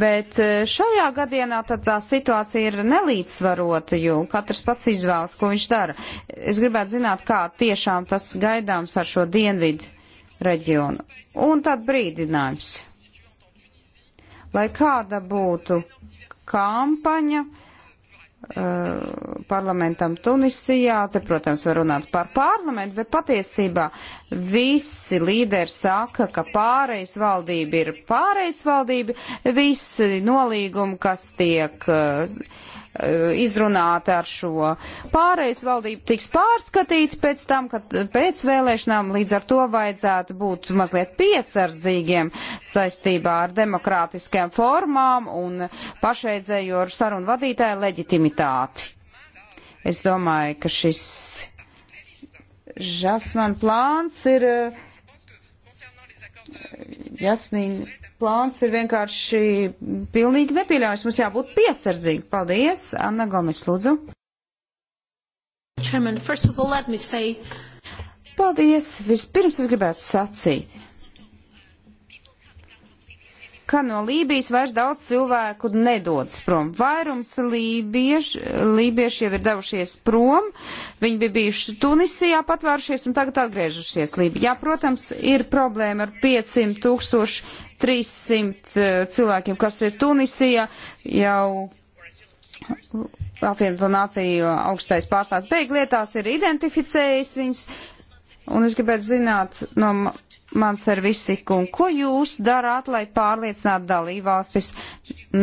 bet e, šajā gadienā tad tā situācija ir nelīdzsvarota, jo katrs pats izvēlas, ko viņš dara. Es gribētu zināt, kā tiešām tas gaidāms ar šo dienvidu reģionu. Un tad brīdinājums. Lai kāda būtu kampaņa, Eh, parlamentam Tunisijā, te, protams, var runāt par parlamentu, bet patiesībā visi līderi saka, ka pārejas valdība ir pārejas valdība, visi nolīgumi, kas tiek uh, Eh, izrunāta ar šo pārējais valdību, tiks pārskatīta pēc tam, kad pēc vēlēšanām līdz ar to vajadzētu būt mazliet piesardzīgiem saistībā ar demokrātiskajām formām un pašreizējo sarunu vadītāju leģitimitāti. Es domāju, ka šis Žasman plāns ir. Eh, Jasmīna plāns ir vienkārši pilnīgi nepieļaujams. Mums jābūt piesardzīgi. Paldies, Anna Gomes, lūdzu. Chairman, first of all, let me say. Paldies. Vispirms es gribētu sacīt, ka no Lībijas vairs daudz cilvēku nedodas prom. Vairums lībieši, lībieši jau ir devušies prom, viņi bija bijuši Tunisijā patvērušies un tagad atgriežušies Lībijā. Protams, ir problēma ar 500 tūkstošu 300 eh, cilvēkiem, kas ir Tunisija, jau apvienoto nāciju augstais pārstāvs beiglietās ir identificējis viņus. Un es gribētu zināt no mans ar visiku, ko jūs darāt, lai pārliecinātu dalībvalstis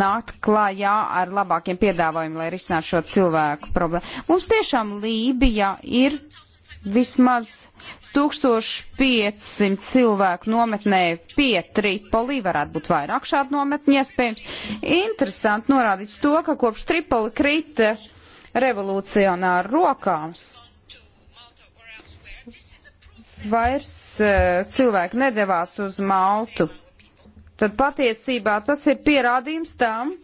nākt klājā ar labākiem piedāvājumiem, lai risinātu šo cilvēku problēmu. Mums tiešām Lībija ir vismaz 1500 cilvēku nometnē pie Tripolī, varētu būt vairāk šādu nometņu iespējams. Interesanti norādīts to, ka kopš Tripoli krita revolucionāru rokāms. Vairs uh, cilvēki nedavās uz Maltu. Tad patiesībā tas ir pierādījums tam,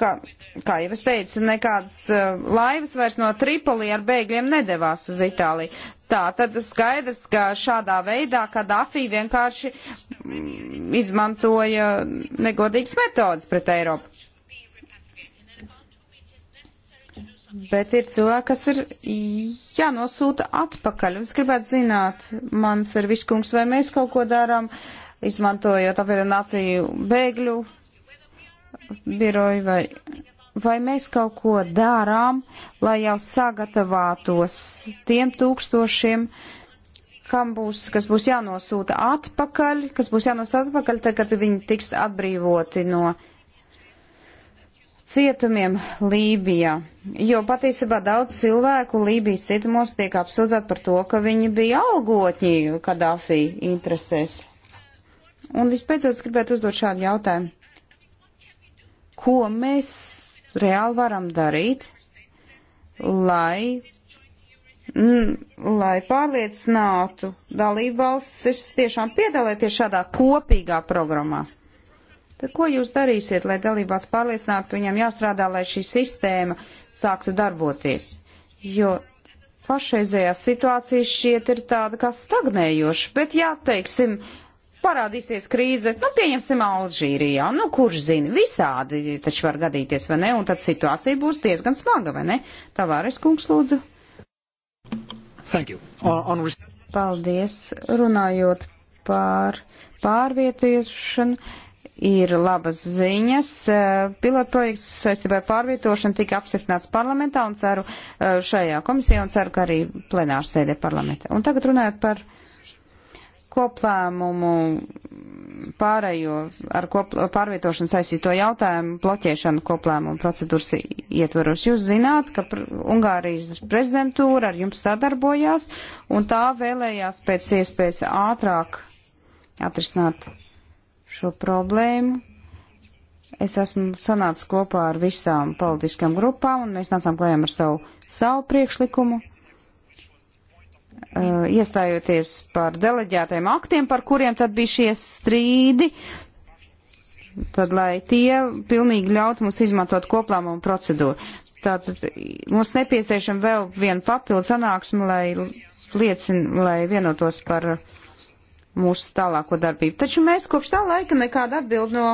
ka, kā jau es teicu, nekādas uh, laivas vairs no Tripoli ar bēgļiem nedavās uz Itāliju. Tā tad skaidrs, ka šādā veidā Kadafī vienkārši izmantoja negodīgas metodas pret Eiropu. Bet ir cilvēki, kas ir jānosūta atpakaļ. Es gribētu zināt, mans ir viskungs, vai mēs kaut ko darām, izmantojot apvienot nāciju bēgļu biroju vai vai mēs kaut ko dārām, lai jau sagatavātos tiem tūkstošiem, kam būs, kas būs jānosūta atpakaļ, kas būs jānosūta atpakaļ, tad, kad viņi tiks atbrīvoti no cietumiem Lībijā. Jo patiesībā daudz cilvēku Lībijas cietumos tiek apsūdzēti par to, ka viņi bija algotņi Kadāfī interesēs. Un vispēcot gribētu uzdot šādu jautājumu. Ko mēs reāli varam darīt, lai, n, lai pārliecinātu dalību valstis tiešām piedalēties šādā kopīgā programmā. Tad ko jūs darīsiet, lai dalībās pārliecinātu, ka viņam jāstrādā, lai šī sistēma sāktu darboties? Jo pašreizējā situācija šiet ir tāda kā stagnējoša, bet jā, teiksim, uh, parādīsies krīze, nu, pieņemsim Alžīrijā, nu, kurš zina, visādi taču var gadīties, vai ne, un tad situācija būs diezgan smaga, vai ne? Tavāres kungs, lūdzu. Thank you. Uh, on, on... Paldies, runājot par pārvietošanu. Ir labas ziņas. Uh, pilotprojekts saistībā ar pārvietošanu tika apstiprināts parlamentā un ceru uh, šajā komisijā un ceru, ka arī plenārsēdē parlamentā. Un tagad runājot par uh, koplēmumu pārējo ar kop, pārvietošanu saistīto jautājumu bloķēšanu koplēmumu procedūras ietvaros. Jūs zināt, ka Ungārijas prezidentūra ar jums sadarbojās un tā vēlējās pēc iespējas ātrāk atrisināt šo problēmu. Es esmu sanācis kopā ar visām politiskām grupām un mēs nācām klējām ar savu, savu priekšlikumu uh, iestājoties par deleģētajiem aktiem, par kuriem tad bija šie strīdi, tad lai tie pilnīgi ļautu mums izmantot koplāmumu procedūru. Tātad mums nepieciešama vēl viena papildu sanāksme, lai liecina, lai vienotos par mūsu tālāko darbību. Taču mēs kopš tā laika nekādu atbildi no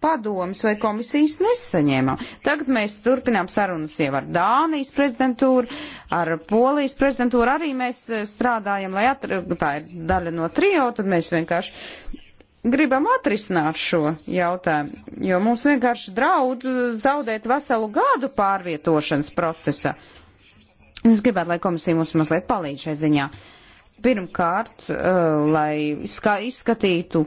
padomas vai komisijas nesaņēmām. Tagad mēs turpinām sarunas jau ar Dānijas prezidentūru, ar Polijas prezidentūru arī mēs e, strādājam, lai atr... Nu, tā ir daļa no trio, tad mēs vienkārši gribam atrisināt šo jautājumu, jo mums vienkārši draud zaudēt veselu gadu pārvietošanas procesa. Es gribētu, lai komisija mums mazliet palīdz šai ziņā. Pirmkārt, uh, lai izskatītu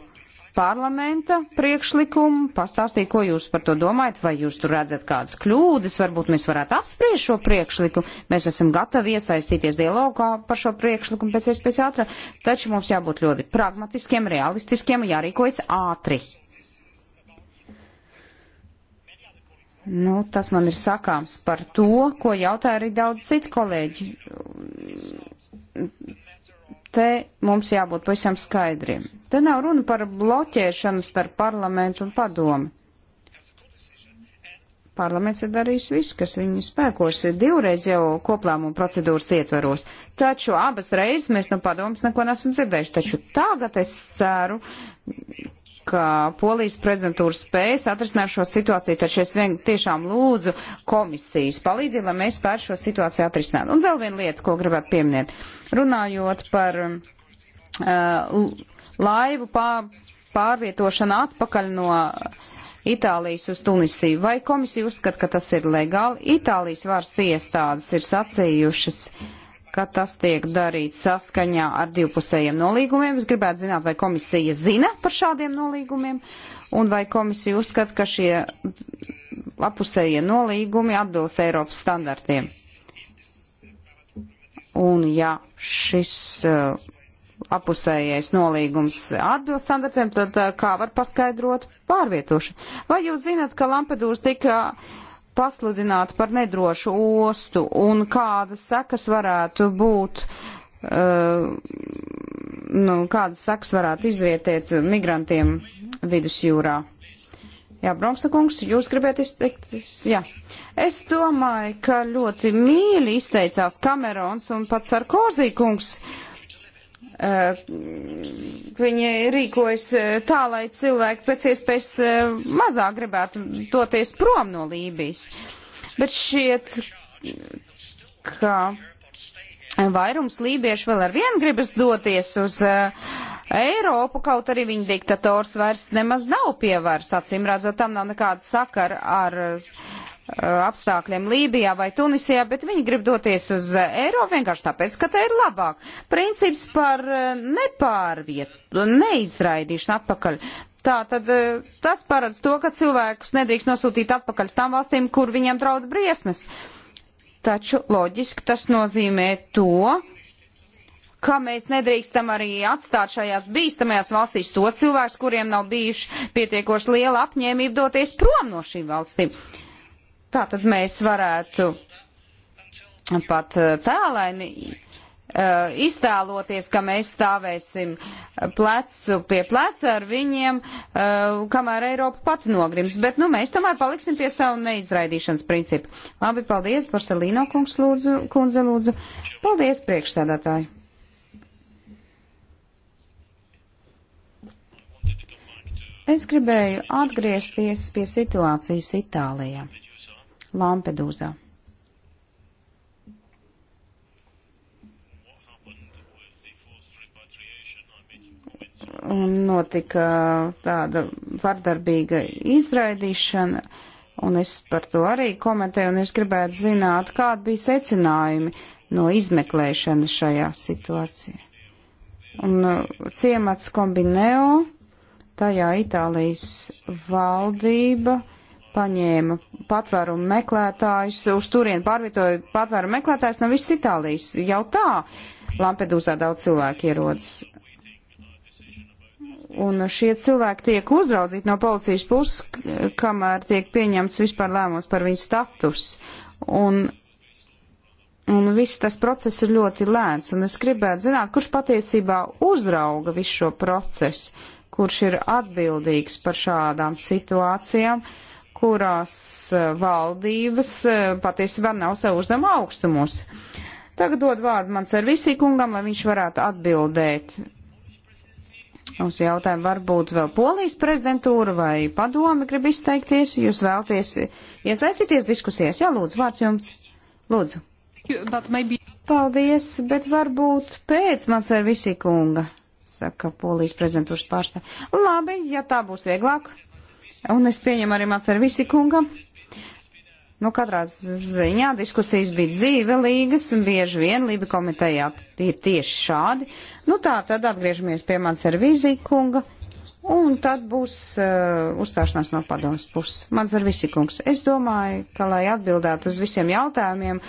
parlamenta priekšlikumu, pastāstīja, ko jūs par to domājat, vai jūs tur redzat kādas kļūdas, varbūt mēs varētu apspriest šo priekšlikumu. Mēs esam gatavi iesaistīties dialogā par šo priekšlikumu pēc iespējas ātrāk, taču mums jābūt ļoti pragmatiskiem, realistiskiem, jārīkojas ātri. Nu, tas man ir sakāms par to, ko jautāja arī daudz citu kolēģi Te mums jābūt pavisam skaidriem. Te nav runa par bloķēšanu starp parlamentu un padomi. Parlaments ir darījis viss, kas viņu spēkos, ir divreiz jau koplēmuma procedūras ietveros. Taču abas reizes mēs no padomas neko nesam dzirdējuši. Taču tagad es ceru, ka polijas prezidentūra spējas atrisināt šo situāciju, taču es vien tiešām lūdzu komisijas palīdzību, lai mēs spētu šo situāciju atrisināt. Un vēl viena lieta, ko gribētu pieminēt. Runājot par uh, laivu pār, pārvietošanu atpakaļ no Itālijas uz Tunisiju, vai komisija uzskata, ka tas ir legāli? Itālijas varas iestādes ir sacījušas. Uh, ka tas tiek darīts saskaņā ar divpusējiem nolīgumiem. Es gribētu zināt, vai komisija zina par šādiem nolīgumiem, un vai komisija uzskata, ka šie lapusējie nolīgumi atbilst Eiropas standartiem. Un ja šis uh, apusējais nolīgums atbilst standartiem, tad uh, kā var paskaidrot pārvietošanu? Vai jūs zinat, ka Lampedūrs tika uh, pasludināta par nedrošu ostu un kādas sekas varētu būt, uh, nu, kādas sekas varētu izrietēt migrantiem vidusjūrā. Jā, Bromsa kungs, jūs gribētu izteikties? Jā. Es domāju, ka ļoti mīļi izteicās Kamerons un pats Sarkozī kungs. Uh, Eh, viņi rīkojas eh, tā, lai cilvēki pēc iespējas eh, mazāk gribētu doties prom no Lībijas. Bet šķiet, ka vairums lībiešu vēl ar vienu gribas doties uz Eiropu, kaut arī viņa diktators vairs nemaz nav pie varas. Acīm redzot, tam nav nekāda sakara ar Uh, apstākļiem Lībijā vai Tunisijā, bet viņi grib doties uz uh, Eiropu vienkārši tāpēc, ka tā ir labāk. Princips par uh, nepārvietu, neizraidīšanu atpakaļ. Tā tad tas paredz to, ka cilvēkus nedrīkst nosūtīt atpakaļ uz tām valstīm, kur viņiem draud briesmas. Taču loģiski tas nozīmē to, ka mēs nedrīkstam arī atstāt šajās bīstamajās valstīs tos cilvēkus, kuriem nav bijuši pietiekoši liela apņēmība doties prom no šīm valstīm. Uh, Tā tad mēs varētu pat eh, tēlaini eh, iztēloties, ka mēs stāvēsim plecu pie pleca ar viņiem, eh, kamēr Eiropa pati nogrims. Bet nu, mēs tomēr paliksim pie savu neizraidīšanas principu. Labi, paldies, Porcelīno kungs lūdzu, kundze lūdzu. Paldies, priekšsēdētāji. Es gribēju atgriezties pie situācijas Itālijā. Lampedūzā. Un notika tāda vardarbīga izraidīšana, un es par to arī komentēju, un es gribētu zināt, kādi bija secinājumi no izmeklēšanas šajā situācijā. Un uh, ciemats kombinēo, tajā Itālijas valdība paņēma patvērumu meklētājus, uz turien pārvietoja patvērumu meklētājus no visas Itālijas. Jau tā Lampedūzā daudz cilvēku ierodas. Un šie cilvēki tiek uzraudzīti no policijas puses, kamēr tiek pieņemts vispār lēmums par viņu status. Un, un viss tas process ir ļoti lēns. Un es gribētu zināt, kurš patiesībā uzrauga visu šo procesu, kurš ir atbildīgs par šādām situācijām. Uh, kurās e, valdības e, patiesībā nav sev uzdevuma augstumos. Tagad dod vārdu man servisī kungam, lai viņš varētu atbildēt uz jautājumu. Varbūt vēl polijas prezidentūra vai padomi grib izteikties, jūs vēlties iesaistīties diskusijās. Jā, lūdzu, vārds jums. Lūdzu. Paldies, bet varbūt pēc man servisī kunga, saka polijas prezidentūras pārstāv. Labi, ja tā būs vieglāk. Un es pieņemu arī mans ar visi kungam. Nu, katrā ziņā diskusijas bija dzīvelīgas un bieži vien Lība komitejā ir tieši šādi. Nu tā, tad atgriežamies pie mans ar viziju kunga Un tad būs uh, uzstāšanās no padomas puses. Mans ar visikungs. Es domāju, ka, lai atbildētu uz visiem jautājumiem,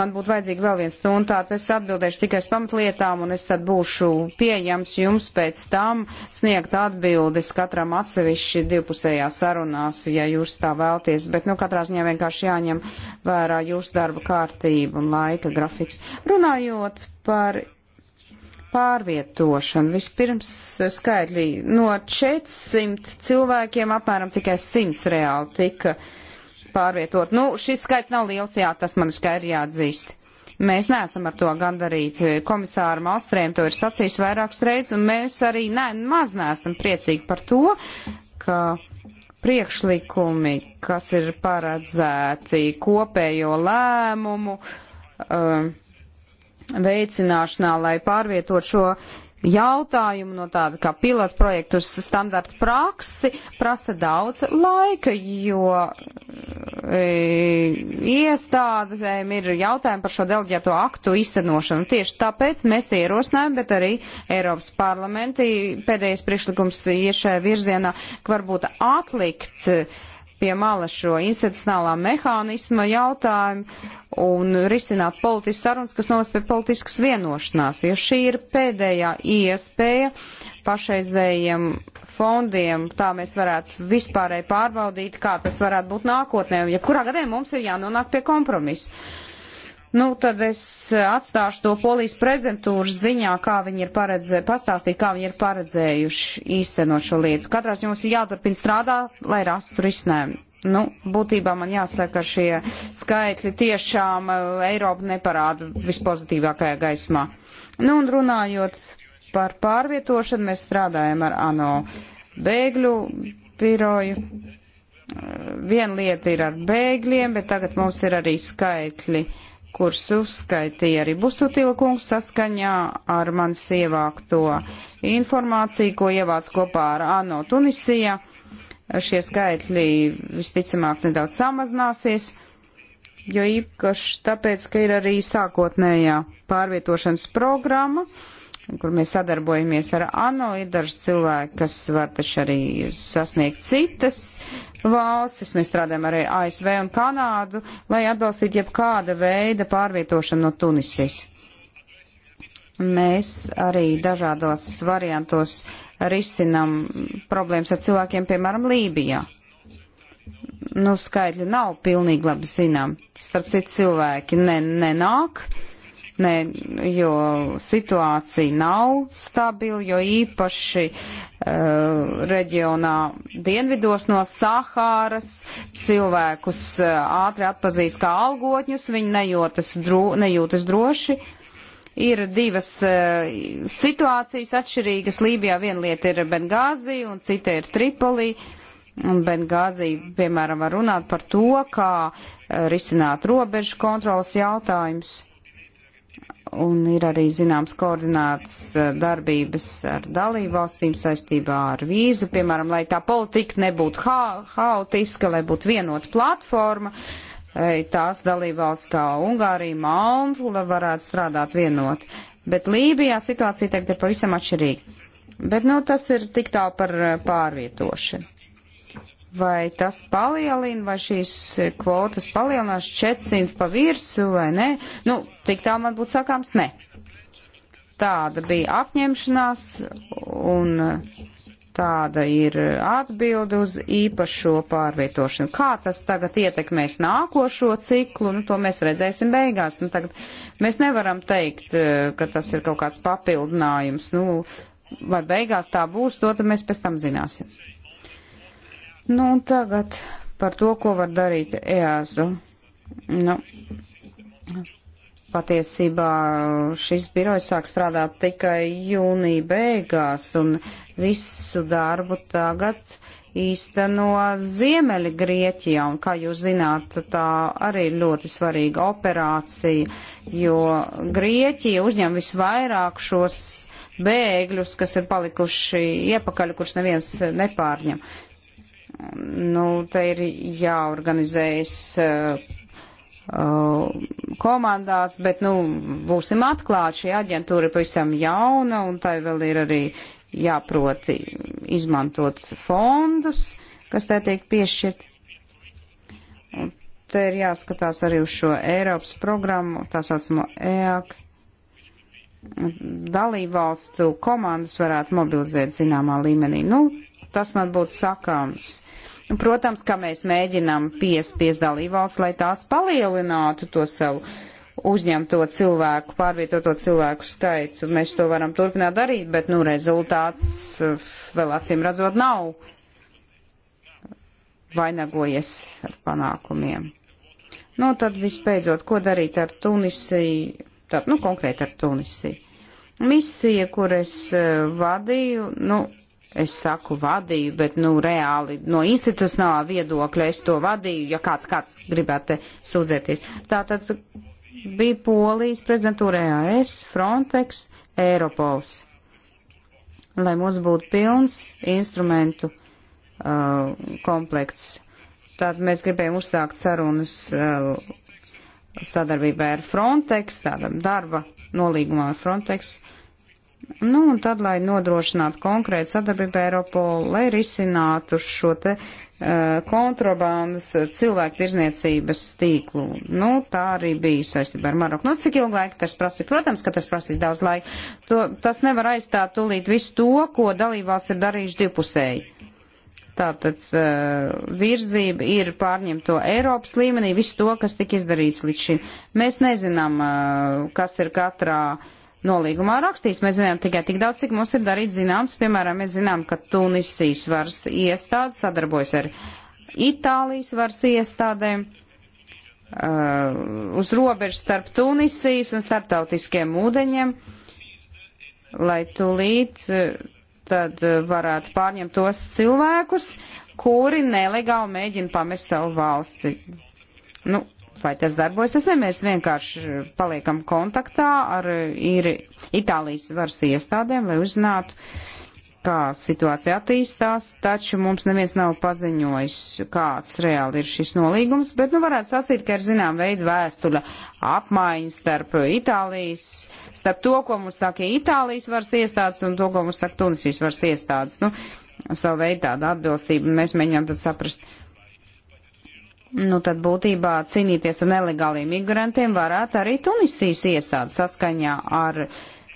man būtu vajadzīga vēl viens stundu. Tātad es atbildēšu tikai uz pamatlietām, un es tad būšu pieejams jums pēc tam sniegt atbildes katram atsevišķi divpusējā sarunās, ja jūs tā vēlties. Bet, nu, katrā ziņā vienkārši jāņem vērā jūsu darba kārtība un laika grafiks. Runājot par pārvietošanu. Vispirms skaidri no 400 cilvēkiem apmēram tikai 100 reāli tika pārvietot. Nu, šis skaits nav liels, jā, tas man skaidri jāatzīst. Mēs neesam ar to gandarīti. Komisāra Malstrēm to ir sacījis vairākas reizes, un mēs arī ne, maz neesam priecīgi par to, ka priekšlikumi, kas ir paredzēti kopējo lēmumu, uh, veicināšanā, lai pārvietot šo jautājumu no tāda kā pilotu projektu uz standarta praksi prasa daudz laika, jo e, iestādēm ir jautājumi par šo delģēto aktu izcenošanu. Tieši tāpēc mēs ierosinājām, bet arī Eiropas parlamenti pēdējais priekšlikums iešē virzienā, ka varbūt atlikt uh, pie malas šo institucionālā mehānisma jautājumu un risināt politiskas sarunas, kas novest pie politiskas vienošanās, jo šī ir pēdējā iespēja pašreizējiem fondiem, tā mēs varētu vispārēji pārbaudīt, kā tas varētu būt nākotnē, ja kurā gadījumā mums ir jānonāk pie kompromisa nu tad es atstāšu to polijas prezidentūras ziņā, kā viņi ir paredzējuši, pastāstīt, kā viņi ir paredzējuši īstenot šo lietu. Katrās jums ir jāturpina strādāt, lai rastu risinājumu. Nu, būtībā man jāsaka, šie skaitļi tiešām e, Eiropu neparāda vispozitīvākajā gaismā. Nu, un runājot par pārvietošanu, mēs strādājam ar ANO bēgļu biroju. E, viena lieta ir ar bēgļiem, bet tagad mums ir arī skaitļi kurus uzskaitīja arī Busutila kungs saskaņā ar man sievākto informāciju, ko ievāc kopā ar ANO Tunisija. Šie skaitļi visticamāk nedaudz samazināsies, jo īpaši tāpēc, ka ir arī sākotnējā pārvietošanas programma, kur mēs sadarbojamies ar ANO, ir daži cilvēki, kas var taču arī sasniegt citas valstis. Mēs strādājam arī ASV un Kanādu, lai atbalstītu jebkāda veida pārvietošanu no Tunisijas. Mēs arī dažādos variantos risinam problēmas ar cilvēkiem, piemēram, Lībijā. Nu, skaitļi nav pilnīgi labi zinām. Starp citu, cilvēki ne, nenāk. Ne nē, jo situācija nav stabila, jo īpaši uh, reģionā dienvidos no Sahāras cilvēkus uh, ātri atpazīst kā algotņus, viņi nejūtas, dro, nejūtas droši. Ir divas uh, situācijas atšķirīgas. Lībijā viena lieta ir Bengāzi un cita ir Tripolī. Un Bengāzī, piemēram, var runāt par to, kā uh, risināt robežu kontrolas jautājumus un ir arī zināms koordinātas eh, darbības ar dalību valstīm saistībā ar vīzu, piemēram, lai tā politika nebūtu ha haotiska, lai būtu vienota platforma, eh, tās dalību valsts kā Ungārija, Malta varētu strādāt vienot. Bet Lībijā situācija tagad ir pavisam atšķirīga. Bet, nu, tas ir tik tā par eh, pārvietošanu vai tas palielina, vai šīs e, kvotas palielinās 400 pa virsu vai nē. Nu, tik tā man būtu sakāms, nē. Tāda bija apņemšanās un e, tāda ir atbilde uz īpašo pārvietošanu. Kā tas tagad ietekmēs nākošo ciklu, nu, to mēs redzēsim beigās. Nu, tagad mēs nevaram teikt, e, ka tas ir kaut kāds papildinājums. Nu, vai beigās tā būs, to mēs pēc tam zināsim. Nu, un tagad par to, ko var darīt EASU. Nu, patiesībā šis birojs sāk strādāt tikai jūnija beigās, un visu darbu tagad īsteno Ziemeļa Grieķijā, un, kā jūs zināt, tā arī ir ļoti svarīga operācija, jo Grieķija uzņem visvairāk šos bēgļus, kas ir palikuši iepakaļ, kurš neviens nepārņem. Uh, nu, te ir jāorganizējas uh, uh, komandās, bet, nu, būsim atklāti, šī aģentūra ir pavisam jauna, un tai vēl ir arī jāprot izmantot fondus, kas tā tiek piešķirt. Un te ir jāskatās arī uz šo Eiropas programmu, tā saucamo EAK. Dalībvalstu komandas varētu mobilizēt zināmā līmenī. Nu, tas man būtu sakāms Protams, ka mēs mēģinām piespies dalībvalsts, lai tās palielinātu to savu uzņemto cilvēku, pārvietoto cilvēku skaitu. Mēs to varam turpināt darīt, bet nu, rezultāts eh, vēl acīm redzot nav vainagojies ar panākumiem. Nu, tad vispēdzot, ko darīt ar Tunisiju, tad, nu, konkrēti ar Tunisiju. Misija, kur es eh, vadīju, nu, es saku vadīju, bet, nu, reāli no institucionālā viedokļa es to vadīju, ja kāds, kāds gribētu sūdzēties. Tātad bija Polijas prezidentūra EAS, Frontex, Eiropols. Lai mums būtu pilns instrumentu uh, komplekts. Tātad mēs gribējām uzsākt sarunas uh, sadarbībā ar Frontex, tādam darba nolīgumā ar Frontex. Uh, Nu, un tad, lai nodrošinātu konkrētu sadarbību Eiropolu, lai risinātu šo te uh, kontrabandas eh, cilvēku tirzniecības tīklu. Nu, tā arī bija saistībā ar Maroku. Nu, cik ilgu laiku tas prasīs? Protams, ka tas prasīs daudz laika. To, tas nevar aizstāt tūlīt visu to, ko dalībvalsts ir darījuši divpusēji. Tātad uh, virzība ir pārņemto Eiropas līmenī, visu to, kas tika izdarīts līdz šim. Mēs nezinām, uh, kas ir katrā uh, nolīgumā rakstīts. Mēs zinām tikai tik daudz, cik mums ir darīts zināms. Piemēram, mēs zinām, ka Tunisijas varas iestādes sadarbojas ar Itālijas varas iestādēm. Uh, uz robežas starp Tunisijas un starptautiskiem ūdeņiem, lai tūlīt uh, tad uh, varētu pārņemt tos cilvēkus, kuri nelegāli mēģina pamest savu valsti. Nu, vai tas darbojas. Tas ne, mēs vienkārši paliekam kontaktā ar īri Itālijas varas iestādēm, lai uzzinātu, kā situācija attīstās, taču mums neviens nav paziņojis, kāds reāli ir šis nolīgums, bet nu varētu sacīt, ka ir zinām veidu vēstule apmaiņa starp Itālijas, starp to, ko mums saka Itālijas varas iestādes un to, ko mums saka Tunisijas varas iestādes. Nu, savu veidu tāda atbilstība, un mēs mēģinām tad saprast, uh, Nu, tad būtībā cīnīties ar nelegāliem migrantiem varētu arī Tunisijas iestādes saskaņā ar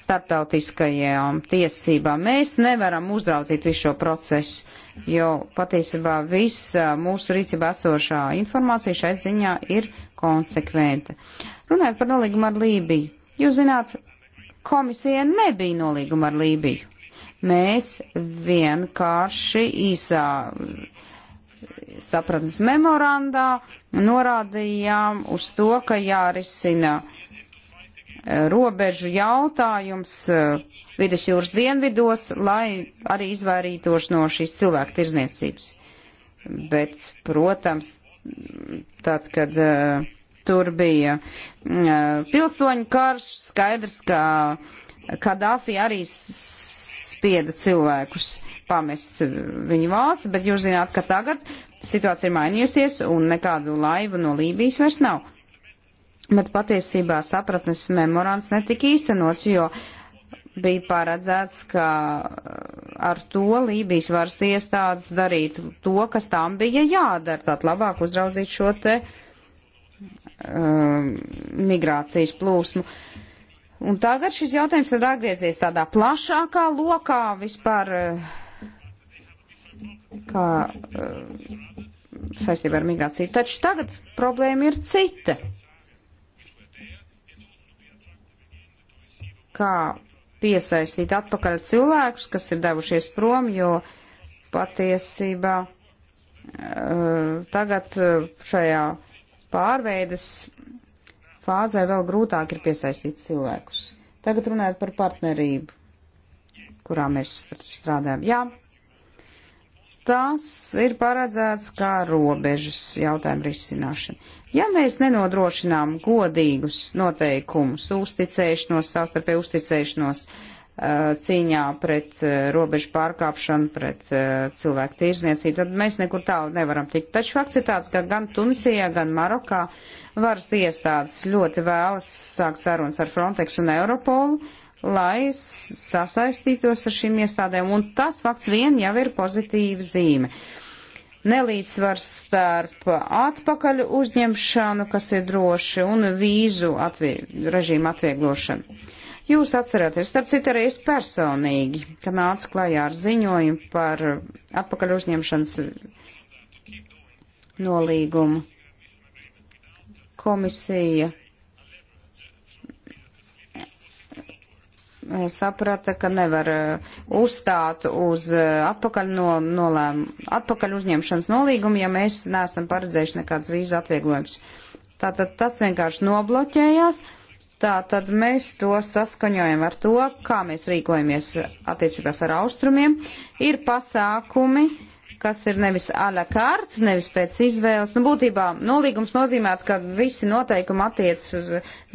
starptautiskajām tiesībām. Mēs nevaram uzraudzīt visu šo procesu, jo patiesībā visa mūsu rīcība esošā informācija šai ziņā ir konsekventa. Runājot par nolīgumu ar Lībiju, jūs zināt, komisija nebija nolīguma ar Lībiju. Mēs vienkārši īsā sapratnes memorandā norādījām uz to, ka jārisina e, robežu jautājums e, vidus jūras dienvidos, lai arī izvairītos no šīs cilvēku tirzniecības. Bet, protams, tad, kad uh, tur bija uh, pilsoņu karš, skaidrs, ka Kadāfi arī spieda cilvēkus pamest viņu valsti, bet jūs zināt, ka tagad situācija ir mainījusies un nekādu laivu no Lībijas vairs nav. Bet patiesībā sapratnes memorands netika īstenots, jo bija paredzēts, ka uh, ar to Lībijas varas iestādes darīt to, kas tām bija jādara, tad labāk uzraudzīt šo te um, migrācijas plūsmu. Un tagad šis jautājums ir atgriezies tādā plašākā lokā vispār. Uh, kā uh, saistībā ar migrāciju. Taču tagad problēma ir cita. Kā piesaistīt atpakaļ cilvēkus, kas ir devušies prom, jo patiesībā eh, tagad eh, šajā pārveides fāzē vēl grūtāk ir piesaistīt cilvēkus. Tagad runājot par partnerību, kurā mēs strādājam. Jā, tas ir paredzēts kā robežas jautājumu risināšana. Ja mēs nenodrošinām godīgus noteikumus, uzticēšanos, savstarpēju uzticēšanos uh, cīņā pret uh, robežu pārkāpšanu, pret uh, cilvēku tirzniecību, tad mēs nekur tālu nevaram tikt. Taču fakts ir tāds, ka gan Tunisijā, gan Marokā varas iestādes ļoti vēlas sākt sarunas ar Frontex un Europolu, lai sasaistītos ar šīm iestādēm, un tas fakts vien jau ir pozitīva zīme. Nelīdzsvars starp atpakaļ uzņemšanu, kas ir droši, un vīzu atvie, režīmu atvieglošanu. Jūs atceraties, starp citu, arī es personīgi, ka nāca klajā ar ziņojumu par atpakaļ uzņemšanas nolīgumu. Komisija Eh, saprata, ka nevar eh, uzstāt uz eh, atpakaļ, no, nolēm, atpakaļ uzņemšanas nolīgumu, ja mēs neesam paredzējuši nekādas vīzu atvieglojums. Tātad tas vienkārši nobloķējās. Tātad mēs to saskaņojam ar to, kā mēs rīkojamies attiecībās ar austrumiem. Ir pasākumi, uh, kas ir nevis a la carte, nevis pēc izvēles. Nu, būtībā nolīgums nu, nozīmē, ka visi noteikumi attiecas uz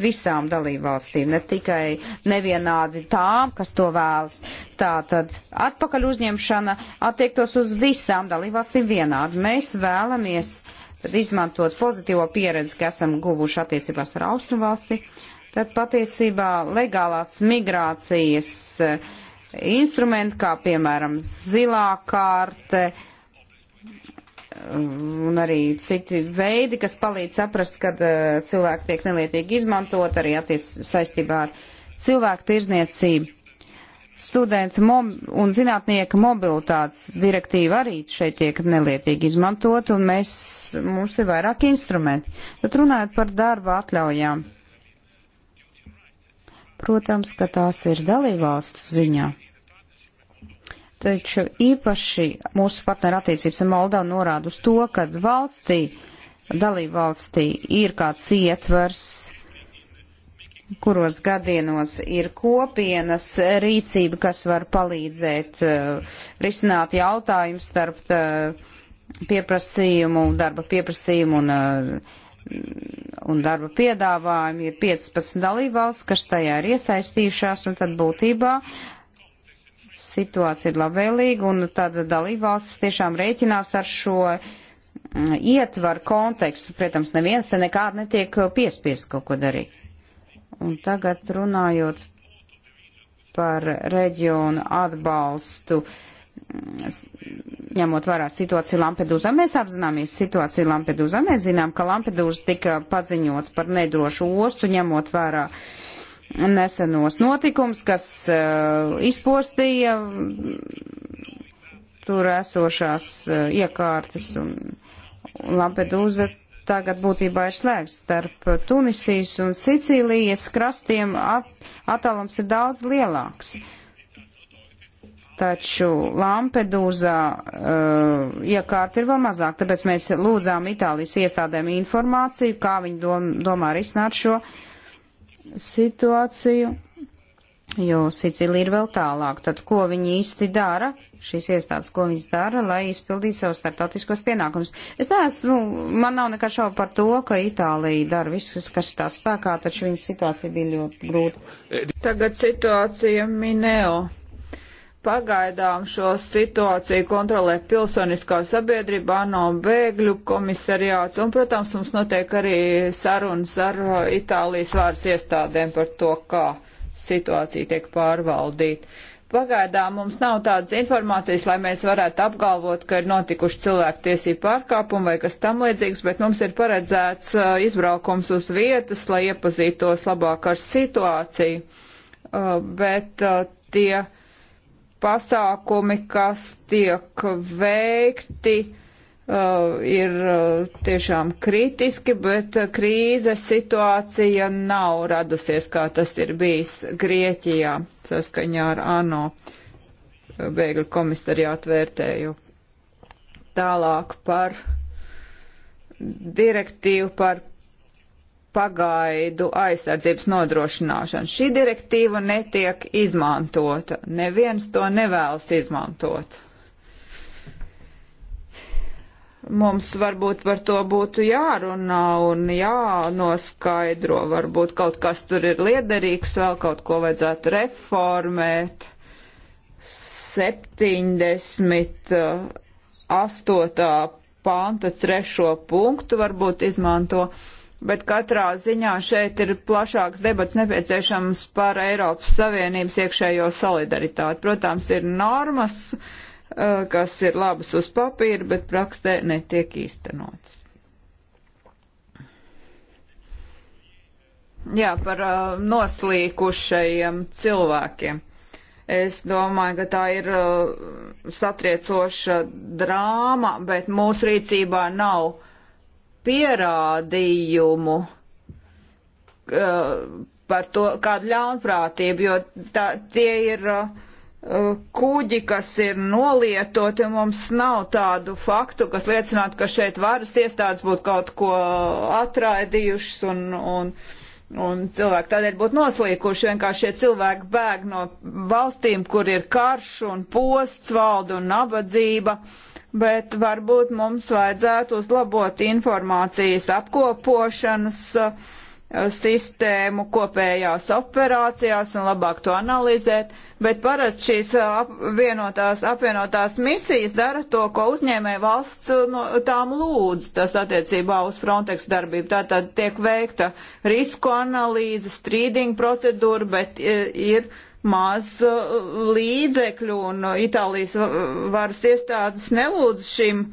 visām dalībvalstīm, ne tikai nevienādi tām, kas to vēlas. Tā tad atpakaļ uzņemšana attiektos uz visām dalībvalstīm vienādi. Mēs vēlamies izmantot pozitīvo pieredzi, kas esam guvuši attiecībās ar austrumvalsti, tad patiesībā legālās migrācijas eh, instrumenti, kā piemēram zilā kārte, uh, un arī citi veidi, kas palīdz saprast, kad uh, cilvēki tiek nelietīgi izmantot, arī attiec saistībā ar cilvēku tirzniecību. Studenta un zinātnieka mobilitātes direktīva arī šeit tiek nelietīgi izmantot, un mēs, mums ir vairāk instrumenti. Bet runājot par darba atļaujām, protams, ka tās ir dalībvalstu ziņā. Taču īpaši mūsu partneru attiecības ar Moldavu norāda uz to, ka valstī, dalībvalstī ir kāds ietvers, kuros gadienos ir kopienas rīcība, kas var palīdzēt uh, risināt jautājumu starp uh, pieprasījumu, darba pieprasījumu un uh, un darba piedāvājumi ir 15 dalībvalsts, kas tajā ir iesaistījušās, un tad būtībā situācija ir labvēlīga un tad dalībvalstis tiešām rēķinās ar šo mm, ietvaru kontekstu. Protams, neviens te nekādi netiek piespiest kaut ko darīt. Un tagad runājot par reģionu atbalstu, mm, ņemot vērā situāciju Lampedūzā. Mēs apzināmies situāciju Lampedūzā. Mēs zinām, ka Lampedūza tika paziņot par nedrošu ostu, ņemot vērā uh, nesenos notikums, kas uh, izpostīja tur esošās uh, iekārtas un Lampedūza tagad būtībā ir slēgts starp Tunisijas un Sicīlijas krastiem at, attālums ir daudz lielāks. Taču Lampedūzā uh, iekārta ir vēl mazāk, tāpēc mēs lūdzām Itālijas iestādēm informāciju, kā viņi dom, domā risināt šo uh, situāciju, jo Sicilija ir vēl tālāk. Tad ko viņi īsti dara, šīs iestādes, ko viņas dara, lai izpildītu savus starptautiskos pienākumus? Es neesmu, nu, man nav nekā šaubu par to, ka Itālija dara visus, kas ir tā spēkā, taču viņas situācija bija ļoti grūta. Tagad situācija Mineo. Pagaidām šo situāciju kontrolē pilsoniskā sabiedrība, ANO bēgļu komisariāts, un, protams, mums notiek arī sarunas ar uh, Itālijas vāras iestādēm par to, kā situācija tiek pārvaldīta. Pagaidām mums nav tādas informācijas, lai mēs varētu apgalvot, ka ir notikuši cilvēku tiesību pārkāpumi vai kas tam līdzīgs, bet mums ir paredzēts uh, izbraukums uz vietas, lai iepazītos labāk ar situāciju. Uh, bet uh, tie pasākumi, kas tiek veikti, uh, ir uh, tiešām kritiski, bet uh, krīzes situācija nav radusies, kā tas ir bijis Grieķijā saskaņā ar ANO bēgļu komisariātu vērtēju. Tālāk par direktīvu par pagaidu aizsardzības nodrošināšanu. Šī direktīva netiek izmantota. Neviens to nevēlas izmantot. Mums varbūt par to būtu jārunā un jānoskaidro, varbūt kaut kas tur ir liederīgs, vēl kaut ko vajadzētu reformēt. 78. Uh, panta trešo punktu varbūt izmanto bet katrā ziņā šeit ir plašāks debats nepieciešams par Eiropas Savienības iekšējo solidaritāti. Protams, ir normas, eh, kas ir labas uz papīra, bet praksē netiek īstenots. Jā, par uh, noslīkušajiem cilvēkiem. Es domāju, ka tā ir uh, satriecoša drāma, bet mūsu rīcībā nav uh, pierādījumu uh, par to kādu ļaunprātību, jo tā, tie ir uh, kuģi, kas ir nolietoti, mums nav tādu faktu, kas liecinātu, ka šeit varas iestādes būtu kaut ko atraidījušas un, un, un cilvēki tādēļ būtu noslīkuši. Vienkārši šie cilvēki bēg no valstīm, kur ir karš un posts valda un nabadzība. Uh, bet varbūt mums vajadzētu uzlabot informācijas apkopošanas eh, sistēmu kopējās operācijās un labāk to analizēt, bet parasti šīs eh, apvienotās, apvienotās misijas dara to, ko uzņēmē valsts eh, no, tām lūdz, tas attiecībā uz Frontex darbību. Tātad tiek veikta risku analīze, strīdinga procedūra, bet ir, ir maz uh, līdzekļu, un Itālijas varas iestādes nelūdz šim,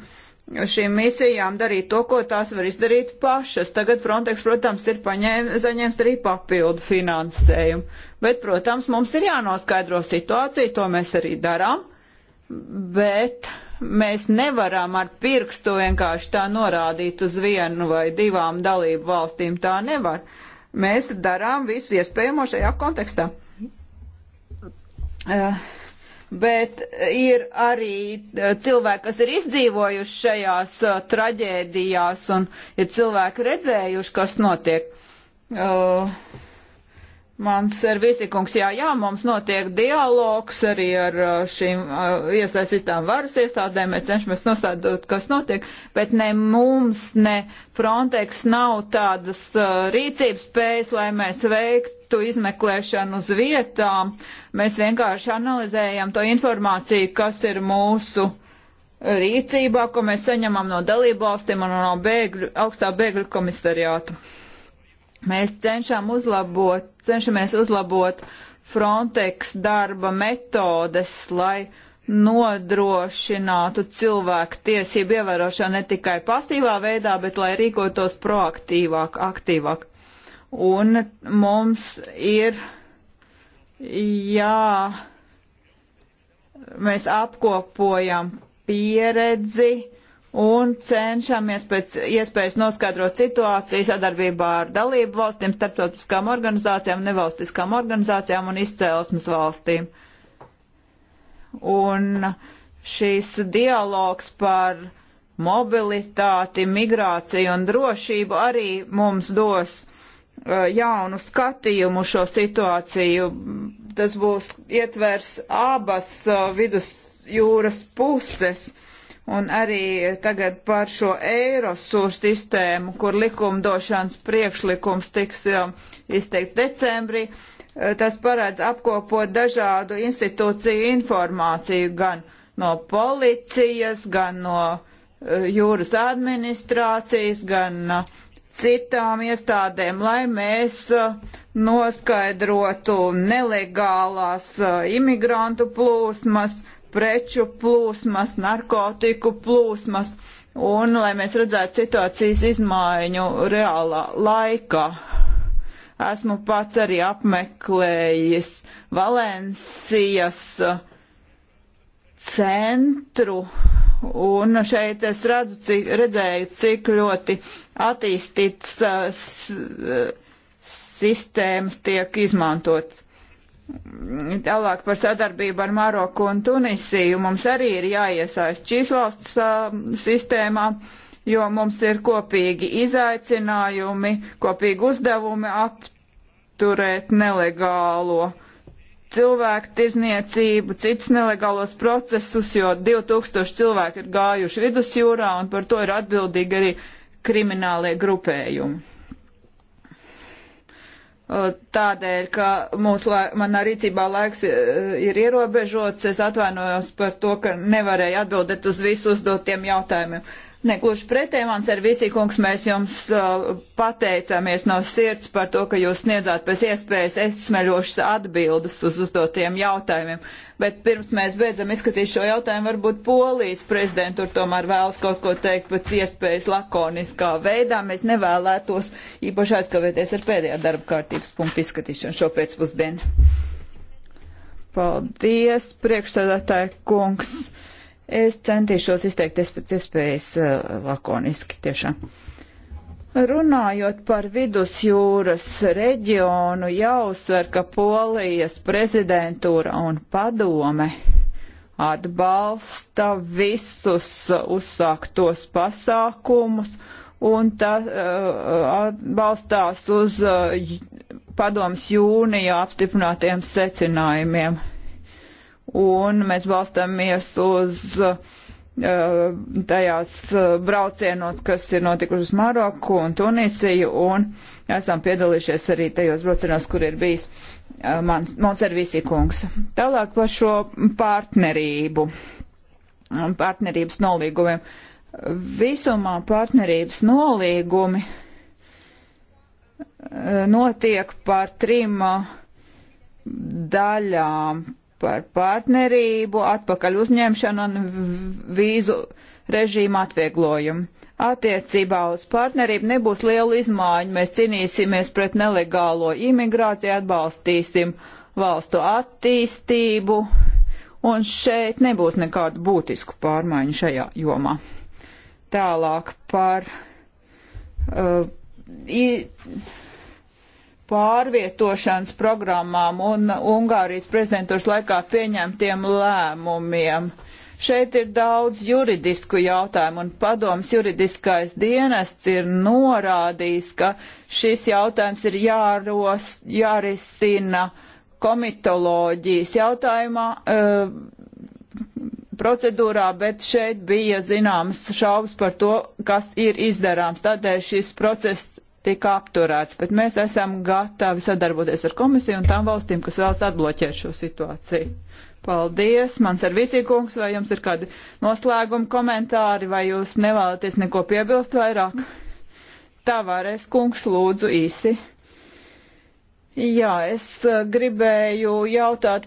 šīm misijām darīt to, ko tās var izdarīt pašas. Tagad Frontex, protams, ir paņēm, saņēmis arī papildu finansējumu. Bet, protams, mums ir jānoskaidro situācija, to mēs arī darām, bet mēs nevaram ar pirkstu vienkārši tā norādīt uz vienu vai divām dalību valstīm. Tā nevar. Mēs darām visu iespējamo šajā kontekstā. Uh, bet ir arī eh, cilvēki, kas ir izdzīvojuši šajās eh, traģēdijās un ir cilvēki redzējuši, kas notiek. Uh, Mans servisikungs, jā, jā, mums notiek dialogs arī ar uh, šīm uh, iesaistītām varas iestādēm, mēs cenšamies nosādot, kas notiek, bet ne mums, ne Frontex nav tādas uh, rīcības spējas, lai mēs veiktu izmeklēšanu uz vietām. Mēs vienkārši analizējam to informāciju, kas ir mūsu rīcībā, ko mēs saņemam no dalībvalstīm un no bēgļu, augstā bēgļu komisariāta. Mēs cenšam uzlabot, cenšamies uzlabot Frontex darba metodes, lai nodrošinātu cilvēku tiesību ievērošanu ne tikai pasīvā veidā, bet lai rīkotos proaktīvāk, aktīvāk. Un mums ir jā, mēs apkopojam pieredzi un cenšamies pēc iespējas noskaidrot situāciju sadarbībā ar dalību valstīm, starptautiskām organizācijām, nevalstiskām organizācijām un izcēlesmes valstīm. Un šīs dialogs par mobilitāti, migrāciju un drošību arī mums dos uh, jaunu skatījumu šo situāciju. Tas būs ietvers abas uh, vidusjūras puses Un arī tagad par šo Eirosūr sistēmu, kur likumdošanas priekšlikums tiks um, izteikts decembrī, uh, tas paredz apkopot dažādu institūciju informāciju gan no policijas, gan no uh, jūras administrācijas, gan uh, citām iestādēm, lai mēs noskaidrotu nelegālās imigrantu plūsmas, preču plūsmas, narkotiku plūsmas, un lai mēs redzētu situācijas izmaiņu reālā laikā. Esmu pats arī apmeklējis Valencijas centru, un šeit es redzu, cik, redzēju, cik ļoti attīstīts uh, uh, sistēmas tiek izmantotas. Tālāk par sadarbību ar Maroku un Tunisiju mums arī ir jāiesaist šīs valsts uh, sistēmā, jo mums ir kopīgi izaicinājumi, kopīgi uzdevumi apturēt nelegālo cilvēku tirzniecību, citus nelegālos procesus, jo 2000 cilvēki ir gājuši vidusjūrā un par to ir atbildīgi arī kriminālie grupējumi. Uh, tādēļ, ka mūsu laik, manā rīcībā laiks uh, ir ierobežots, es atvainojos par to, ka nevarēju atbildēt uz visu uzdotiem jautājumiem. Negluži pretēji, mans ar visīkungs, mēs jums uh, pateicamies no sirds par to, ka jūs sniedzāt pēc iespējas esmeļošas atbildes uz uzdotiem jautājumiem. Bet pirms mēs beidzam izskatīt šo jautājumu, varbūt Polijas prezidentūra tomēr vēlas kaut ko teikt pēc iespējas lakoniskā veidā. Mēs nevēlētos īpaši aizkavēties ar pēdējā darba kārtības punktu izskatīšanu šo pēcpusdienu. Paldies, priekšsēdētāji kungs. Es centīšos izteikties pēc iespējas uh, lakoniski tiešām. Runājot par vidusjūras reģionu, jāuzsver, ka Polijas prezidentūra un padome atbalsta visus uzsāktos pasākumus un tā, uh, atbalstās uz uh, padomas jūnija apstiprinātiem secinājumiem un mēs balstāmies uz eh, tajās eh, braucienos, kas ir notikuši uz Maroku un Tunisiju, un esam piedalījušies arī tajos braucienos, kur ir bijis eh, mans, mans servīsī kungs. Tālāk par šo partnerību, partnerības nolīgumiem. Visumā partnerības nolīgumi notiek par trim daļām par partnerību, atpakaļ uzņemšanu un vīzu režīmu atvieglojumu. Attiecībā uz partnerību nebūs liela izmaiņa. Mēs cīnīsimies pret nelegālo imigrāciju, atbalstīsim valstu attīstību, un šeit nebūs nekādu būtisku pārmaiņu šajā jomā. Tālāk par uh, i, pārvietošanas programmām un Ungārijas prezidentūras laikā pieņemtiem lēmumiem. Šeit ir daudz juridisku jautājumu, un padoms juridiskais dienests ir norādījis, ka šis jautājums ir jāros, jārisina komitoloģijas jautājumā, e, procedūrā, bet šeit bija zināmas šaubas par to, kas ir izdarāms. Tādēļ šis process tika apturēts, bet mēs esam gatavi sadarboties ar komisiju un tām valstīm, kas vēlas atbloķēt šo situāciju. Paldies, mans ar visīkungs, vai jums ir kādi noslēguma komentāri, vai jūs nevēlaties neko piebilst vairāk? Tavārēs kungs, lūdzu īsi. Jā, es eh, gribēju jautāt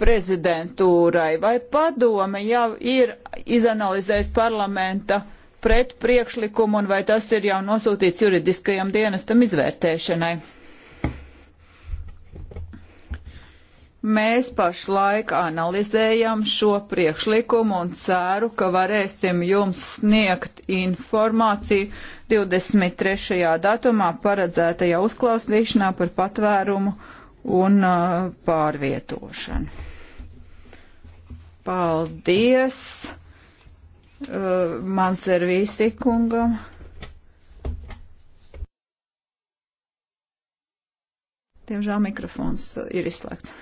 prezidentūrai, vai padome jau ir izanalizējis parlamenta uh, pret priekšlikumu un vai tas ir jau nosūtīts juridiskajam dienestam izvērtēšanai. Mēs pašlaik analizējam šo priekšlikumu un ceru, ka varēsim jums sniegt informāciju 23. datumā paredzētajā uzklausīšanā par patvērumu un uh, pārvietošanu. Paldies! uh, man servīsi kungam. Diemžēl mikrofons uh, ir izslēgts.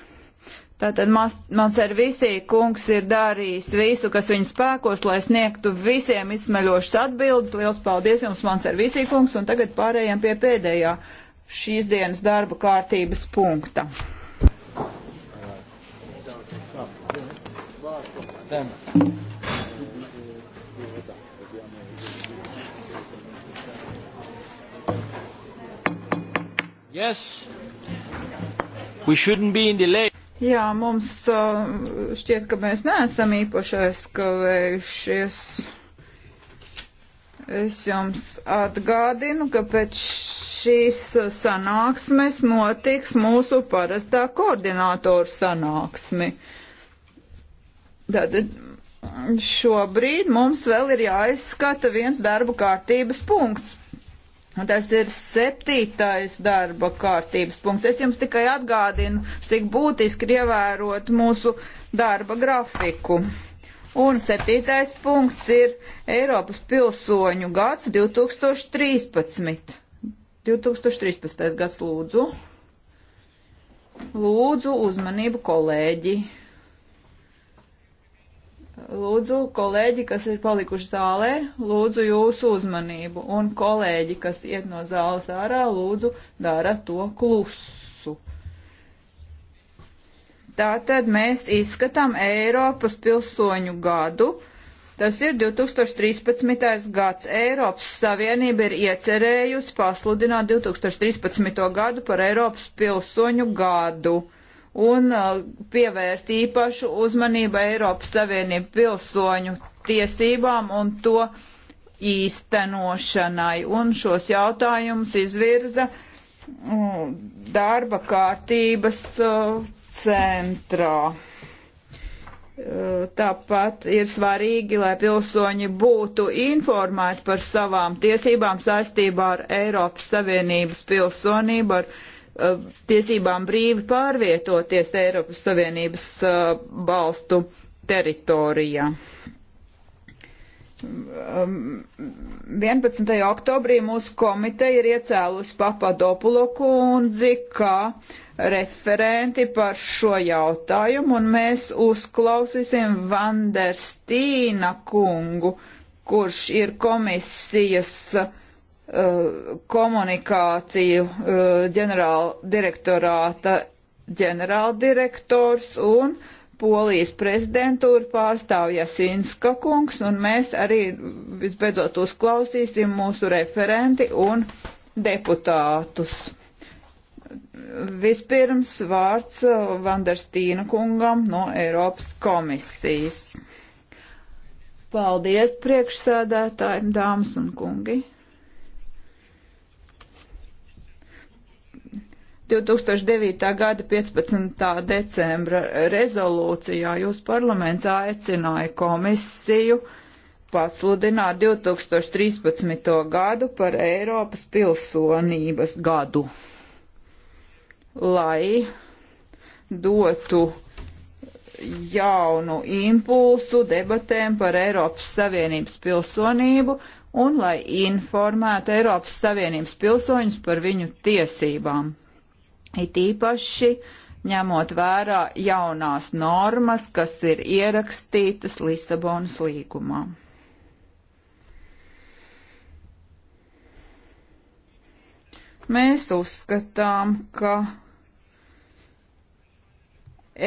Tātad mans ar visī kungs ir darījis visu, kas viņa spēkos, lai sniegtu visiem izsmeļošas atbildes. Liels paldies jums, mans ar visī kungs, un tagad pārējām pie pēdējā šīs dienas darba kārtības punkta. Them. Yes. We shouldn't be in delay. Jā, mums uh, šķiet, ka mēs neesam īpaši aizkavējušies. Es jums atgādinu, ka pēc šīs sanāksmes notiks mūsu parastā koordinātoru sanāksmi. Tātad šobrīd mums vēl ir jāizskata viens darba kārtības punkts Tas ir septītais darba kārtības punkts. Es jums tikai atgādinu, cik būtiski ir ievērot mūsu darba grafiku. Un septītais punkts ir Eiropas pilsoņu gads 2013. 2013. gads lūdzu. Lūdzu uzmanību kolēģi. Lūdzu, kolēģi, kas ir palikuši zālē, lūdzu jūsu uzmanību. Un kolēģi, kas iet no zāles ārā, lūdzu dara to klusu. Tātad mēs izskatām Eiropas pilsoņu gadu. Tas ir 2013. gads. Eiropas Savienība ir iecerējusi pasludināt 2013. gadu par Eiropas pilsoņu gadu un uh, pievērst īpašu uzmanību Eiropas Savienību pilsoņu tiesībām un to īstenošanai. Un šos jautājumus izvirza mm, darba kārtības uh, centrā. Uh, tāpat ir svarīgi, lai pilsoņi būtu informēti par savām tiesībām saistībā ar Eiropas Savienības pilsonību, ar Eh, tiesībām brīvi pārvietoties Eiropas Savienības balstu eh, teritorijā. 11. Um, oktobrī mūsu komiteja ir iecēlusi Papadopulo kundzi, kā referenti par šo jautājumu, un mēs uzklausīsim Vanderstīna kungu, kurš ir komisijas uh, komunikāciju eh, ģenerāla direktorāta ģenerāldirektors un Polijas prezidentūra pārstāv Jasinska kungs, un mēs arī visbeidzot uzklausīsim mūsu referenti un deputātus. Vispirms vārds eh, Vanderstīna kungam no Eiropas komisijas. Paldies priekšsēdētājiem, dāmas un kungi! 2009. gada 15. decembra rezolūcijā jūs parlaments aicināja komisiju pasludināt 2013. gadu par Eiropas pilsonības gadu, lai dotu jaunu impulsu debatēm par Eiropas Savienības pilsonību un lai informētu Eiropas Savienības pilsoņus par viņu tiesībām It īpaši ņemot vērā jaunās normas, kas ir ierakstītas Lisabonas līgumā. Mēs uzskatām, ka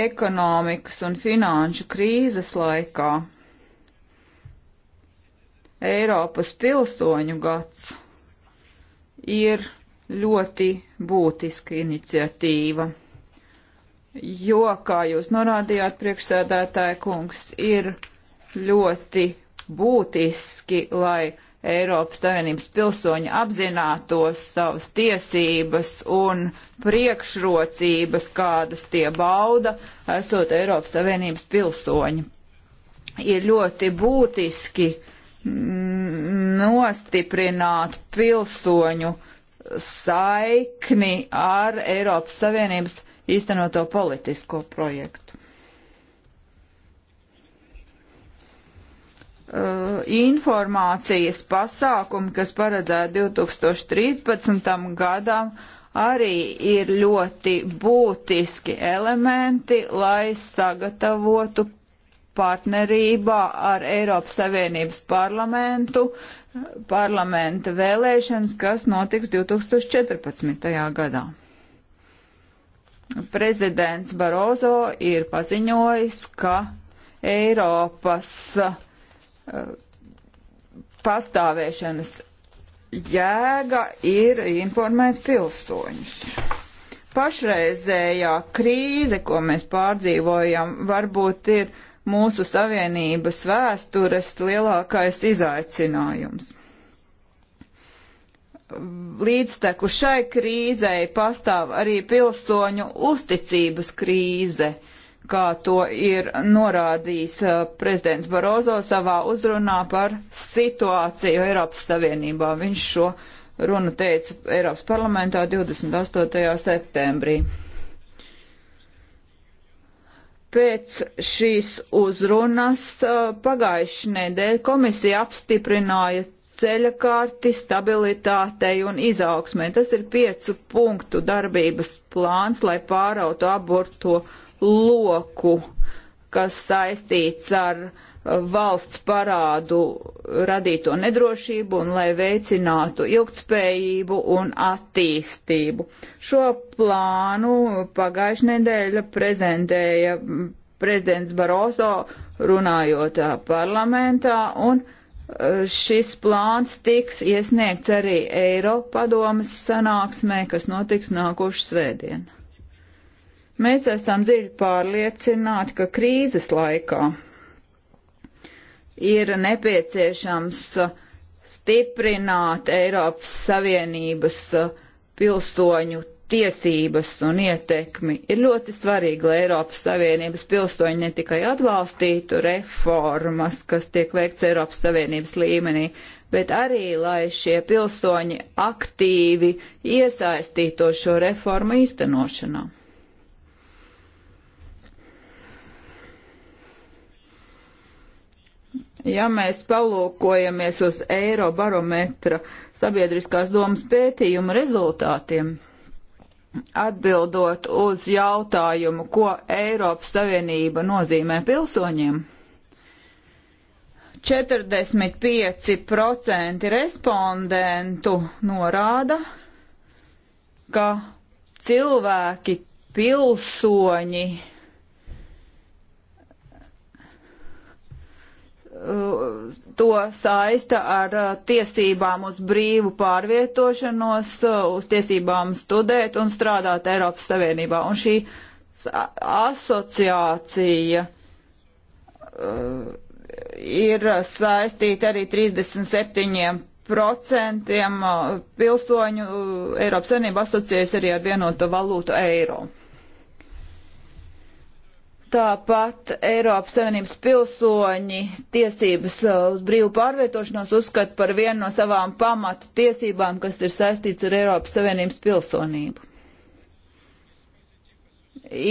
ekonomikas un finanšu krīzes laikā Eiropas pilsoņu gads ir ļoti būtiska iniciatīva. Jo, kā jūs norādījāt, priekšsēdētāja kungs, ir ļoti būtiski, lai Eiropas Savienības pilsoņi apzinātos savas tiesības un priekšrocības, kādas tie bauda, esot Eiropas Savienības pilsoņi. Ir ļoti būtiski mm, nostiprināt pilsoņu uh, saikni ar Eiropas Savienības īstenoto politisko projektu. Uh, informācijas pasākumi, kas paredzēti 2013. gadam, arī ir ļoti būtiski elementi, lai sagatavotu partnerībā ar Eiropas Savienības parlamentu parlamenta vēlēšanas, kas notiks 2014. gadā. Prezidents Barozo ir paziņojis, ka Eiropas eh, pastāvēšanas jēga ir informēt pilsoņus. Pašreizējā krīze, ko mēs pārdzīvojam, varbūt ir mūsu savienības vēstures lielākais izaicinājums. Līdzteku šai krīzei pastāv arī pilsoņu uzticības krīze, kā to ir norādījis uh, prezidents Barozo savā uzrunā par situāciju Eiropas Savienībā. Viņš šo runu teica Eiropas parlamentā 28. septembrī. Pēc šīs uzrunas pagājušajā nedēļā komisija apstiprināja ceļa karti stabilitātei un izaugsmē. Tas ir piecu punktu darbības plāns, lai pārautu aborto loku, kas saistīts ar uh, valsts parādu radīto nedrošību un lai veicinātu ilgtspējību un attīstību. Šo plānu pagājušajā nedēļa prezentēja prezidents Baroso runājot parlamentā un šis plāns tiks iesniegts arī Eiropadomas sanāksmē, kas notiks nākošu svētdienu. Mēs esam dziļi pārliecināti, ka krīzes laikā ir nepieciešams stiprināt Eiropas Savienības uh, pilsoņu tiesības un ietekmi. Ir ļoti svarīgi, lai Eiropas Savienības pilsoņi ne tikai atbalstītu reformas, kas tiek veikts Eiropas Savienības līmenī, bet arī, lai šie pilsoņi aktīvi iesaistīto šo reformu īstenošanā. Ja mēs palūkojamies uz Eirobarometra sabiedriskās domas pētījuma rezultātiem, atbildot uz jautājumu, ko Eiropas Savienība nozīmē pilsoņiem, 45% respondentu norāda, ka cilvēki, pilsoņi, to saista ar uh, tiesībām uz brīvu pārvietošanos, uh, uz tiesībām studēt un strādāt Eiropas Savienībā. Un šī asociācija uh, ir saistīta arī 37% pilsoņu Eiropas Savienība asociējas arī ar vienoto valūtu eiro. Tāpat Eiropas Savienības pilsoņi tiesības uh, uz brīvu pārvietošanos uzskata par vienu no savām pamata tiesībām, kas ir saistīts ar Eiropas Savienības pilsonību.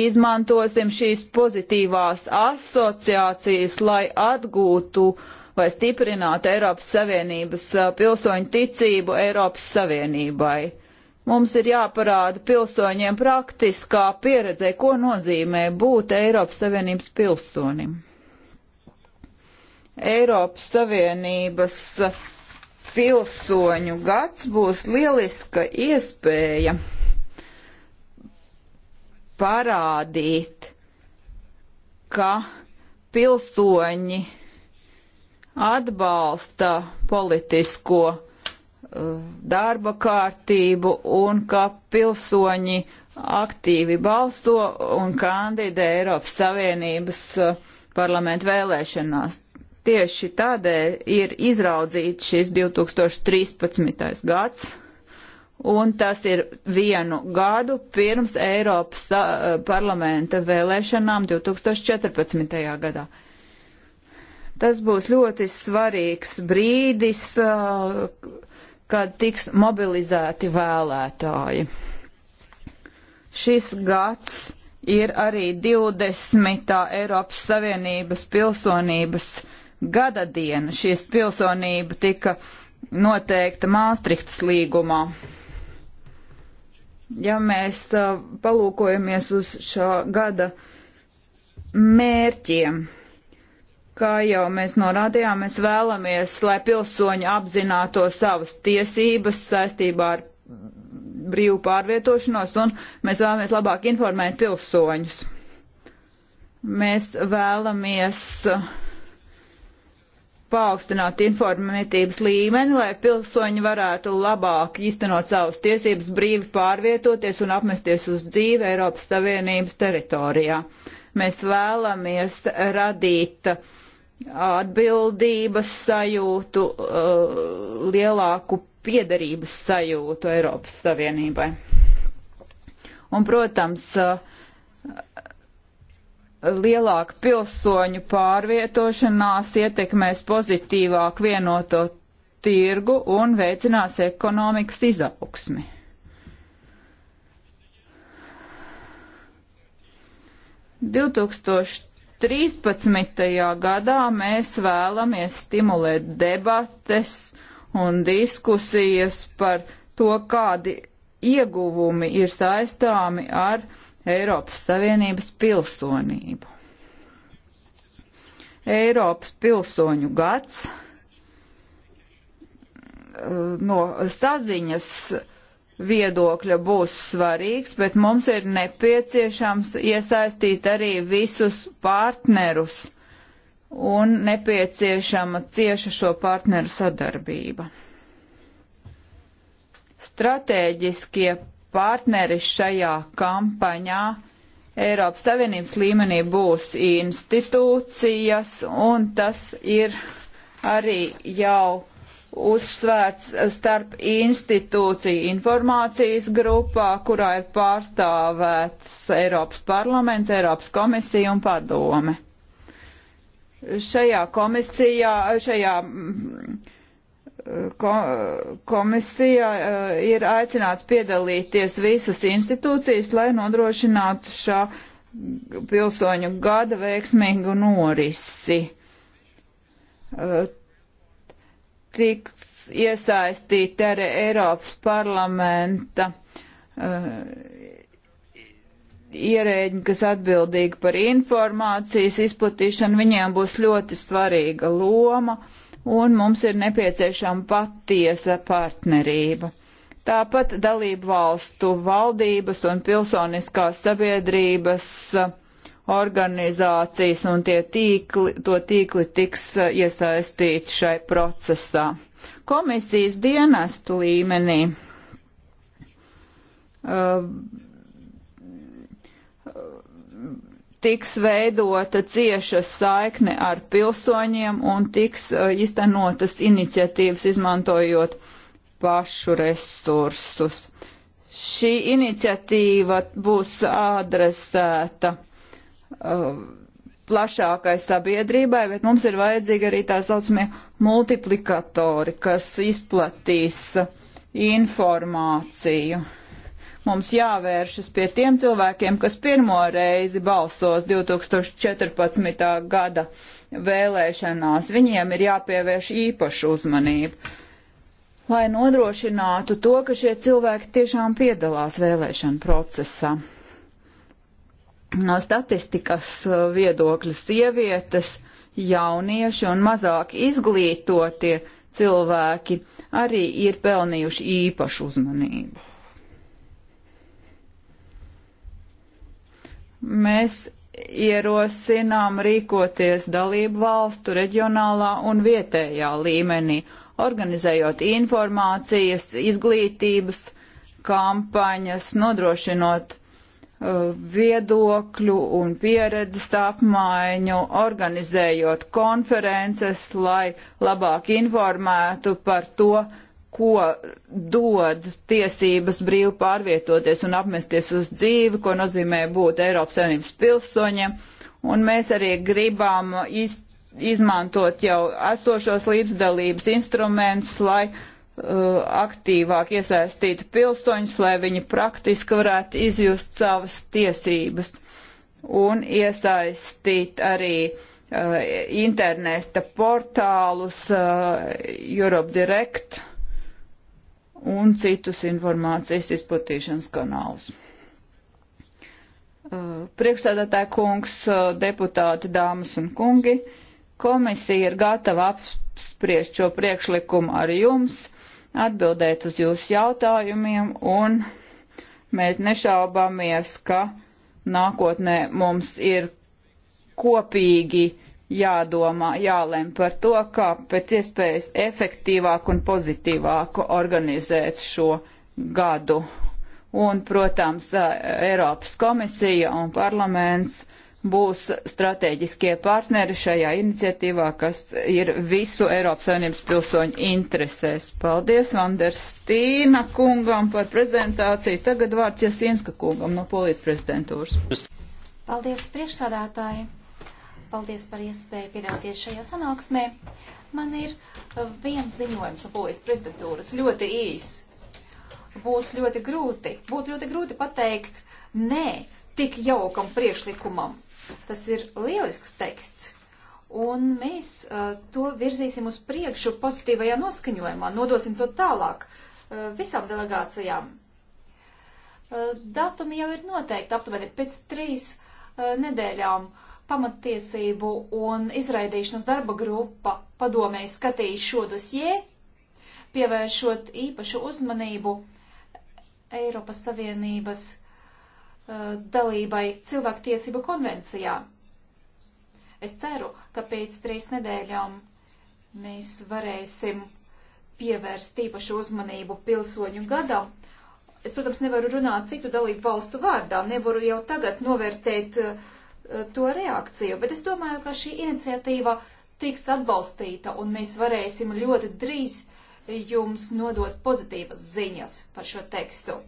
Izmantosim šīs pozitīvās asociācijas, lai atgūtu vai stiprinātu Eiropas Savienības uh, pilsoņu ticību Eiropas Savienībai Mums ir jāparāda pilsoņiem praktiskā pieredze, ko nozīmē būt Eiropas Savienības pilsonim. Eiropas Savienības pilsoņu gads būs lieliska iespēja parādīt, ka pilsoņi atbalsta politisko darba kārtību un ka pilsoņi aktīvi balso un kandidē Eiropas Savienības e, parlamentu vēlēšanās. Tieši tādēļ ir izraudzīts šis 2013. gads, un tas ir vienu gadu pirms Eiropas e, parlamenta vēlēšanām 2014. gadā. Tas būs ļoti svarīgs brīdis, uh, kad tiks mobilizēti vēlētāji. Šis gads ir arī 20. Eiropas Savienības pilsonības gada diena. Šīs pilsonība tika noteikta Māstrihtas līgumā. Ja mēs uh, palūkojamies uz šā gada mērķiem, Kā jau mēs norādījām, mēs vēlamies, lai pilsoņi apzināto savas tiesības saistībā ar brīvu pārvietošanos, un mēs vēlamies labāk informēt pilsoņus. Mēs vēlamies paaugstināt informētības līmeni, lai pilsoņi varētu labāk īstenot savas tiesības, brīvi pārvietoties un apmesties uz dzīvi Eiropas Savienības teritorijā. Mēs vēlamies radīt uh, atbildības sajūtu, uh, lielāku piederības sajūtu Eiropas Savienībai. Un, protams, uh, lielāka pilsoņu pārvietošanās ietekmēs pozitīvāk vienoto tirgu un veicinās ekonomikas izaugsmi. Divtūkstoši 13. gadā mēs vēlamies stimulēt debates un diskusijas par to, kādi ieguvumi ir saistāmi ar Eiropas Savienības pilsonību. Eiropas pilsoņu gads uh, no saziņas uh, viedokļa būs svarīgs, bet mums ir nepieciešams iesaistīt arī visus partnerus un nepieciešama cieša šo partneru sadarbība. Stratēģiskie partneri šajā kampaņā Eiropas Savienības līmenī būs institūcijas, un tas ir arī jau uzsvērts starp institūciju informācijas grupā, kurā ir pārstāvēts Eiropas parlaments, Eiropas komisija un padome. Šajā komisijā, šajā mm, ko, komisijā eh, ir aicināts piedalīties visas institūcijas, lai nodrošinātu šā pilsoņu gada veiksmīgu norisi eh, tiks iesaistīti arī Eiropas parlamenta uh, ierēģi, kas atbildīgi par informācijas izplatīšanu, viņiem būs ļoti svarīga loma, un mums ir nepieciešama patiesa partnerība. Tāpat dalību valstu valdības un pilsoniskās sabiedrības uh, organizācijas un tie tīkli, to tīkli tiks eh, iesaistīti šai procesā. Komisijas dienestu līmenī uh, tiks veidota cieša saikne ar pilsoņiem un tiks uh, eh, iztenotas iniciatīvas izmantojot pašu resursus. Šī iniciatīva būs adresēta uh, Uh, plašākai sabiedrībai, bet mums ir vajadzīgi arī tā saucamie multiplikatori, kas izplatīs uh, informāciju. Mums jāvēršas pie tiem cilvēkiem, kas pirmo reizi balsos 2014. gada vēlēšanās. Viņiem ir jāpievērš īpašu uzmanību, lai nodrošinātu to, ka šie cilvēki tiešām piedalās vēlēšana procesā. No statistikas uh, viedokļa sievietes, jaunieši un mazāk izglītotie cilvēki arī ir pelnījuši īpašu uzmanību. Mēs ierosinām rīkoties dalību valstu reģionālā un vietējā līmenī, organizējot informācijas, izglītības kampaņas, nodrošinot viedokļu un pieredzes apmaiņu, organizējot konferences, lai labāk informētu par to, ko dod tiesības brīvi pārvietoties un apmesties uz dzīvi, ko nozīmē būt Eiropas Savienības pilsoņiem. Un mēs arī gribam iz, izmantot jau esošos līdzdalības instrumentus, lai uh, Uh, aktīvāk iesaistītu pilsoņus, lai viņi praktiski varētu izjust savas tiesības un iesaistīt arī uh, interneta portālus, uh, Europe Direct un citus informācijas izplatīšanas kanālus. Uh, Priekšstādātāja kungs, uh, deputāti, dāmas un kungi, komisija ir gatava apspriest šo priekšlikumu ar jums atbildēt uz jūsu jautājumiem, un mēs nešaubāmies, ka nākotnē mums ir kopīgi jādomā, jālem par to, kā pēc iespējas efektīvāk un pozitīvāk organizēt šo gadu. Un, protams, Eiropas komisija un parlaments būs strateģiskie partneri šajā iniciatīvā, kas ir visu Eiropas Savienības pilsoņu interesēs. Paldies Anderstīna kungam par prezentāciju. Tagad vārds Jasinska kungam no Polijas prezidentūras. Paldies priekšsādātāji. Paldies par iespēju piedalīties šajā sanāksmē. Man ir uh, viens ziņojums no Polijas prezidentūras. Ļoti īs. Būs ļoti grūti. Būtu ļoti grūti pateikt nē tik jaukam priekšlikumam Tas ir lielisks teksts. Un mēs uh, to virzīsim uz priekšu pozitīvajā noskaņojumā, nodosim to tālāk uh, visām delegācijām. Uh, datumi jau ir noteikti aptuveni pēc trīs uh, nedēļām. Uh, pamatiesību un izraidīšanas darba grupa padomēji skatīs šo dosjē, pievēršot īpašu uzmanību Eiropas Savienības Uh, dalībai cilvēktiesību konvencijā. Es ceru, ka pēc trīs nedēļām mēs varēsim pievērst īpašu uzmanību pilsoņu gadam. Es, protams, nevaru runāt citu dalību valstu vārdā, nevaru jau tagad novērtēt uh, to reakciju, bet es domāju, ka šī iniciatīva tiks atbalstīta un mēs varēsim ļoti drīz jums nodot pozitīvas ziņas par šo tekstu.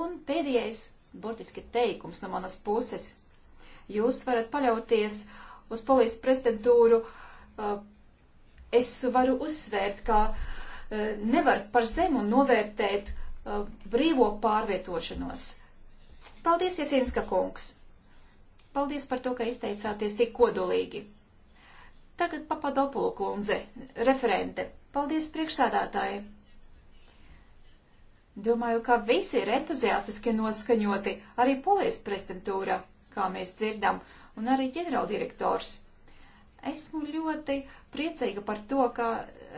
Un pēdējais burtiski teikums no manas puses. Jūs varat paļauties uz polijas prezidentūru. Eh, es varu uzsvērt, ka eh, nevar par zemu novērtēt eh, brīvo pārvietošanos. Paldies, Jasinska kungs! Paldies par to, ka izteicāties tik kodolīgi. Tagad Papadopulu kundze, referente. Paldies priekšsādātāji! Domāju, ka visi ir entuziastiski noskaņoti, arī polijas prezidentūra, kā mēs dzirdam, un arī ģenerāldirektors. Esmu ļoti priecīga par to, ka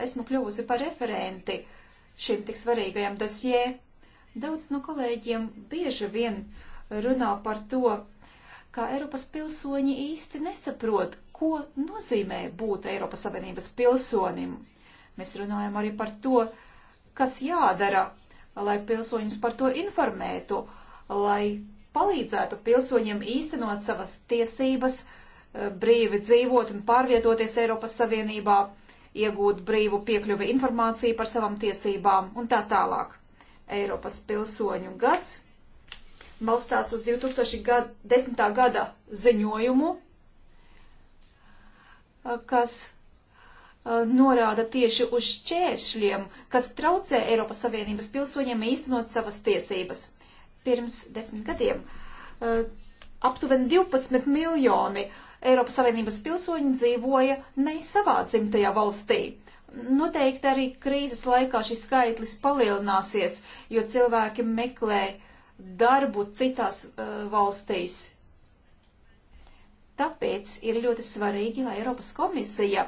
esmu kļuvusi par referenti šim tik svarīgajam dosjē. Daudz no kolēģiem bieži vien runā par to, ka Eiropas pilsoņi īsti nesaprot, ko nozīmē būt Eiropas Savienības pilsonim. Mēs runājam arī par to, kas jādara, lai pilsoņus par to informētu, lai palīdzētu pilsoņiem īstenot savas tiesības, eh, brīvi dzīvot un pārvietoties Eiropas Savienībā, iegūt brīvu piekļuvi informāciju par savām tiesībām un tā tālāk. Eiropas pilsoņu gads balstās uz 2010. gada ziņojumu, eh, kas Uh, norāda tieši uz šķēršļiem, kas traucē Eiropas Savienības pilsoņiem īstenot savas tiesības. Pirms desmit gadiem uh, aptuveni 12 miljoni Eiropas Savienības pilsoņi dzīvoja ne savā dzimtajā valstī. Noteikti arī krīzes laikā šis skaitlis palielināsies, jo cilvēki meklē darbu citās uh, valstīs, Tāpēc ir ļoti svarīgi, lai Eiropas komisija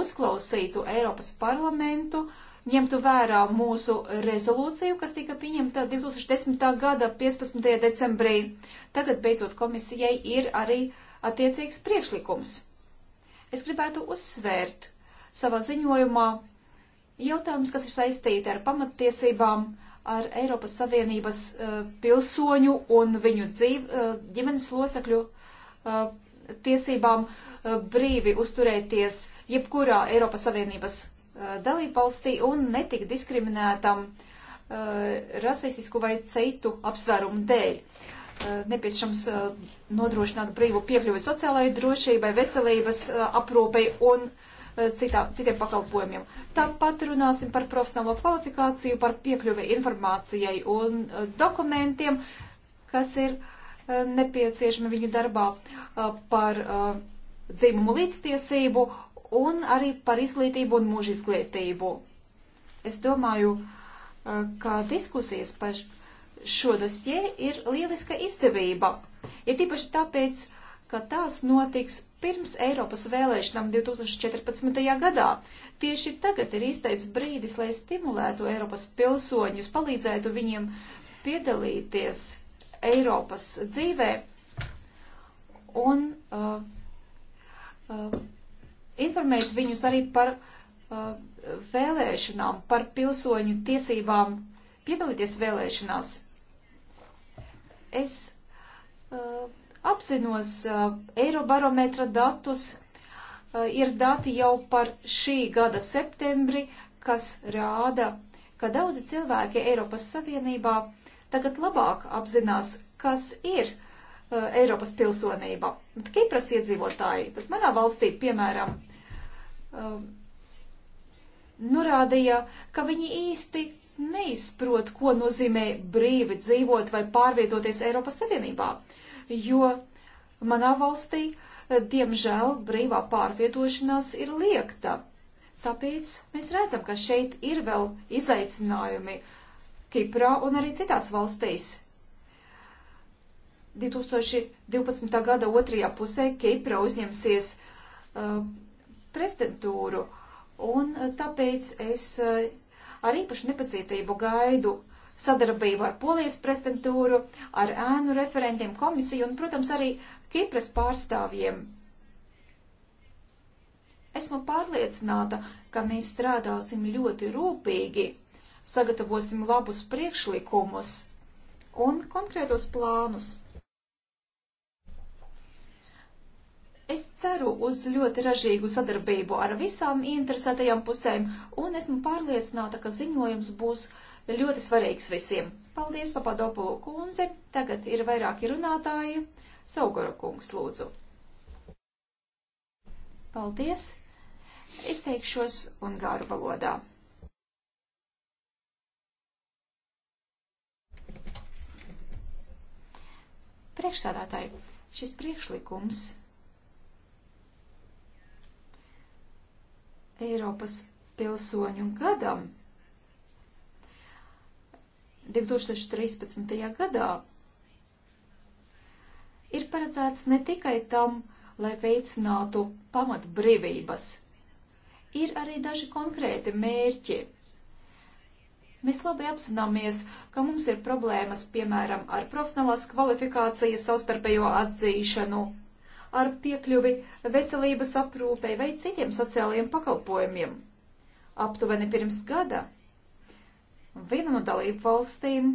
uzklausītu Eiropas parlamentu, ņemtu vērā mūsu rezolūciju, kas tika pieņemta 2010. gada 15. decembrī. Tagad beidzot komisijai ir arī attiecīgs priekšlikums. Es gribētu uzsvērt savā ziņojumā jautājumus, kas ir saistīti ar pamattiesībām, ar Eiropas Savienības uh, pilsoņu un viņu dzīv, uh, ģimenes losakļu uh, tiesībām eh, brīvi uzturēties jebkurā Eiropas Savienības eh, dalībvalstī un netik diskriminētam eh, rasistisku vai citu apsvērumu dēļ. Nepieciešams nodrošināt brīvu piekļuvi sociālajai drošībai, veselības aprūpei un citā, citiem pakalpojumiem. Tāpat runāsim par profesionālo kvalifikāciju, par piekļuvi informācijai un dokumentiem, kas ir uh, Eh, nepieciešami viņu darbā, eh, par eh, dzimumu līdztiesību un arī par izglītību un mūža izglītību. Es domāju, ka diskusijas par šo dosie ir lieliska izdevība. Ir tīpaši tāpēc, ka tās notiks pirms Eiropas vēlēšanām 2014. gadā. Tieši tagad ir īstais brīdis, lai stimulētu Eiropas pilsoņus, palīdzētu viņiem piedalīties Eiropas dzīvē. Un uh, uh, informēt viņus arī par uh, vēlēšanām, par pilsoņu tiesībām piedalīties vēlēšanās. Es uh, apzinos uh, Eirobarometra datus, uh, ir dati jau par šī gada septembri, kas rāda, ka daudzi cilvēki Eiropas Savienībā uh, tagad labāk apzinās, kas ir uh, Eiropas pilsonība. Bet Kipras iedzīvotāji, bet manā valstī, piemēram, uh, norādīja, ka viņi īsti neizprot, ko nozīmē brīvi dzīvot vai pārvietoties Eiropas Savienībā, jo manā valstī, uh, diemžēl, brīvā pārvietošanās ir liekta. Tāpēc mēs redzam, ka šeit ir vēl izaicinājumi, Kiprā un arī citās valstīs. 2012. gada otrajā pusē Kipra uzņemsies uh, prezidentūru, un uh, tāpēc es uh, ar īpašu nepacietību gaidu sadarbību ar Polijas prezidentūru, ar ēnu referentiem komisiju un, protams, arī Kipras pārstāvjiem. Esmu pārliecināta, ka mēs strādāsim ļoti rūpīgi sagatavosim labus priekšlikumus un konkrētos plānus. Es ceru uz ļoti ražīgu sadarbību ar visām interesētajām pusēm, un esmu pārliecināta, ka ziņojums būs ļoti svarīgs visiem. Paldies, Papadopulu kundze. Tagad ir vairāki runātāji. Saugara kungs, lūdzu. Paldies. Es teikšos ungāru valodā. Priekšsēdētāji, šis priekšlikums Eiropas pilsoņu gadam 2013. gadā ir paredzēts ne tikai tam, lai veicinātu pamatbrīvības, ir arī daži konkrēti mērķi Mēs labi apzināmies, ka mums ir problēmas, piemēram, ar profesionālās kvalifikācijas savstarpējo atzīšanu, ar piekļuvi veselības aprūpei vai citiem sociālajiem pakalpojumiem. Aptuveni pirms gada viena no dalību valstīm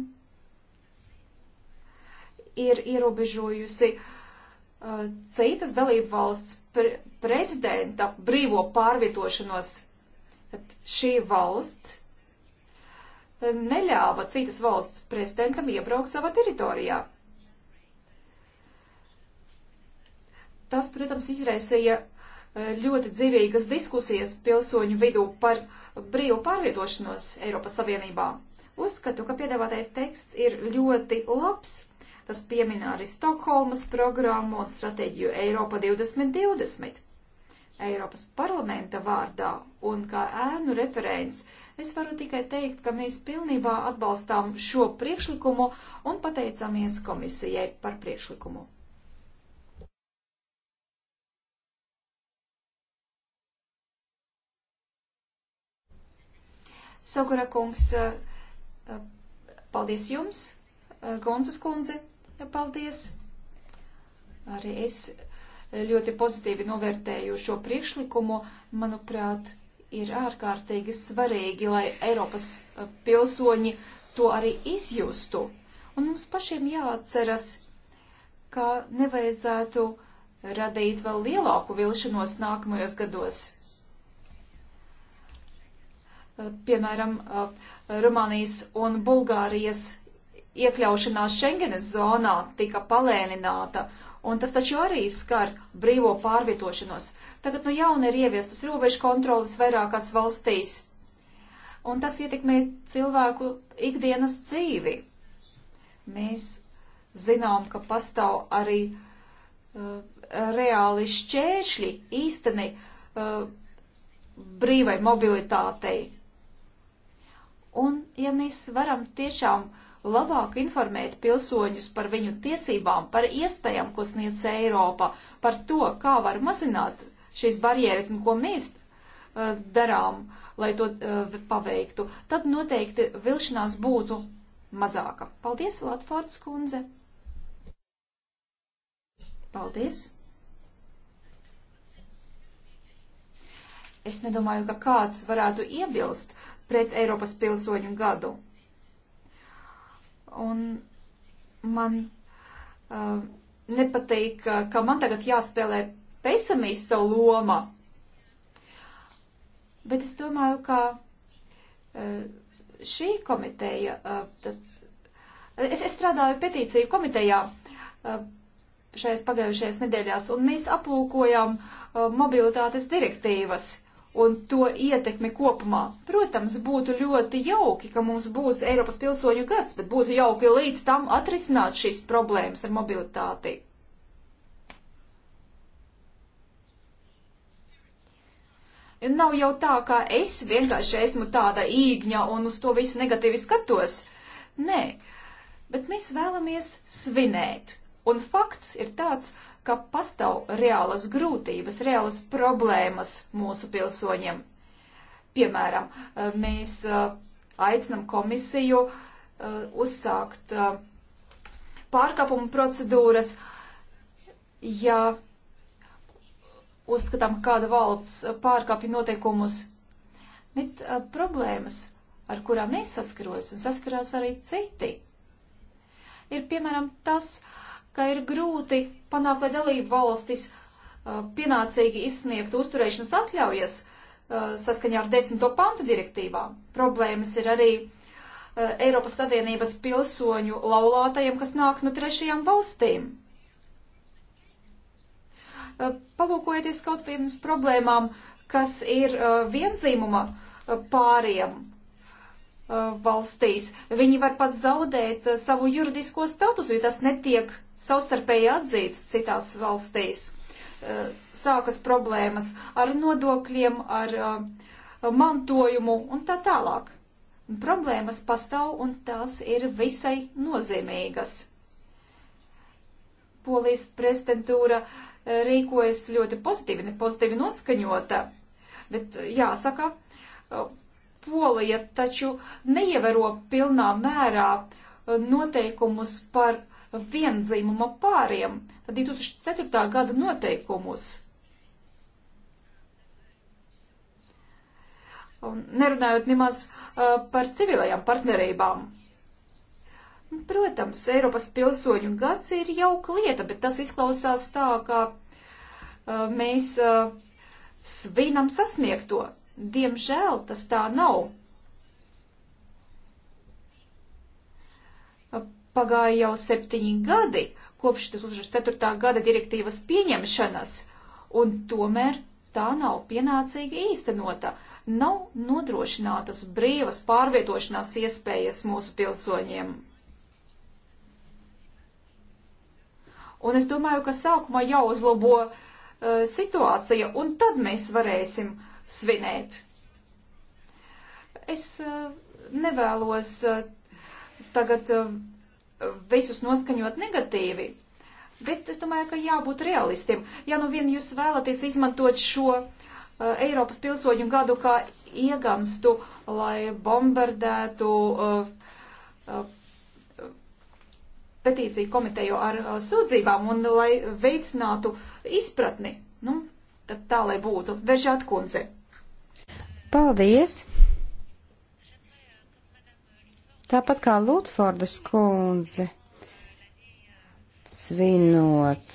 ir ierobežojusi uh, citas dalību valsts pre prezidenta brīvo pārvietošanos. Tad šī valsts neļāva citas valsts prezidentam iebraukt savā teritorijā. Tas, protams, izraisīja e, ļoti dzīvīgas diskusijas pilsoņu vidū par brīvu pārvietošanos Eiropas Savienībā. Uzskatu, ka piedāvātais teksts ir ļoti labs. Tas piemin arī Stokholmas programmu un stratēģiju Eiropa 2020. Eiropas parlamenta vārdā un kā ēnu referents Es varu tikai teikt, ka mēs pilnībā atbalstām šo priekšlikumu un pateicamies komisijai par priekšlikumu. Sogura kungs, eh, eh, paldies jums, eh, Gonzas kundze, paldies. Arī es ļoti pozitīvi novērtēju šo priekšlikumu. Manuprāt, ir ārkārtīgi svarīgi, lai Eiropas eh, pilsoņi to arī izjustu. Un mums pašiem jāatceras, ka nevajadzētu radīt vēl lielāku vilšanos nākamajos gados. Eh, piemēram, eh, Rumānijas un Bulgārijas iekļaušanās Schengenes zonā tika palēnināta, un tas taču arī skar brīvo pārvietošanos. Tagad nu jauni ir ieviestas robežu kontrolas vairākās valstīs, un tas ietekmē cilvēku ikdienas dzīvi. Mēs zinām, ka pastāv arī uh, reāli šķēršļi īsteni uh, brīvai mobilitātei. Un ja mēs varam tiešām uh, labāk informēt pilsoņus par viņu tiesībām, par iespējām, ko sniedz Eiropa, par to, kā var mazināt šīs barjeras un ko mēs uh, darām, lai to uh, paveiktu, tad noteikti vilšanās būtu mazāka. Paldies, Latvārds kundze! Paldies! Es nedomāju, ka kāds varētu iebilst pret Eiropas pilsoņu gadu. Un man uh, nepatīk, uh, ka man tagad jāspēlē pesimista loma. Bet es domāju, ka uh, šī komiteja, uh, tad, es, es strādāju petīciju komitejā uh, šajās pagājušajās nedēļās, un mēs aplūkojām uh, mobilitātes direktīvas. Uh, un to ietekmi kopumā. Protams, būtu ļoti jauki, ka mums būs Eiropas pilsoņu gads, bet būtu jauki līdz tam atrisināt šīs problēmas ar mobilitāti. Nav jau tā, ka es vienkārši esmu tāda īgņa un uz to visu negatīvi skatos. Nē, bet mēs vēlamies svinēt. Un fakts ir tāds, ka ka pastāv reālas grūtības, reālas problēmas mūsu pilsoņiem. Piemēram, eh, mēs eh, aicinam komisiju eh, uzsākt pārkāpumu procedūras, ja uzskatām, kāda valsts pārkāpja noteikumus. Bet problēmas, ar kurām es saskaros un saskarās arī citi, ir piemēram tas, uh, ka ir grūti panākt, lai dalību valstis uh, pienācīgi izsniegtu uzturēšanas atļaujas uh, saskaņā ar desmito pantu direktīvā. Problēmas ir arī uh, Eiropas Savienības pilsoņu laulātajiem, kas nāk no trešajām valstīm. Uh, palūkojieties kaut vienas problēmām, kas ir uh, vienzīmuma uh, pāriem valstīs. Viņi var pat zaudēt savu juridisko statusu, ja tas netiek savstarpēji atzīts citās valstīs. Eh, sākas problēmas ar nodokļiem, ar eh, mantojumu un tā tālāk. Problēmas pastāv un tās ir visai nozīmīgas. Polijas prezidentūra eh, rīkojas ļoti pozitīvi, ne pozitīvi noskaņota, bet jāsaka, Polija taču neievēro pilnā mērā noteikumus par vienzīmuma pāriem, tad 2004. gada noteikumus. Un nerunājot nemaz uh, par civilajām partnerībām. Protams, Eiropas pilsoņu gads ir jauka lieta, bet tas izklausās tā, ka uh, mēs uh, svinam sasniegto. Diemžēl tas tā nav. Pagāja jau septiņi gadi kopš 2004. gada direktīvas pieņemšanas, un tomēr tā nav pienācīgi īstenota. Nav nodrošinātas brīvas pārvietošanās iespējas mūsu pilsoņiem. Un es domāju, ka sākumā jāuzlabo uh, situācija, un tad mēs varēsim svinēt. Es uh, nevēlos uh, tagad. Uh, visus noskaņot negatīvi, bet es domāju, ka jābūt realistiem. Ja nu vien jūs vēlaties izmantot šo uh, Eiropas pilsoņu gadu kā ieganstu, lai bombardētu uh, uh, petīciju komiteju ar uh, sūdzībām un lai veicinātu izpratni, nu, tad tā lai būtu. Veržāt kundze. Paldies! Tāpat kā Lutfordas kundze, svinot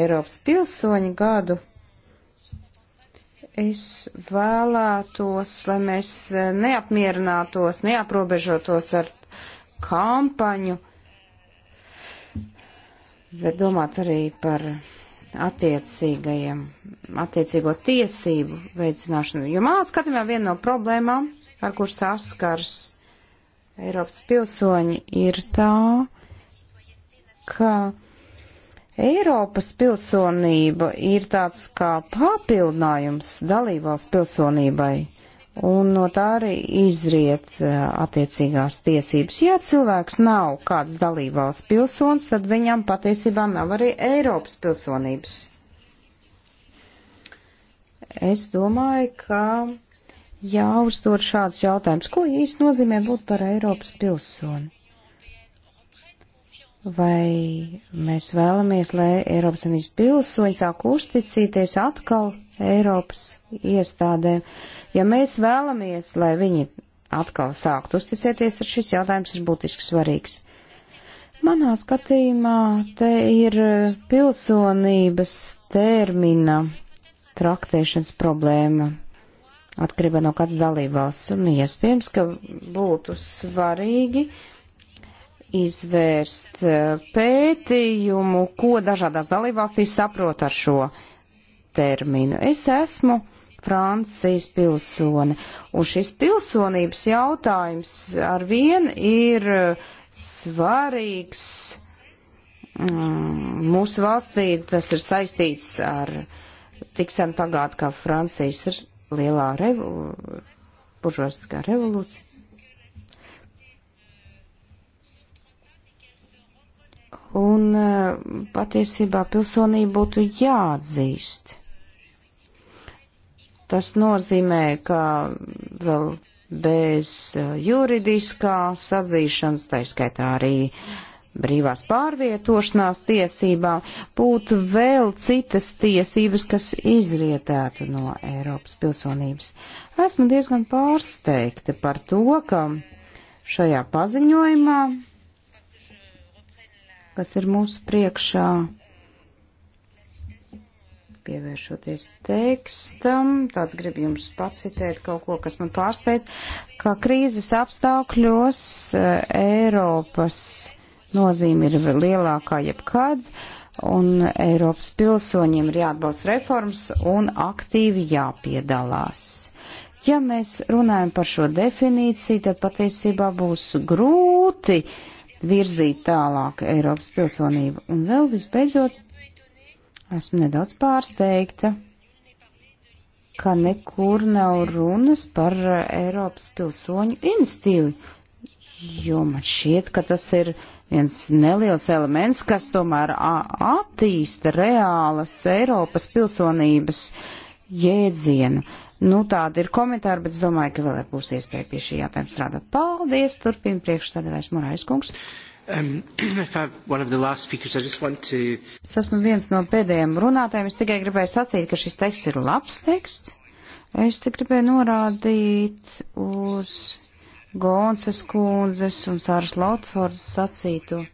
Eiropas pilsoņu gadu, es vēlētos, lai mēs neapmierinātos, neaprobežotos ar kampaņu, bet domāt arī par attiecīgajiem, attiecīgo tiesību veicināšanu. Jo manā skatījumā viena no problēmām, ar kur saskars Eiropas pilsoņi ir tā, ka Eiropas pilsonība ir tāds kā papildinājums dalībvalsts pilsonībai, un no tā arī izriet eh, attiecīgās tiesības. Ja cilvēks nav kāds dalībvalsts pilsons, tad viņam patiesībā nav arī Eiropas pilsonības. Es domāju, ka jāuzdod šāds jautājums. Ko īsti nozīmē būt par Eiropas pilsoni? Vai mēs vēlamies, lai Eiropas Savienības pilsoņi sāk uzticīties atkal Eiropas iestādēm? Ja mēs vēlamies, lai viņi atkal sāktu uzticēties, tad šis jautājums ir būtiski svarīgs. Manā skatījumā te ir pilsonības termina traktēšanas problēma atkarībā no kāds dalībvalsts. Un iespējams, ka būtu svarīgi izvērst eh, pētījumu, ko dažādās dalībvalstīs saprot ar šo terminu. Es esmu Francijas pilsone, un šis pilsonības jautājums ar vienu ir eh, svarīgs mm, mūsu valstī, tas ir saistīts ar tik sen pagātnē kā Francijas lielā revo, buržuasiskā revolūcija. Un e, patiesībā pilsonība būtu jāatzīst. Tas nozīmē, ka vēl bez e, juridiskā sadzīšanas, tā skaitā arī uh, brīvās pārvietošanās tiesībām, būtu vēl citas tiesības, kas izrietētu no Eiropas pilsonības. Esmu diezgan pārsteigta par to, ka šajā paziņojumā, kas ir mūsu priekšā, pievēršoties tekstam, tad gribu jums pacitēt kaut ko, kas man pārsteidz, ka krīzes apstākļos eh, Eiropas nozīme ir lielākā jebkad, un Eiropas pilsoņiem ir jāatbalsta reformas un aktīvi jāpiedalās. Ja mēs runājam par šo definīciju, tad patiesībā būs grūti virzīt tālāk Eiropas pilsonību. Un vēl visbeidzot, esmu nedaudz pārsteigta, ka nekur nav runas par Eiropas pilsoņu institīvu, jo man šķiet, ka tas ir uh, viens neliels elements, kas tomēr attīsta reālas Eiropas pilsonības jēdzienu. Nu, tāda ir komentāra, bet es domāju, ka vēl ir būs iespēja pie šī jautājuma strādāt. Paldies, turpina priekšstādātājs Morais kungs. Um, [clears throat] speakers, to... Es esmu viens no pēdējiem runātājiem. Es tikai gribēju sacīt, ka šis teksts ir labs teksts. Es te gribēju norādīt uz Gonsas kundzes un Sāras Lautfordas sacīto.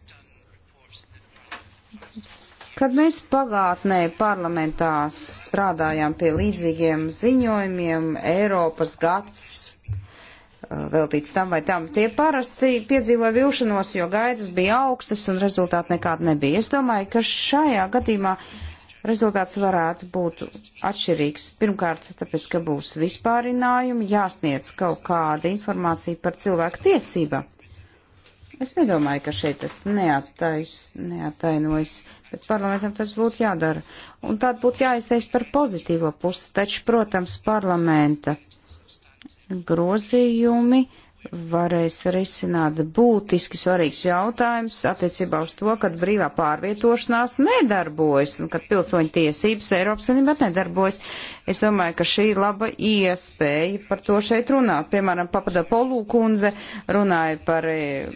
Kad mēs pagātnē parlamentā strādājām pie līdzīgiem ziņojumiem, Eiropas gads uh, veltīts tam vai tam, tie parasti piedzīvoja vilšanos, jo gaidas bija augstas un rezultāti nekādi nebija. Es domāju, ka šajā gadījumā uh, rezultāts varētu būt atšķirīgs. Pirmkārt, tāpēc, ka būs vispārinājumi, jāsniedz kaut kāda informācija par cilvēku tiesībām. Es nedomāju, ka šeit tas neattais, neattainojas, bet parlamentam tas būtu jādara. Un tād būtu jāizteic par pozitīvo pusi, taču, protams, parlamenta grozījumi varēs risināt būtiski svarīgs jautājums attiecībā uz to, kad brīvā pārvietošanās nedarbojas un kad pilsoņu tiesības Eiropas Savienībā nedarbojas. Es domāju, ka šī ir laba iespēja par to šeit runāt. Piemēram, Papada Polūkundze runāja par e,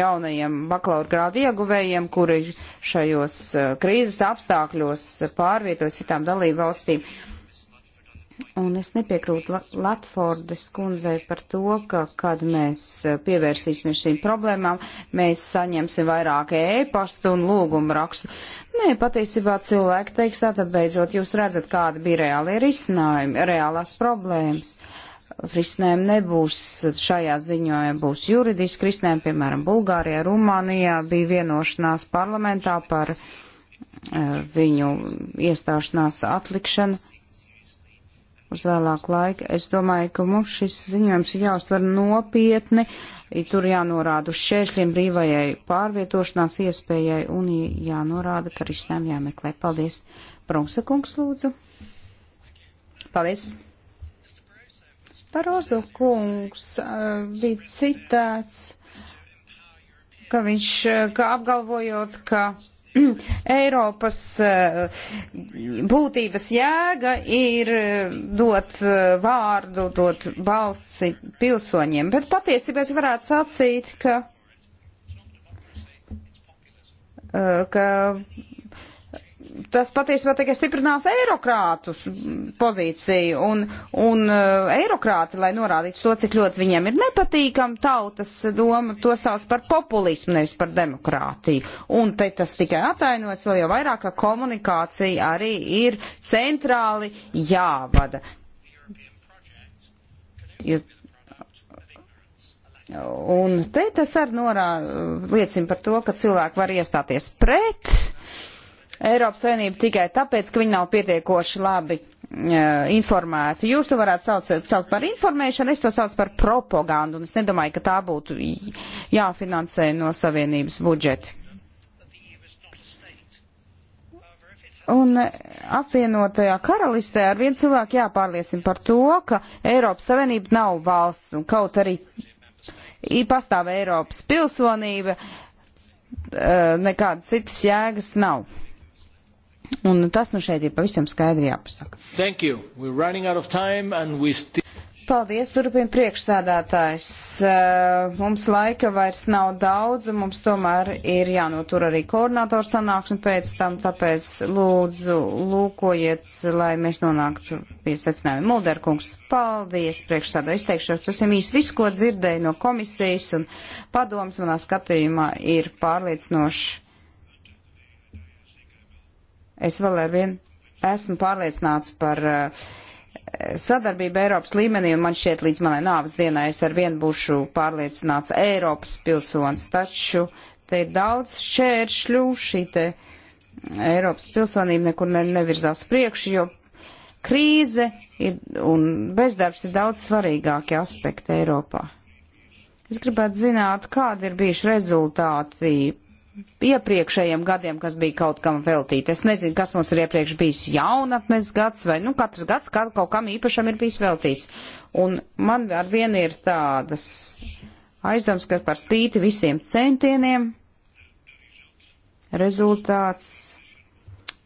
jaunajiem bakalaura grādu ieguvējiem, kuri šajos e, krīzes apstākļos pārvietojas citām dalību valstīm un es nepiekrūtu Latfordas kundzei par to, ka, kad mēs eh, pievērsīsimies šīm problēmām, mēs saņemsim vairāk ēpastu un lūgumu rakstu. Nē, patiesībā cilvēki teiks, tātad beidzot jūs redzat, kāda bija reālie risinājumi, reālās problēmas. Risinājumi nebūs šajā ziņojumā, būs juridiski risinājumi, piemēram, Bulgārijā, Rumānijā bija vienošanās parlamentā par uh, viņu iestāšanās atlikšanu uz vēlāku laiku. Es domāju, ka mums šis ziņojums ir jāuztver nopietni, tur jānorāda uz šķēršļiem brīvajai pārvietošanās iespējai un jānorāda, ka risinājumu jāmeklē. Paldies. Prunsa kungs, lūdzu. Paldies. Parozo kungs eh, bija citēts, ka viņš, eh, ka apgalvojot, ka [clears throat] Eiropas eh, būtības jēga ir eh, dot eh, vārdu, dot balsi pilsoņiem, bet patiesībā es varētu sacīt, ka, ka tas patiesībā tikai stiprinās eirokrātus pozīciju un, un eh, eirokrāti, lai norādītu to, cik ļoti viņiem ir nepatīkam tautas doma, to sauc par populismu, nevis par demokrātiju. Un te tas tikai atainojas vēl jau vairāk, ka komunikācija arī ir centrāli jāvada. Jo Un te tas arī norā, liecina par to, ka cilvēki var iestāties pret uh, Eiropas Savienību tikai tāpēc, ka viņi nav pietiekoši labi e, informēti. Jūs to varētu sauc, saukt par informēšanu, es to saucu par propagandu, un es nedomāju, ka tā būtu jāfinansē no Savienības budžeta. Un apvienotajā karalistē ar vienu cilvēku jāpārliecina par to, ka Eiropas Savienība nav valsts, un kaut arī pastāv Eiropas pilsonība, e, nekādas citas jēgas nav. Un tas nu šeit ir pavisam skaidri jāpasaka. Thank you. We're running out of time and we still. Paldies, turpina priekšsēdētājs. Eh, mums laika vairs nav daudz, mums tomēr ir jānotur arī koordinātoru sanāksme pēc tam, tāpēc lūdzu lūkojiet, lai mēs nonāktu pie secinājuma. Mulderkungs, paldies, priekšsēdā izteikšos, tas ir īsti viss, ko dzirdēju no komisijas un padoms manā skatījumā ir pārliecinoši Es vēl ar vienu esmu pārliecināts par eh, sadarbību Eiropas līmenī, un man šķiet līdz manai nāves dienai es ar vienu būšu pārliecināts Eiropas pilsonis. Taču te ir daudz šķēršļu, šī te Eiropas pilsonība nekur ne, nevirzās priekšu, jo krīze ir, un bezdarbs ir daudz svarīgākie aspekti Eiropā. Es gribētu zināt, kādi ir bijuši rezultāti iepriekšējiem gadiem, kas bija kaut kam veltīti. Es nezinu, kas mums ir iepriekš bijis jaunatnes gads, vai nu katrs gads kaut kam īpašam ir bijis veltīts. Un man ar vienu ir tādas aizdomas, ka par spīti visiem centieniem rezultāts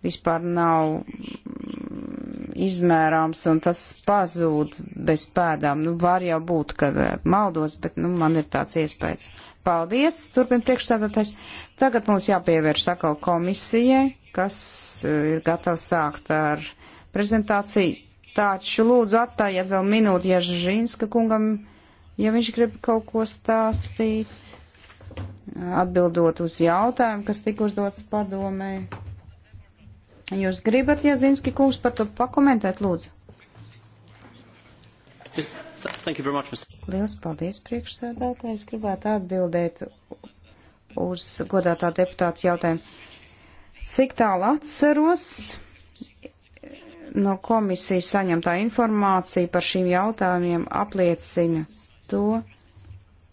vispār nav mm, izmērāms un tas pazūd bez pēdām. Nu, var jau būt, ka eh, maldos, bet nu, man ir tāds iespējas. Paldies, turpina priekšsēdētājs. Tagad mums jāpievērš atkal komisijai, kas eh, ir gatavs sākt ar prezentāciju. Taču lūdzu atstājiet vēl minūti Ježinska kungam, ja viņš grib kaut ko stāstīt, atbildot uz jautājumu, kas tika uzdots padomē. Jūs gribat, Jezinski kungs, par to pakomentēt, lūdzu? Es... Much, Liels paldies, priekšsēdētāji. Es gribētu atbildēt uz godātā deputāta jautājumu. Cik tālu atceros no komisijas saņemtā informācija par šīm jautājumiem apliecina to,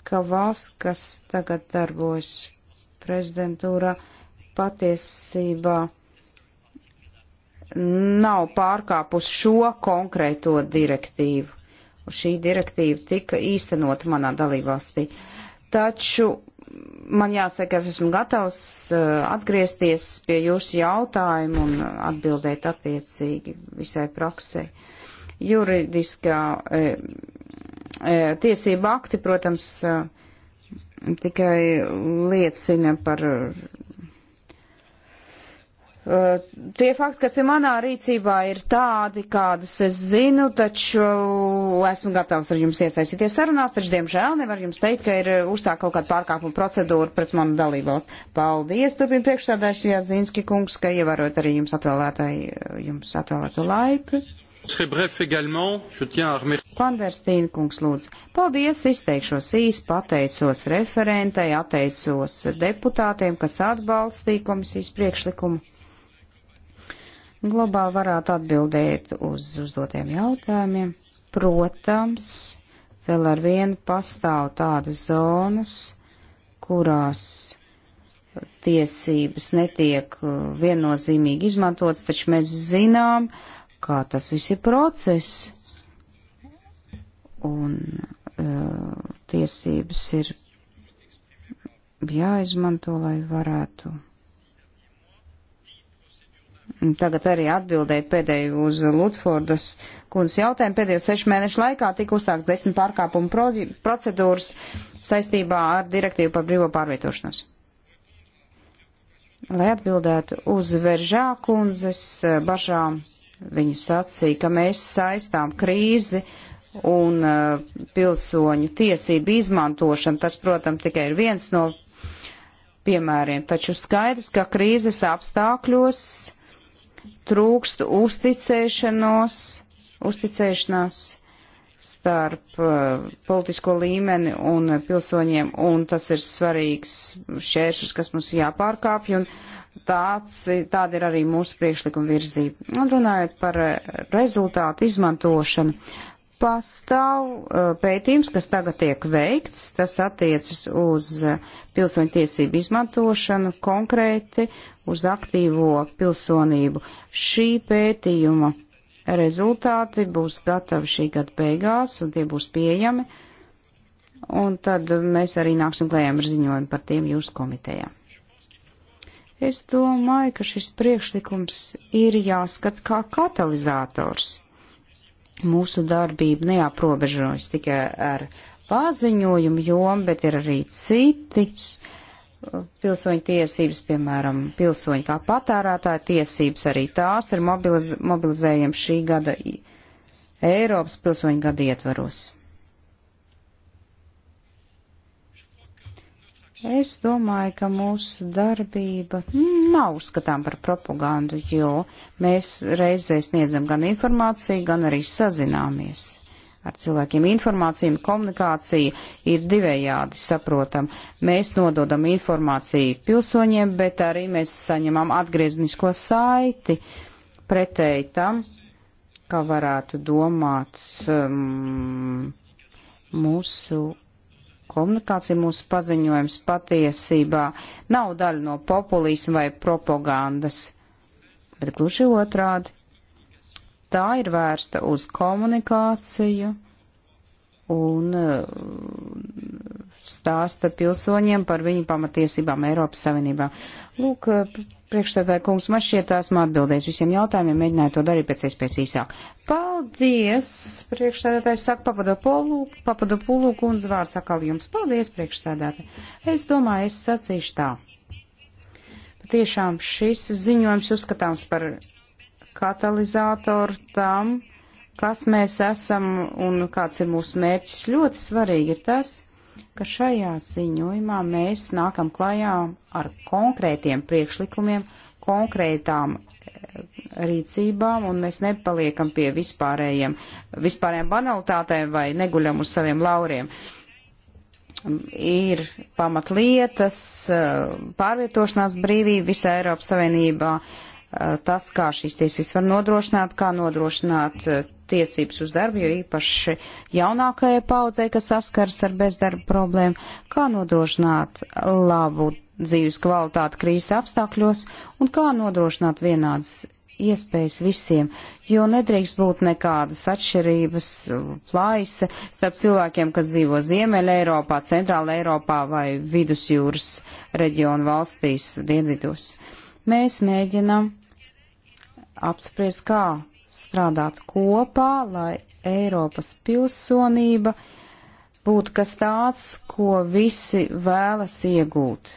ka valsts, kas tagad darbojas prezidentūra, patiesībā nav pārkāpus šo konkrēto direktīvu šī direktīva tika īstenota manā dalībvalstī. Taču man jāsaka, es esmu gatavs uh, atgriezties pie jūsu jautājumu un atbildēt attiecīgi visai praksē. Juridiskā e, e, tiesība akti, protams, e, tikai liecina par Eh, tie fakti, kas ir manā rīcībā, ir tādi, kādus es zinu, taču esmu gatavs ar jums iesaistīties sarunās, taču, diemžēl, nevar jums teikt, ka ir uzstāta kaut kāda pārkāpuma procedūra pret manu dalībvalstu. Paldies, turpin priekšsādājs Jāzinski kungs, ka ievērot arī jums atvēlētāju, jums atvēlētu laiku. Panderstīna kungs lūdzu. Paldies, izteikšos īsi, pateicos referentai, atteicos deputātiem, kas atbalstīja komisijas priekšlikumu globāli varētu atbildēt uz uzdotiem jautājumiem. Protams, vēl ar vienu pastāv tādas zonas, kurās tiesības netiek uh, viennozīmīgi izmantotas, taču mēs zinām, kā tas viss ir process, un uh, tiesības ir jāizmanto, lai varētu tagad arī atbildēt pēdējo uz Lutfordas kundzes jautājumu. Pēdējo sešu mēnešu laikā tika uzsāks desmit pārkāpumu procedūras saistībā ar direktīvu par brīvo pārvietošanos. Lai atbildētu uz Veržā kundzes eh, bažām, viņa sacīja, ka mēs saistām krīzi un uh, pilsoņu tiesību izmantošanu. Tas, protams, tikai ir viens no piemēriem, taču skaidrs, ka krīzes apstākļos trūkst uzticēšanos, uzticēšanās starp uh, politisko līmeni un pilsoņiem, un tas ir svarīgs šķēršļs, kas mums jāpārkāpj, un tāds, tāda ir arī mūsu priekšlikuma virzība. Un runājot par uh, rezultātu izmantošanu, pastāv uh, pētījums, kas tagad tiek veikts, tas attiecas uz uh, pilsoņu tiesību izmantošanu konkrēti uz aktīvo pilsonību. Šī pētījuma rezultāti būs gatavi šī gada beigās un tie būs pieejami, un tad mēs arī nāksim klējām ar ziņojumu par tiem jūsu komitejā. Es domāju, ka šis priekšlikums ir jāskat kā katalizators mūsu darbība neaprobežojas tikai ar paziņojumu jomu, bet ir arī citas uh, pilsoņu tiesības, piemēram, pilsoņu kā patērētāja tiesības, arī tās ir mobiliz mobilizējami šī gada Eiropas pilsoņu gada ietvaros. Es domāju, ka mūsu darbība nav skatām par propagandu, jo mēs reizē sniedzam gan informāciju, gan arī sazināmies ar cilvēkiem. Informācija un komunikācija ir divējādi saprotam. Mēs nododam informāciju pilsoņiem, bet arī mēs saņemam atgrieznisko saiti pretēji tam, kā varētu domāt um, mūsu komunikācija, mūsu paziņojums patiesībā nav daļa no populisma vai propagandas, bet gluži otrādi. Tā ir vērsta uz komunikāciju un uh, stāsta pilsoņiem par viņu pamatiesībām Eiropas Savienībā. Lūk, uh, Priekšstādāja kungs, man šķiet, esmu atbildējis visiem jautājumiem, mēģināju to darīt pēc iespējas īsāk. Paldies, priekšstādātājs saka Papadopulu, Papadopulu kundz vārds atkal jums. Paldies, priekšstādātāji. Es domāju, es sacīšu tā. Patiešām šis ziņojums uzskatāms par katalizātoru tam, kas mēs esam un kāds ir mūsu mērķis. Ļoti svarīgi ir tas, ka šajā ziņojumā mēs nākam klajā ar konkrētiem priekšlikumiem, konkrētām eh, rīcībām, un mēs nepaliekam pie vispārējiem, vispārējiem banalitātēm vai neguļam uz saviem lauriem. Ir pamatlietas, eh, pārvietošanās brīvība visā Eiropas Savienībā, eh, tas, kā šīs tiesības var nodrošināt, kā nodrošināt tiesības uz darbu, jo īpaši jaunākajai paudzei, kas saskars ar bezdarba problēmu, kā nodrošināt labu dzīves kvalitāti krīzes apstākļos un kā nodrošināt vienādas iespējas visiem, jo nedrīkst būt nekādas atšķirības, plaisa starp cilvēkiem, kas dzīvo Ziemeļa Eiropā, Centrāla Eiropā vai Vidusjūras reģionu valstīs dienvidos. Mēs mēģinam apspriest, kā strādāt kopā, lai Eiropas pilsonība būtu kas tāds, ko visi vēlas iegūt.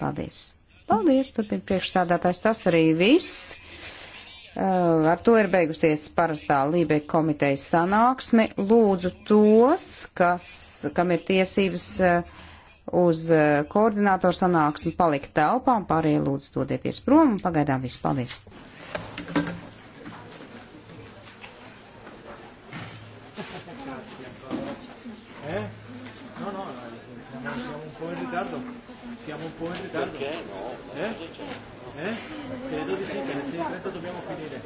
Paldies! Paldies, turpin priekšsādātājs, tas arī viss. Uh, ar to ir beigusies parastā Lībeka komitejas sanāksme. Lūdzu tos, kas, kam ir tiesības uh, uz uh, koordinātoru sanāksmi, palikt telpā un pārējie lūdzu dodieties prom un pagaidām viss. Paldies! ritardo. Siamo un po' in ritardo. Perché no? Eh? Eh? Credo di sì, che alle 6.30 dobbiamo finire.